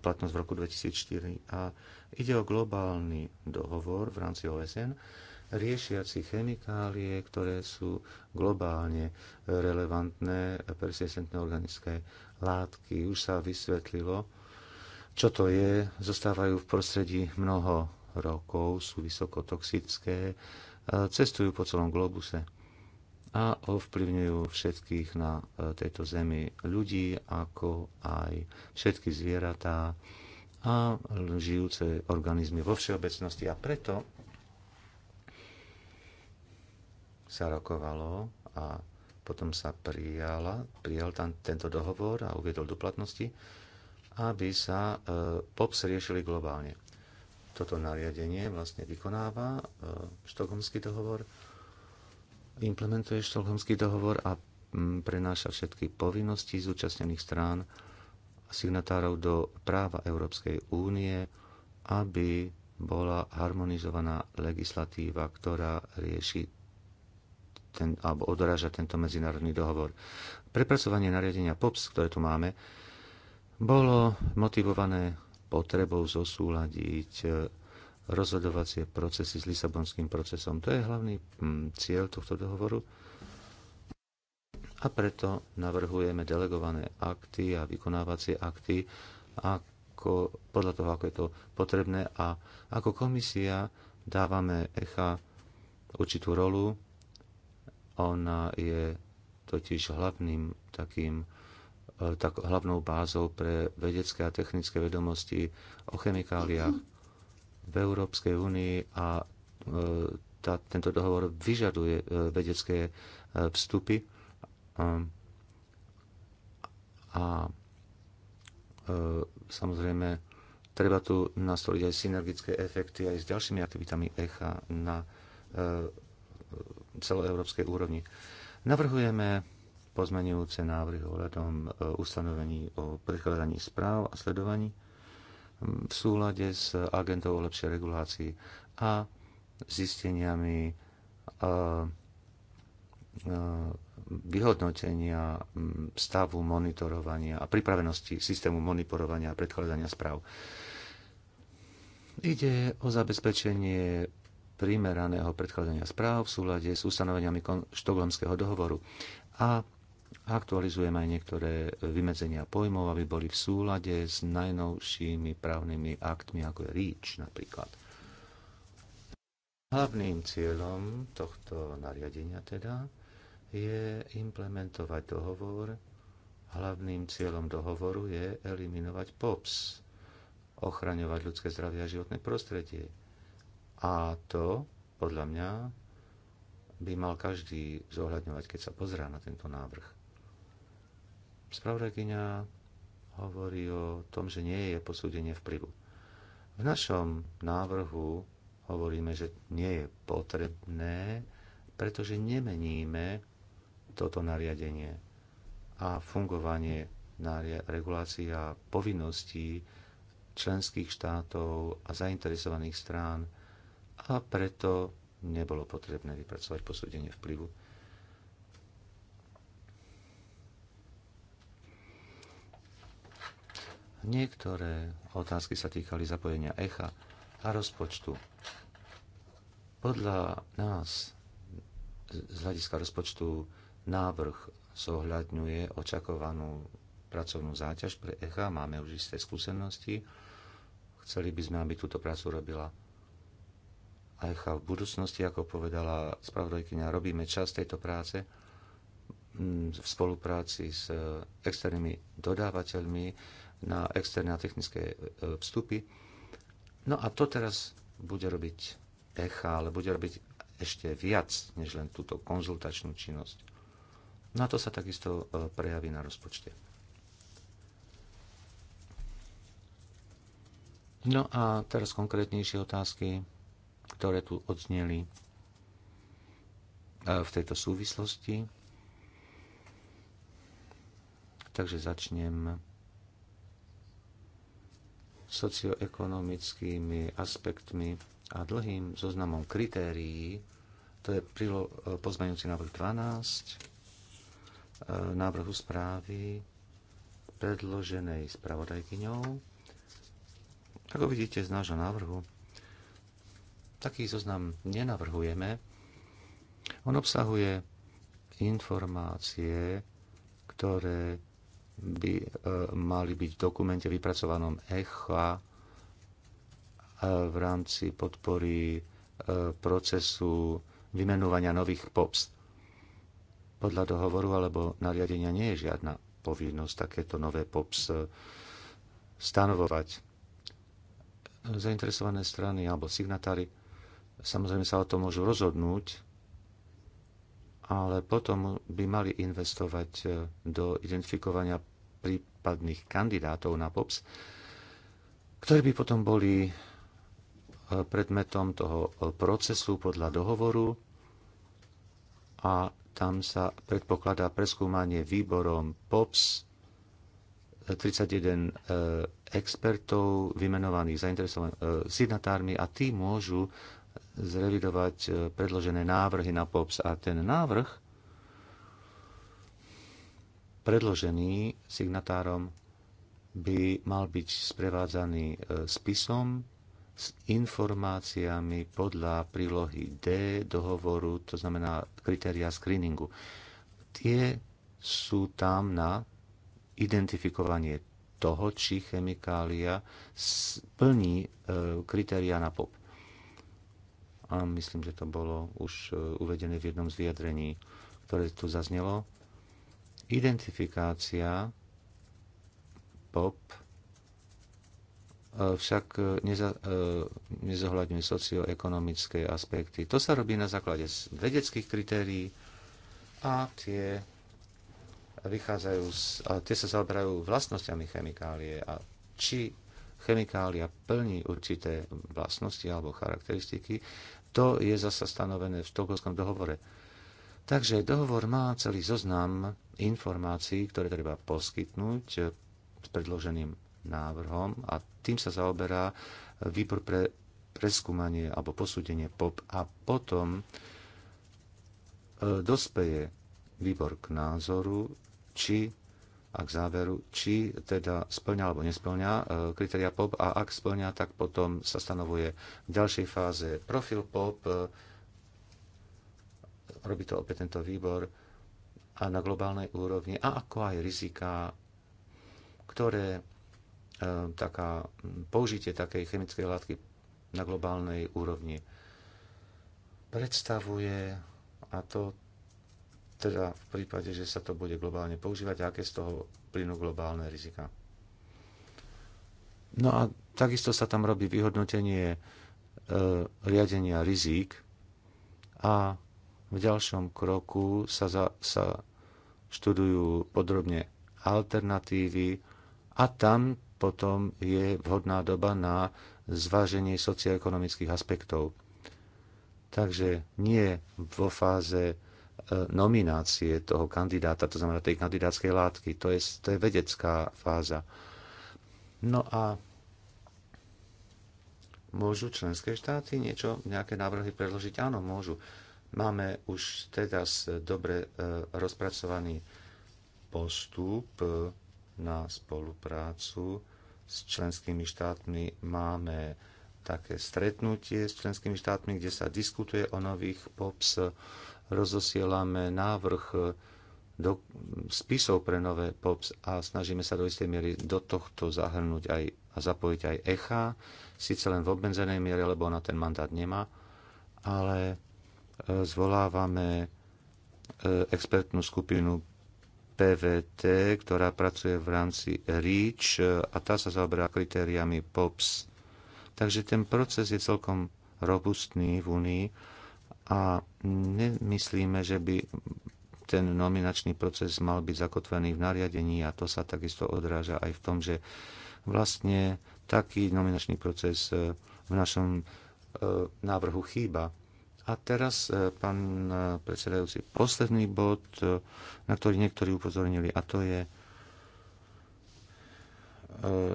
platnosť v roku 2004. A ide o globálny dohovor v rámci OSN, riešiaci chemikálie, ktoré sú globálne relevantné persistentné organické látky. Už sa vysvetlilo, čo to je. Zostávajú v prostredí mnoho rokov, sú vysokotoxické, e, cestujú po celom globuse a ovplyvňujú všetkých na e, tejto zemi ľudí, ako aj všetky zvieratá a žijúce organizmy vo všeobecnosti. A preto sa rokovalo a potom sa prijala, prijal tam tento dohovor a uviedol do platnosti, aby sa e, POPS riešili globálne. Toto nariadenie vlastne vykonáva e, štokholmský dohovor, implementuje štokholmský dohovor a prenáša všetky povinnosti zúčastnených strán a signatárov do práva Európskej únie, aby bola harmonizovaná legislatíva, ktorá rieši ten, alebo odráža tento medzinárodný dohovor. Prepracovanie nariadenia POPS, ktoré tu máme, bolo motivované potrebou zosúľadiť e, rozhodovacie procesy s Lisabonským procesom. To je hlavný cieľ tohto dohovoru. A preto navrhujeme delegované akty a vykonávacie akty ako, podľa toho, ako je to potrebné. A ako komisia dávame ECHA určitú rolu ona je totiž hlavným takým e, tak hlavnou bázou pre vedecké a technické vedomosti o chemikáliách v Európskej únii a e, tá, tento dohovor vyžaduje e, vedecké vstupy ehm, a, a samozrejme treba tu nastoliť aj synergické efekty aj s ďalšími aktivitami ECHA na celoeurópskej úrovni. Navrhujeme pozmenujúce návrhy ohľadom e, ustanovení o predkladaní správ a sledovaní v súlade s agentou o lepšej regulácii a zisteniami e, e, vyhodnotenia stavu monitorovania a pripravenosti systému monitorovania a predkladania správ. Ide o zabezpečenie primeraného predkladania správ v súlade s ustanoveniami štokholmského dohovoru a aktualizujem aj niektoré vymedzenia pojmov, aby boli v súlade s najnovšími právnymi aktmi, ako je REACH napríklad. Hlavným cieľom tohto nariadenia teda je implementovať dohovor. Hlavným cieľom dohovoru je eliminovať POPS, ochraňovať ľudské zdravie a životné prostredie, a to, podľa mňa, by mal každý zohľadňovať, keď sa pozrá na tento návrh. Spravodajkyňa hovorí o tom, že nie je posúdenie vplyvu. V našom návrhu hovoríme, že nie je potrebné, pretože nemeníme toto nariadenie a fungovanie regulácií a povinností členských štátov a zainteresovaných strán a preto nebolo potrebné vypracovať posúdenie vplyvu. Niektoré otázky sa týkali zapojenia echa a rozpočtu. Podľa nás z hľadiska rozpočtu návrh zohľadňuje očakovanú pracovnú záťaž pre ECHA, máme už isté skúsenosti. Chceli by sme, aby túto prácu robila ECHA v budúcnosti, ako povedala spravodajkynia, robíme čas tejto práce mm, v spolupráci s e, externými dodávateľmi na externé a technické e, vstupy. No a to teraz bude robiť ECHA, ale bude robiť ešte viac, než len túto konzultačnú činnosť. Na no to sa takisto e, prejaví na rozpočte. No a teraz konkrétnejšie otázky ktoré tu odzneli e, v tejto súvislosti. Takže začnem socioekonomickými aspektmi a dlhým zoznamom kritérií. To je e, pozmeňujúci návrh 12 e, návrhu správy predloženej spravodajkyňou. Ako vidíte z nášho návrhu, taký zoznam nenavrhujeme. On obsahuje informácie, ktoré by e, mali byť v dokumente vypracovanom ECHA e, v rámci podpory e, procesu vymenovania nových POPS. Podľa dohovoru alebo nariadenia nie je žiadna povinnosť takéto nové POPS e, stanovovať. Zainteresované strany alebo signatári Samozrejme sa o tom môžu rozhodnúť, ale potom by mali investovať e, do identifikovania prípadných kandidátov na POPS, ktorí by potom boli e, predmetom toho e, procesu podľa dohovoru a tam sa predpokladá preskúmanie výborom POPS 31 expertov vymenovaných signatármi a tí môžu zrevidovať e, predložené návrhy na POPS a ten návrh predložený signatárom by mal byť sprevádzaný e, spisom s informáciami podľa prílohy D dohovoru, to znamená kritéria screeningu. Tie sú tam na identifikovanie toho, či chemikália splní e, kritéria na POP a myslím, že to bolo už e, uvedené v jednom z vyjadrení, ktoré tu zaznelo. Identifikácia POP e, však e, neza, nezohľadňuje socioekonomické aspekty. To sa robí na základe vedeckých kritérií a tie vychádzajú z, a tie sa zaoberajú vlastnosťami chemikálie a či chemikália plní určité vlastnosti alebo charakteristiky, to je zasa stanovené v štokholskom dohovore. Takže dohovor má celý zoznam informácií, ktoré treba poskytnúť s predloženým návrhom a tým sa zaoberá výbor pre preskúmanie alebo posúdenie POP a potom e, dospeje výbor k názoru, či a k záveru, či teda splňa alebo nesplňa e, kritéria POP a ak splňa, tak potom sa stanovuje v ďalšej fáze profil POP, e, robí to opäť tento výbor a na globálnej úrovni a ako aj rizika, ktoré e, taká, použitie takej chemickej látky na globálnej úrovni predstavuje a to teda v prípade, že sa to bude globálne používať aké z toho plynú globálne rizika. No a takisto sa tam robí vyhodnotenie e, riadenia rizík a v ďalšom kroku sa, za, sa študujú podrobne alternatívy a tam potom je vhodná doba na zváženie socioekonomických aspektov. Takže nie vo fáze nominácie toho kandidáta, to znamená tej kandidátskej látky. To je, to je vedecká fáza. No a môžu členské štáty niečo, nejaké návrhy predložiť? Áno, môžu. Máme už teda dobre e, rozpracovaný postup e, na spoluprácu s členskými štátmi. Máme také stretnutie s členskými štátmi, kde sa diskutuje o nových POPS rozosielame návrh eh, do spisov pre nové POPs a snažíme sa do istej miery do tohto zahrnúť aj a zapojiť aj ECHA, síce len v obmedzenej miere, lebo ona ten mandát nemá, ale eh, zvolávame eh, expertnú skupinu PVT, ktorá pracuje v rámci REACH a tá sa zaoberá kritériami POPS. Takže ten proces je celkom robustný v Únii a nemyslíme, že by ten nominačný proces mal byť zakotvený v nariadení a to sa takisto odráža aj v tom, že vlastne taký nominačný proces e, v našom e, návrhu chýba. A teraz, e, pán predsedajúci, posledný bod, na ktorý niektorí upozornili, a to je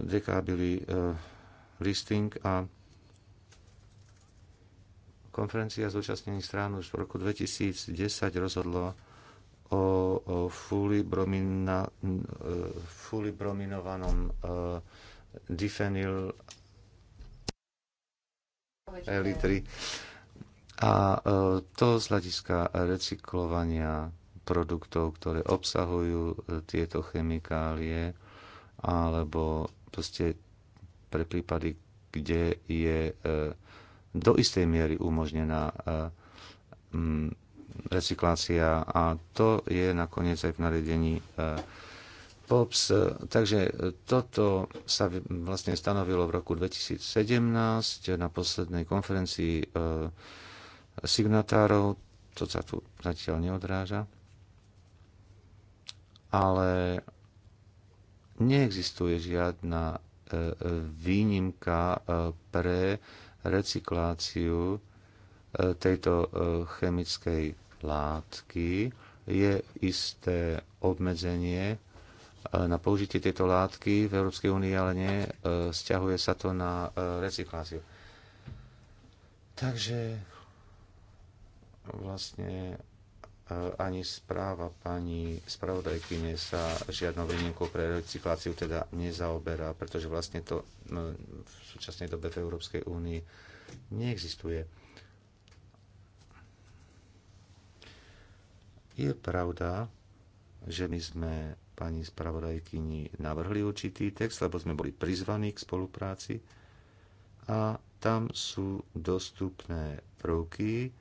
dekábily listing a Konferencia zúčastnených strán už v roku 2010 rozhodla o, o fulibromina, e, fulibrominovanom e, difenyl L3. A e, to z hľadiska recyklovania produktov, ktoré obsahujú tieto chemikálie, alebo proste pre prípady, kde je do istej miery umožnená e, recyklácia a to je nakoniec aj v nariadení e, POPS. Takže toto sa vlastne stanovilo v roku 2017 na poslednej konferencii e, signatárov. To sa tu zatiaľ neodráža. Ale neexistuje žiadna výnimka pre recykláciu e, tejto e, chemickej látky je isté obmedzenie e, na použitie tejto látky v Európskej únii, ale nie, Sťahuje sa to na recykláciu. Takže vlastne ani správa pani spravodajkyne sa žiadnou výnimkou pre recykláciu teda nezaoberá, pretože vlastne to no, v súčasnej dobe v Európskej únii neexistuje. Je pravda, že my sme pani spravodajkyni navrhli určitý text, lebo sme boli prizvaní k spolupráci a tam sú dostupné prvky,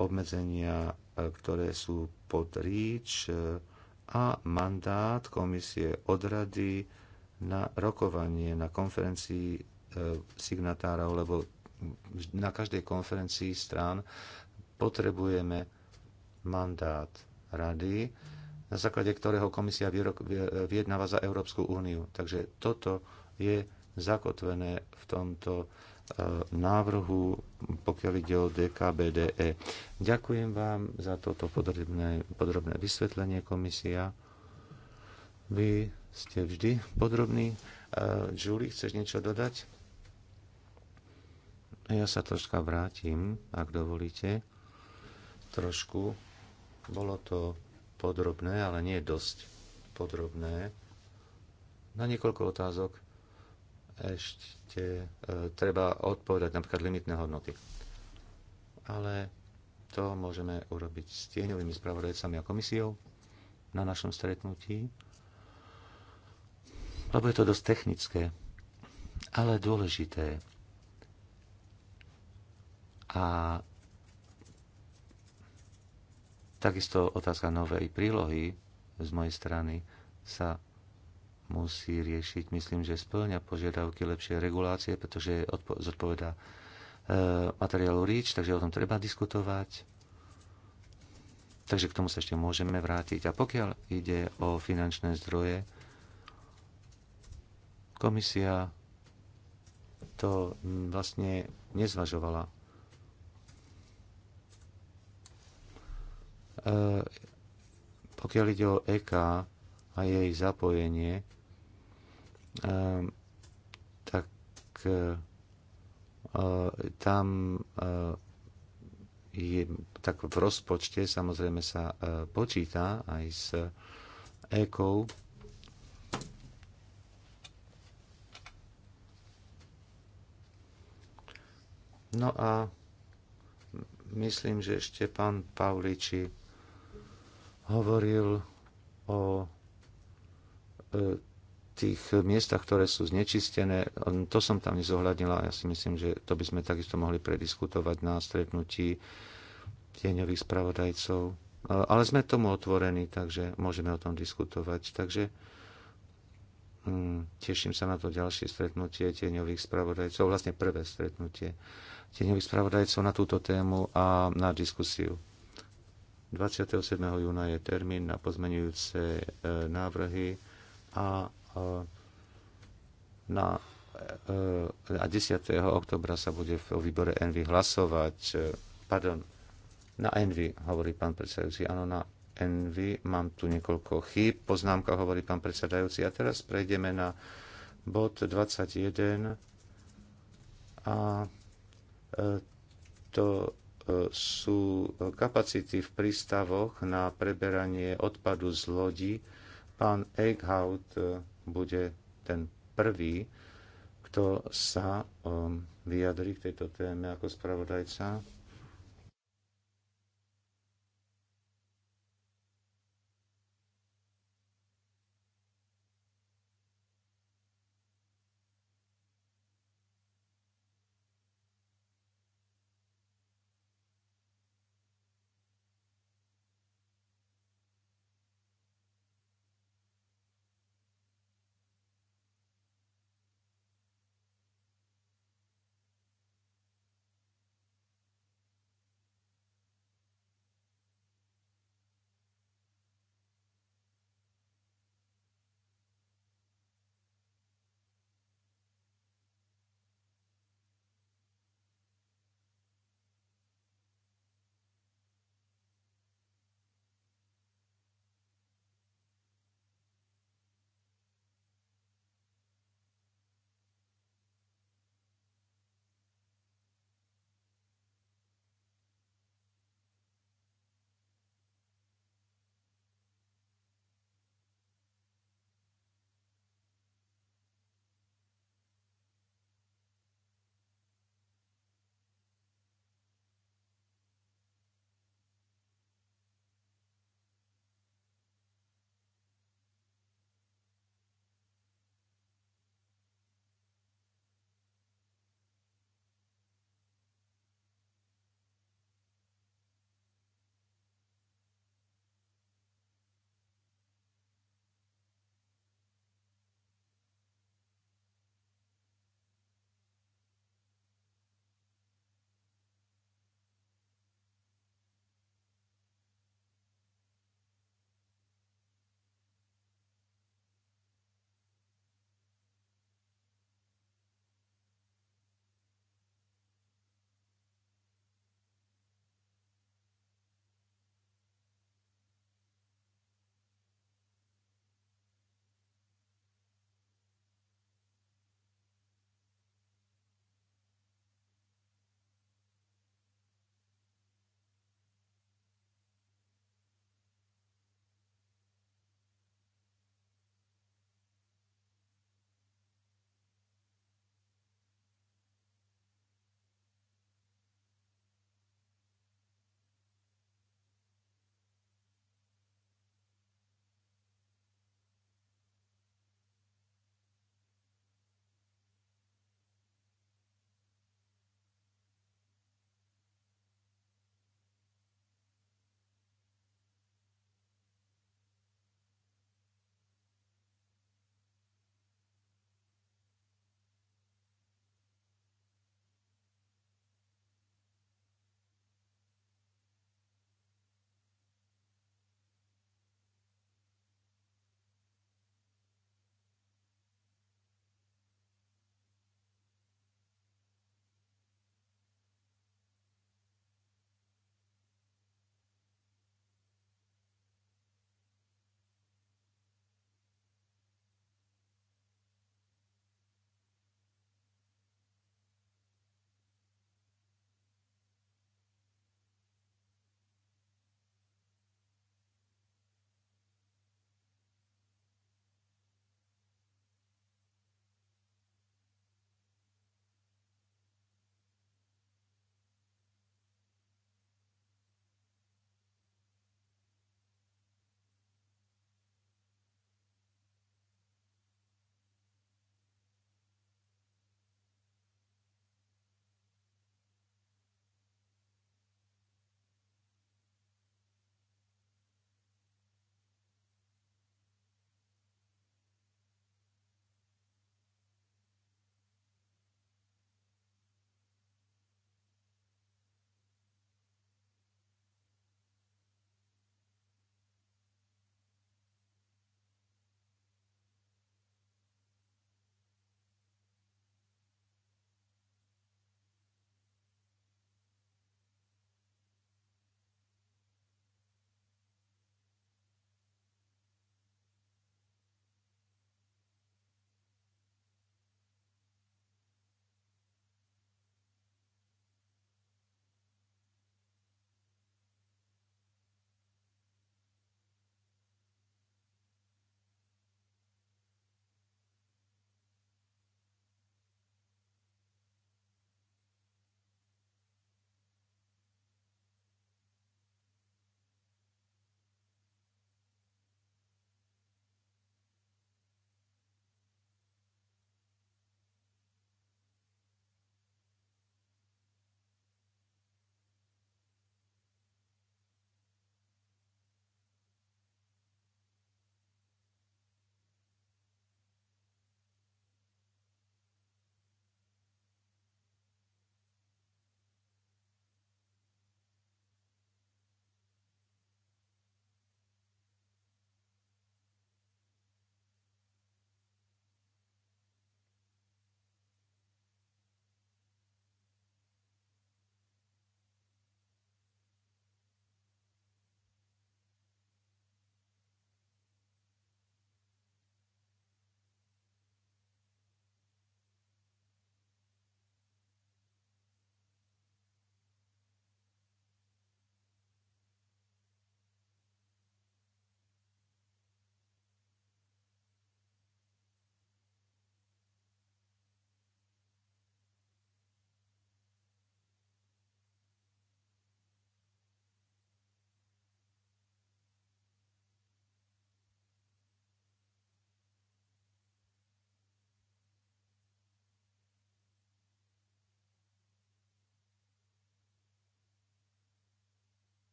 obmedzenia, e, ktoré sú pod ríč e, a mandát komisie od rady na rokovanie na konferencii e, signatárov, lebo na každej konferencii strán potrebujeme mandát rady, na základe ktorého komisia vyjednáva za Európsku úniu. Takže toto je zakotvené v tomto E, návrhu, pokiaľ ide o DKBDE. Ďakujem vám za toto podrobné, podrobné vysvetlenie komisia. Vy ste vždy podrobný. Julie, e, chceš niečo dodať? Ja sa troška vrátim, ak dovolíte. Trošku. Bolo to podrobné, ale nie dosť podrobné. Na niekoľko otázok ešte e, treba odpovedať napríklad limitné hodnoty. Ale to môžeme urobiť s tieňovými spravodajcami a komisiou na našom stretnutí, lebo je to dosť technické, ale dôležité. A takisto otázka novej prílohy z mojej strany sa musí riešiť. Myslím, že splňa požiadavky lepšej regulácie, pretože e, materiálu REACH, takže o tom treba diskutovať. Takže k tomu sa ešte môžeme vrátiť. A pokiaľ ide o finančné zdroje, komisia to vlastne nezvažovala. E, pokiaľ ide o EK a jej zapojenie, Ehm, tak eh, eh, tam eh, je, tak v rozpočte samozrejme sa počíta aj s ekou. No a myslím, že ešte pán Pavliči hovoril o tých miestach, ktoré sú znečistené, to som tam nezohľadnila a ja si myslím, že to by sme takisto mohli prediskutovať na stretnutí tieňových spravodajcov. Ale sme tomu otvorení, takže môžeme o tom diskutovať. Takže mm, teším sa na to ďalšie stretnutie tieňových spravodajcov, vlastne prvé stretnutie tieňových spravodajcov na túto tému a na diskusiu. 27. júna je termín na pozmenujúce e, návrhy a E, na na e, 10. oktobra sa bude o výbore Envy hlasovať. E, pardon, na Envy, hovorí pán predsedajúci. Áno, na Envy mám tu niekoľko chýb. Poznámka, hovorí pán predsedajúci. A teraz prejdeme na bod 21. A to sú kapacity v prístavoch na preberanie odpadu z lodi. Pán Eichhout bude ten prvý, kto sa um, vyjadrí k tejto téme ako spravodajca.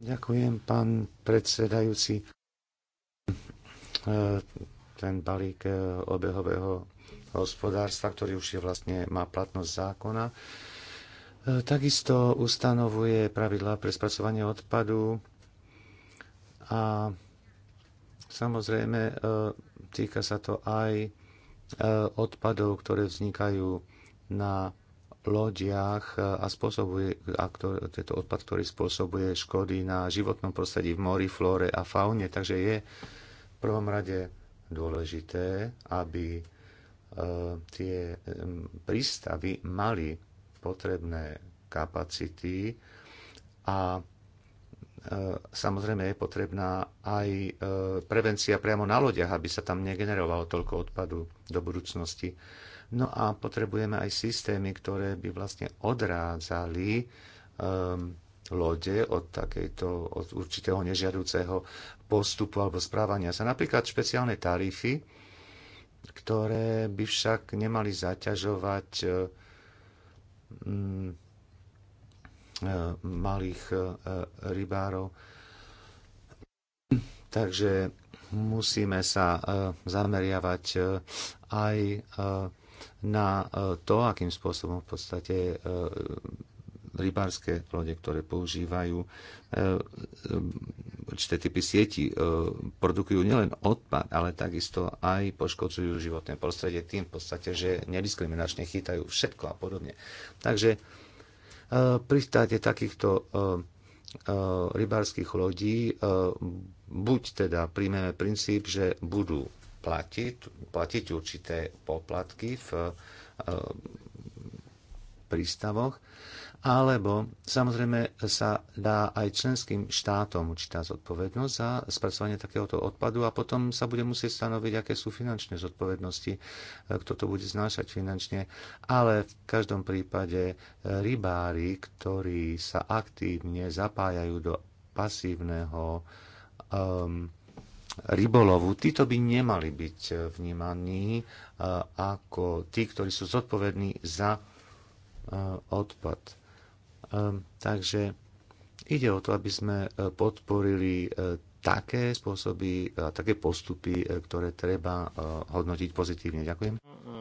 Ďakujem, pán predsedajúci. E, ten balík e, obehového hospodárstva, ktorý už je vlastne, má platnosť zákona, e, takisto ustanovuje pravidlá pre spracovanie odpadu a samozrejme týka sa to aj Eh, odpadov, ktoré vznikajú na lodiach eh, a spôsobuje, a to, tento odpad, ktorý spôsobuje škody na životnom prostredí v mori, flóre a faune. Takže je v prvom rade dôležité, aby eh, tie prístavy mali potrebné kapacity a E, samozrejme je potrebná aj e, prevencia priamo na lodiach, aby sa tam negenerovalo toľko odpadu do budúcnosti. No a potrebujeme aj systémy, ktoré by vlastne odrádzali um, lode od takejto, od určitého nežiadúceho postupu alebo správania sa. Napríklad špeciálne tarify, ktoré by však nemali zaťažovať um, E, malých e, rybárov. Takže musíme sa e, zameriavať aj na to, akým spôsobom v podstate rybárske lode, ktoré používajú určité typy sieti, produkujú nielen odpad, ale takisto aj poškodzujú životné prostredie tým v podstate, že nediskriminačne chytajú všetko a podobne. Takže Eh, pristáte takýchto eh, eh, rybárskych lodí buď teda príjmeme princíp, že budú platiť, platiť určité poplatky v prístavoch, alebo samozrejme sa dá aj členským štátom určitá zodpovednosť za spracovanie takéhoto odpadu a potom sa bude musieť stanoviť, aké sú finančné zodpovednosti, e, kto to bude znášať finančne. Ale v každom prípade e, rybári, ktorí sa aktívne zapájajú do pasívneho um, rybolovu, títo by nemali byť e, vnímaní uh, ako tí, ktorí sú zodpovední za uh, odpad. Ehm, takže ide o to, aby sme e, podporili e, také spôsoby, také postupy, e, ktoré treba hodnotiť pozitívne. Ďakujem. Ehm,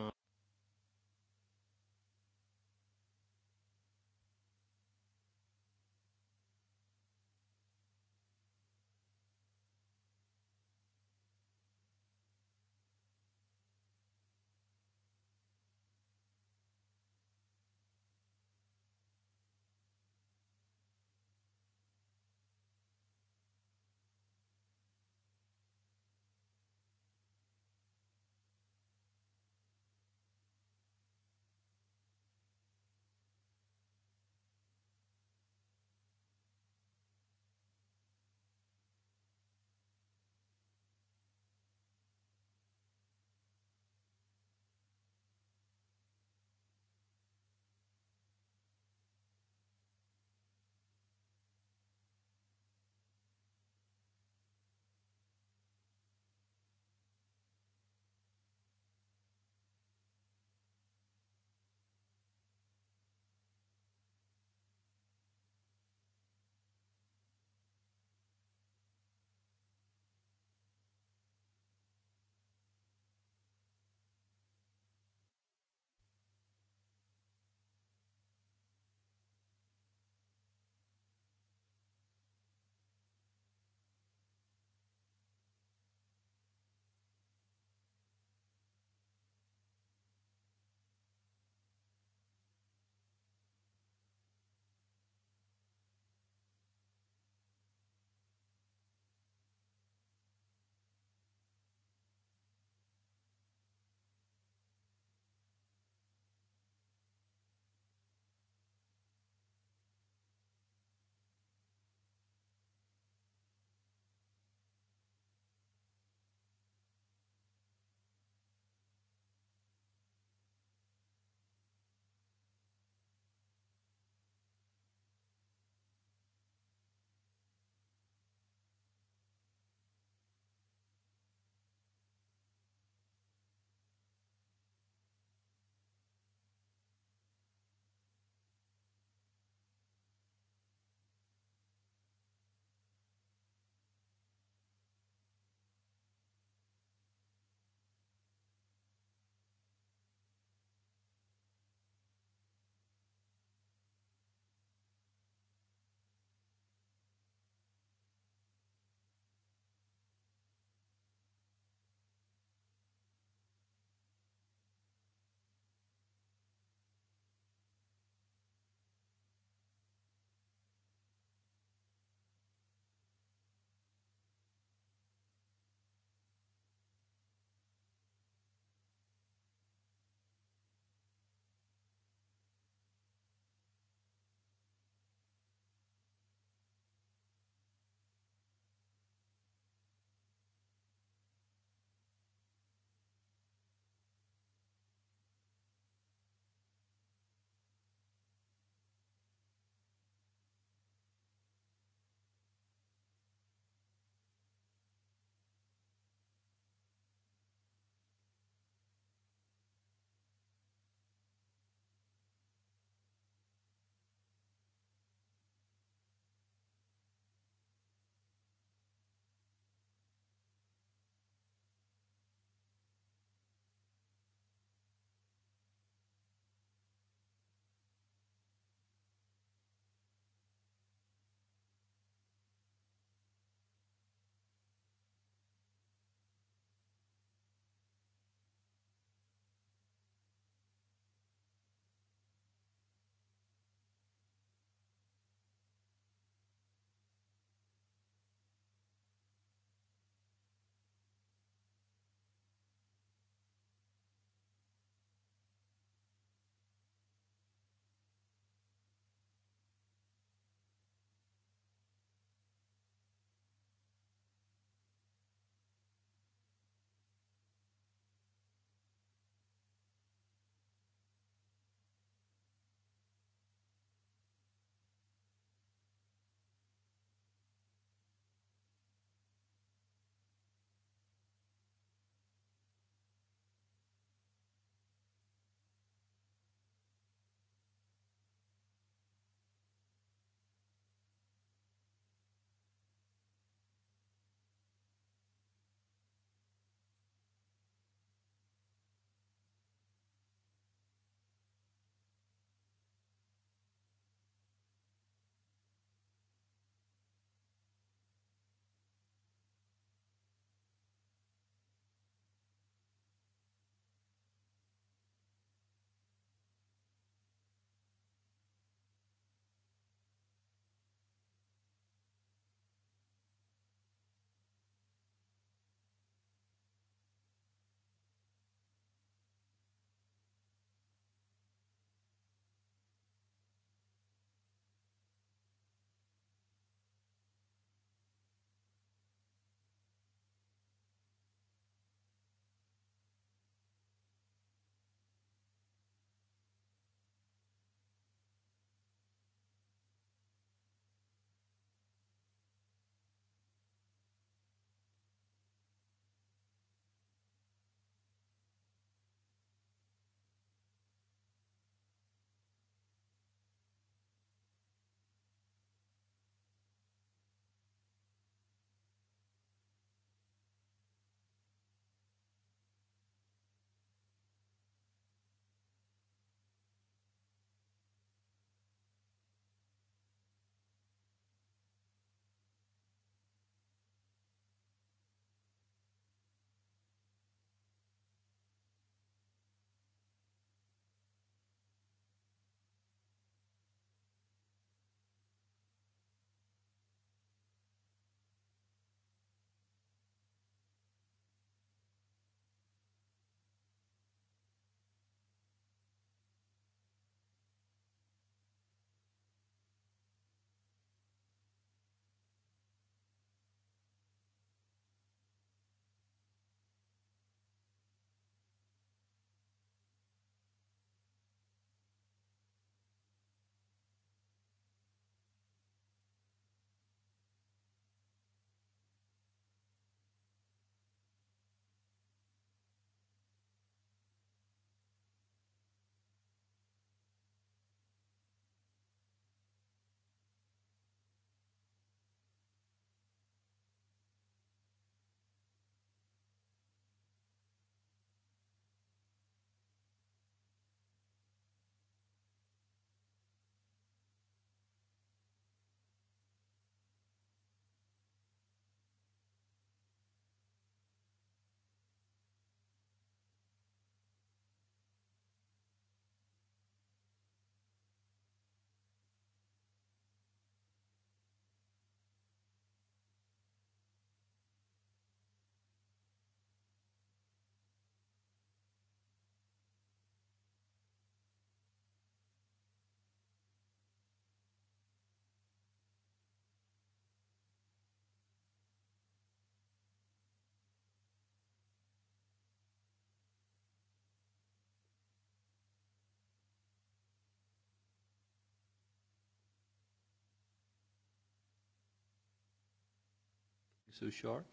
so short.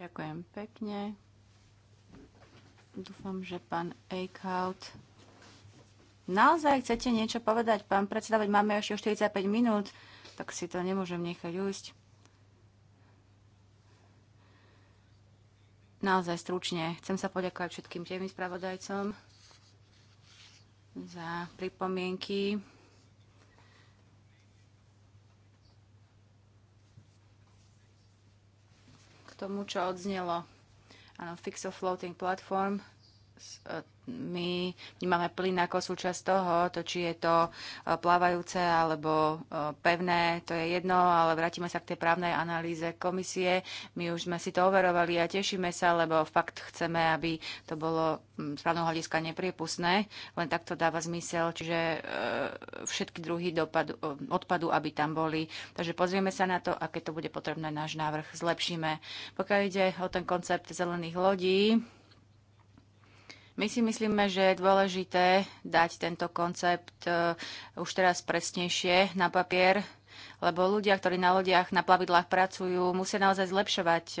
Ďakujem pekne. Dúfam, že pán Eichhout Naozaj chcete niečo povedať, pán predseda, veď máme ešte 45 minút, tak si to nemôžem nechať ujsť. Naozaj stručne chcem sa poďakovať všetkým tým spravodajcom za pripomienky. tomu, čo odznelo. Áno, Fix a Floating Platform E, my vnímame plyn ako súčasť toho, to či je to e, plávajúce alebo e, pevné, to je jedno, ale vrátime sa k tej právnej analýze komisie. My už sme si to overovali a tešíme sa, lebo fakt chceme, aby to bolo z právneho hľadiska nepriepustné, len tak to dáva zmysel, čiže všetky druhy dopadu, odpadu, aby tam boli. Takže pozrieme sa na to a keď to bude potrebné, náš návrh zlepšíme. Pokiaľ ide o ten koncept zelených lodí, my si myslíme, že je dôležité dať tento koncept eh, už teraz presnejšie na papier, lebo ľudia, ktorí na lodiach, na plavidlách pracujú, musia naozaj zlepšovať e,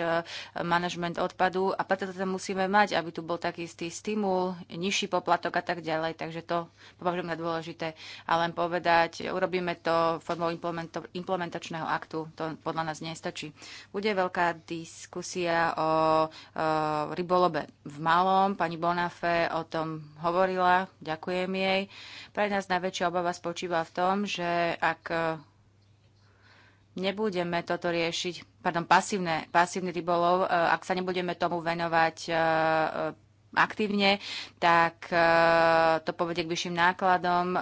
manažment odpadu a preto to tam musíme mať, aby tu bol taký istý stimul, nižší poplatok a tak ďalej. Takže to považujem na dôležité. A len povedať, urobíme to formou implementačného aktu. To podľa nás nestačí. Bude veľká diskusia o, o e, rybolobe v malom. Pani Bonafé o tom hovorila. Ďakujem jej. Pre nás najväčšia obava spočíva v tom, že ak nebudeme toto riešiť, pardon, pasívne, pasívny rybolov, e, ak sa nebudeme tomu venovať e, e, aktívne, tak to povedie k vyšším nákladom,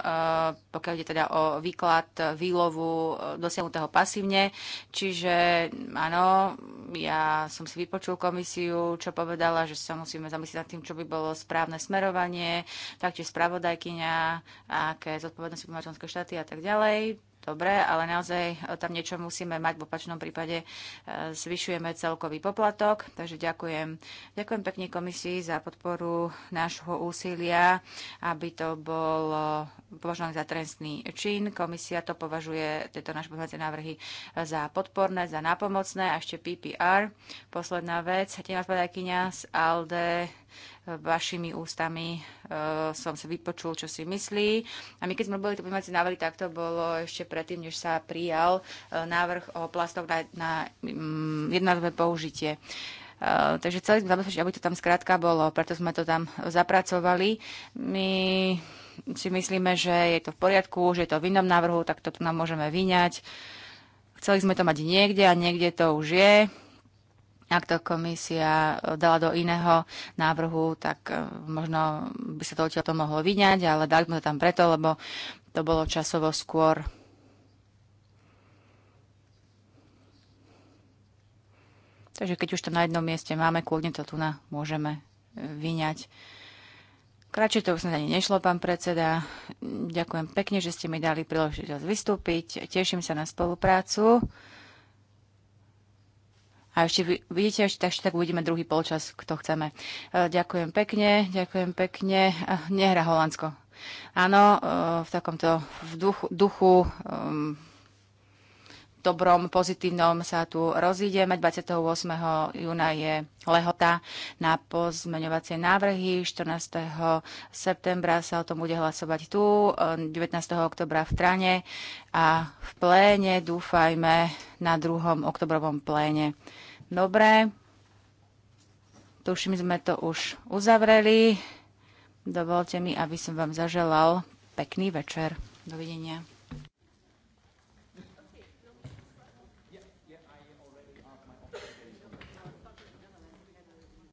pokiaľ ide teda o výklad výlovu dosiahnutého pasívne. Čiže áno, ja som si vypočul komisiu, čo povedala, že sa musíme zamyslieť nad tým, čo by bolo správne smerovanie, taktiež spravodajkyňa, aké zodpovednosti pomáčanské štáty a tak ďalej. Dobre, ale naozaj e, tam niečo musíme mať. V opačnom prípade e, zvyšujeme celkový poplatok. Takže ďakujem. Ďakujem pekne komisii za podporu nášho úsilia, aby to bol e, považovaný za trestný čin. Komisia to považuje, tieto naše pozmeňovacie návrhy, za podporné, za nápomocné. A ešte PPR. Posledná vec. Tieňa spravodajkynia z ALDE vašimi ústami e, som si vypočul, čo si myslí. A my keď sme boli to pozmeňovacie návrhy, tak to bolo ešte predtým, než sa prijal e, návrh o plastoch na, na mm, jednotlivé použitie. Uh, takže chceli sme zabezpečiť, aby to tam skrátka bolo, preto sme to tam zapracovali. My si myslíme, že je to v poriadku, že je to v inom návrhu, tak to tu nám môžeme vyňať. Chceli sme to mať niekde a niekde to už je. Ak to komisia eh, dala do iného návrhu, tak eh, možno by sa to odtiaľ to mohlo vyňať, ale dali sme to tam preto, lebo to bolo časovo skôr Takže keď už to na jednom mieste máme, kľudne to tu na môžeme eh, vyňať. Kratšie to už ani nešlo, pán predseda. Ďakujem pekne, že ste mi dali príležitosť vystúpiť. Teším sa na spoluprácu. A ešte vidíte, ešte tak, tak uvidíme druhý polčas, kto chceme. E, ďakujem pekne, ďakujem pekne. E, Nehra Holandsko. Áno, e, v takomto v duchu, duchu um, dobrom, pozitívnom sa tu rozídeme. 28. júna je lehota na pozmeňovacie návrhy. 14. septembra sa o tom bude hlasovať tu, 19. oktobra v Trane a v pléne dúfajme na 2. oktobrovom pléne. Dobre, tuším, sme to už uzavreli. Dovolte mi, aby som vám zaželal pekný večer. Dovidenia.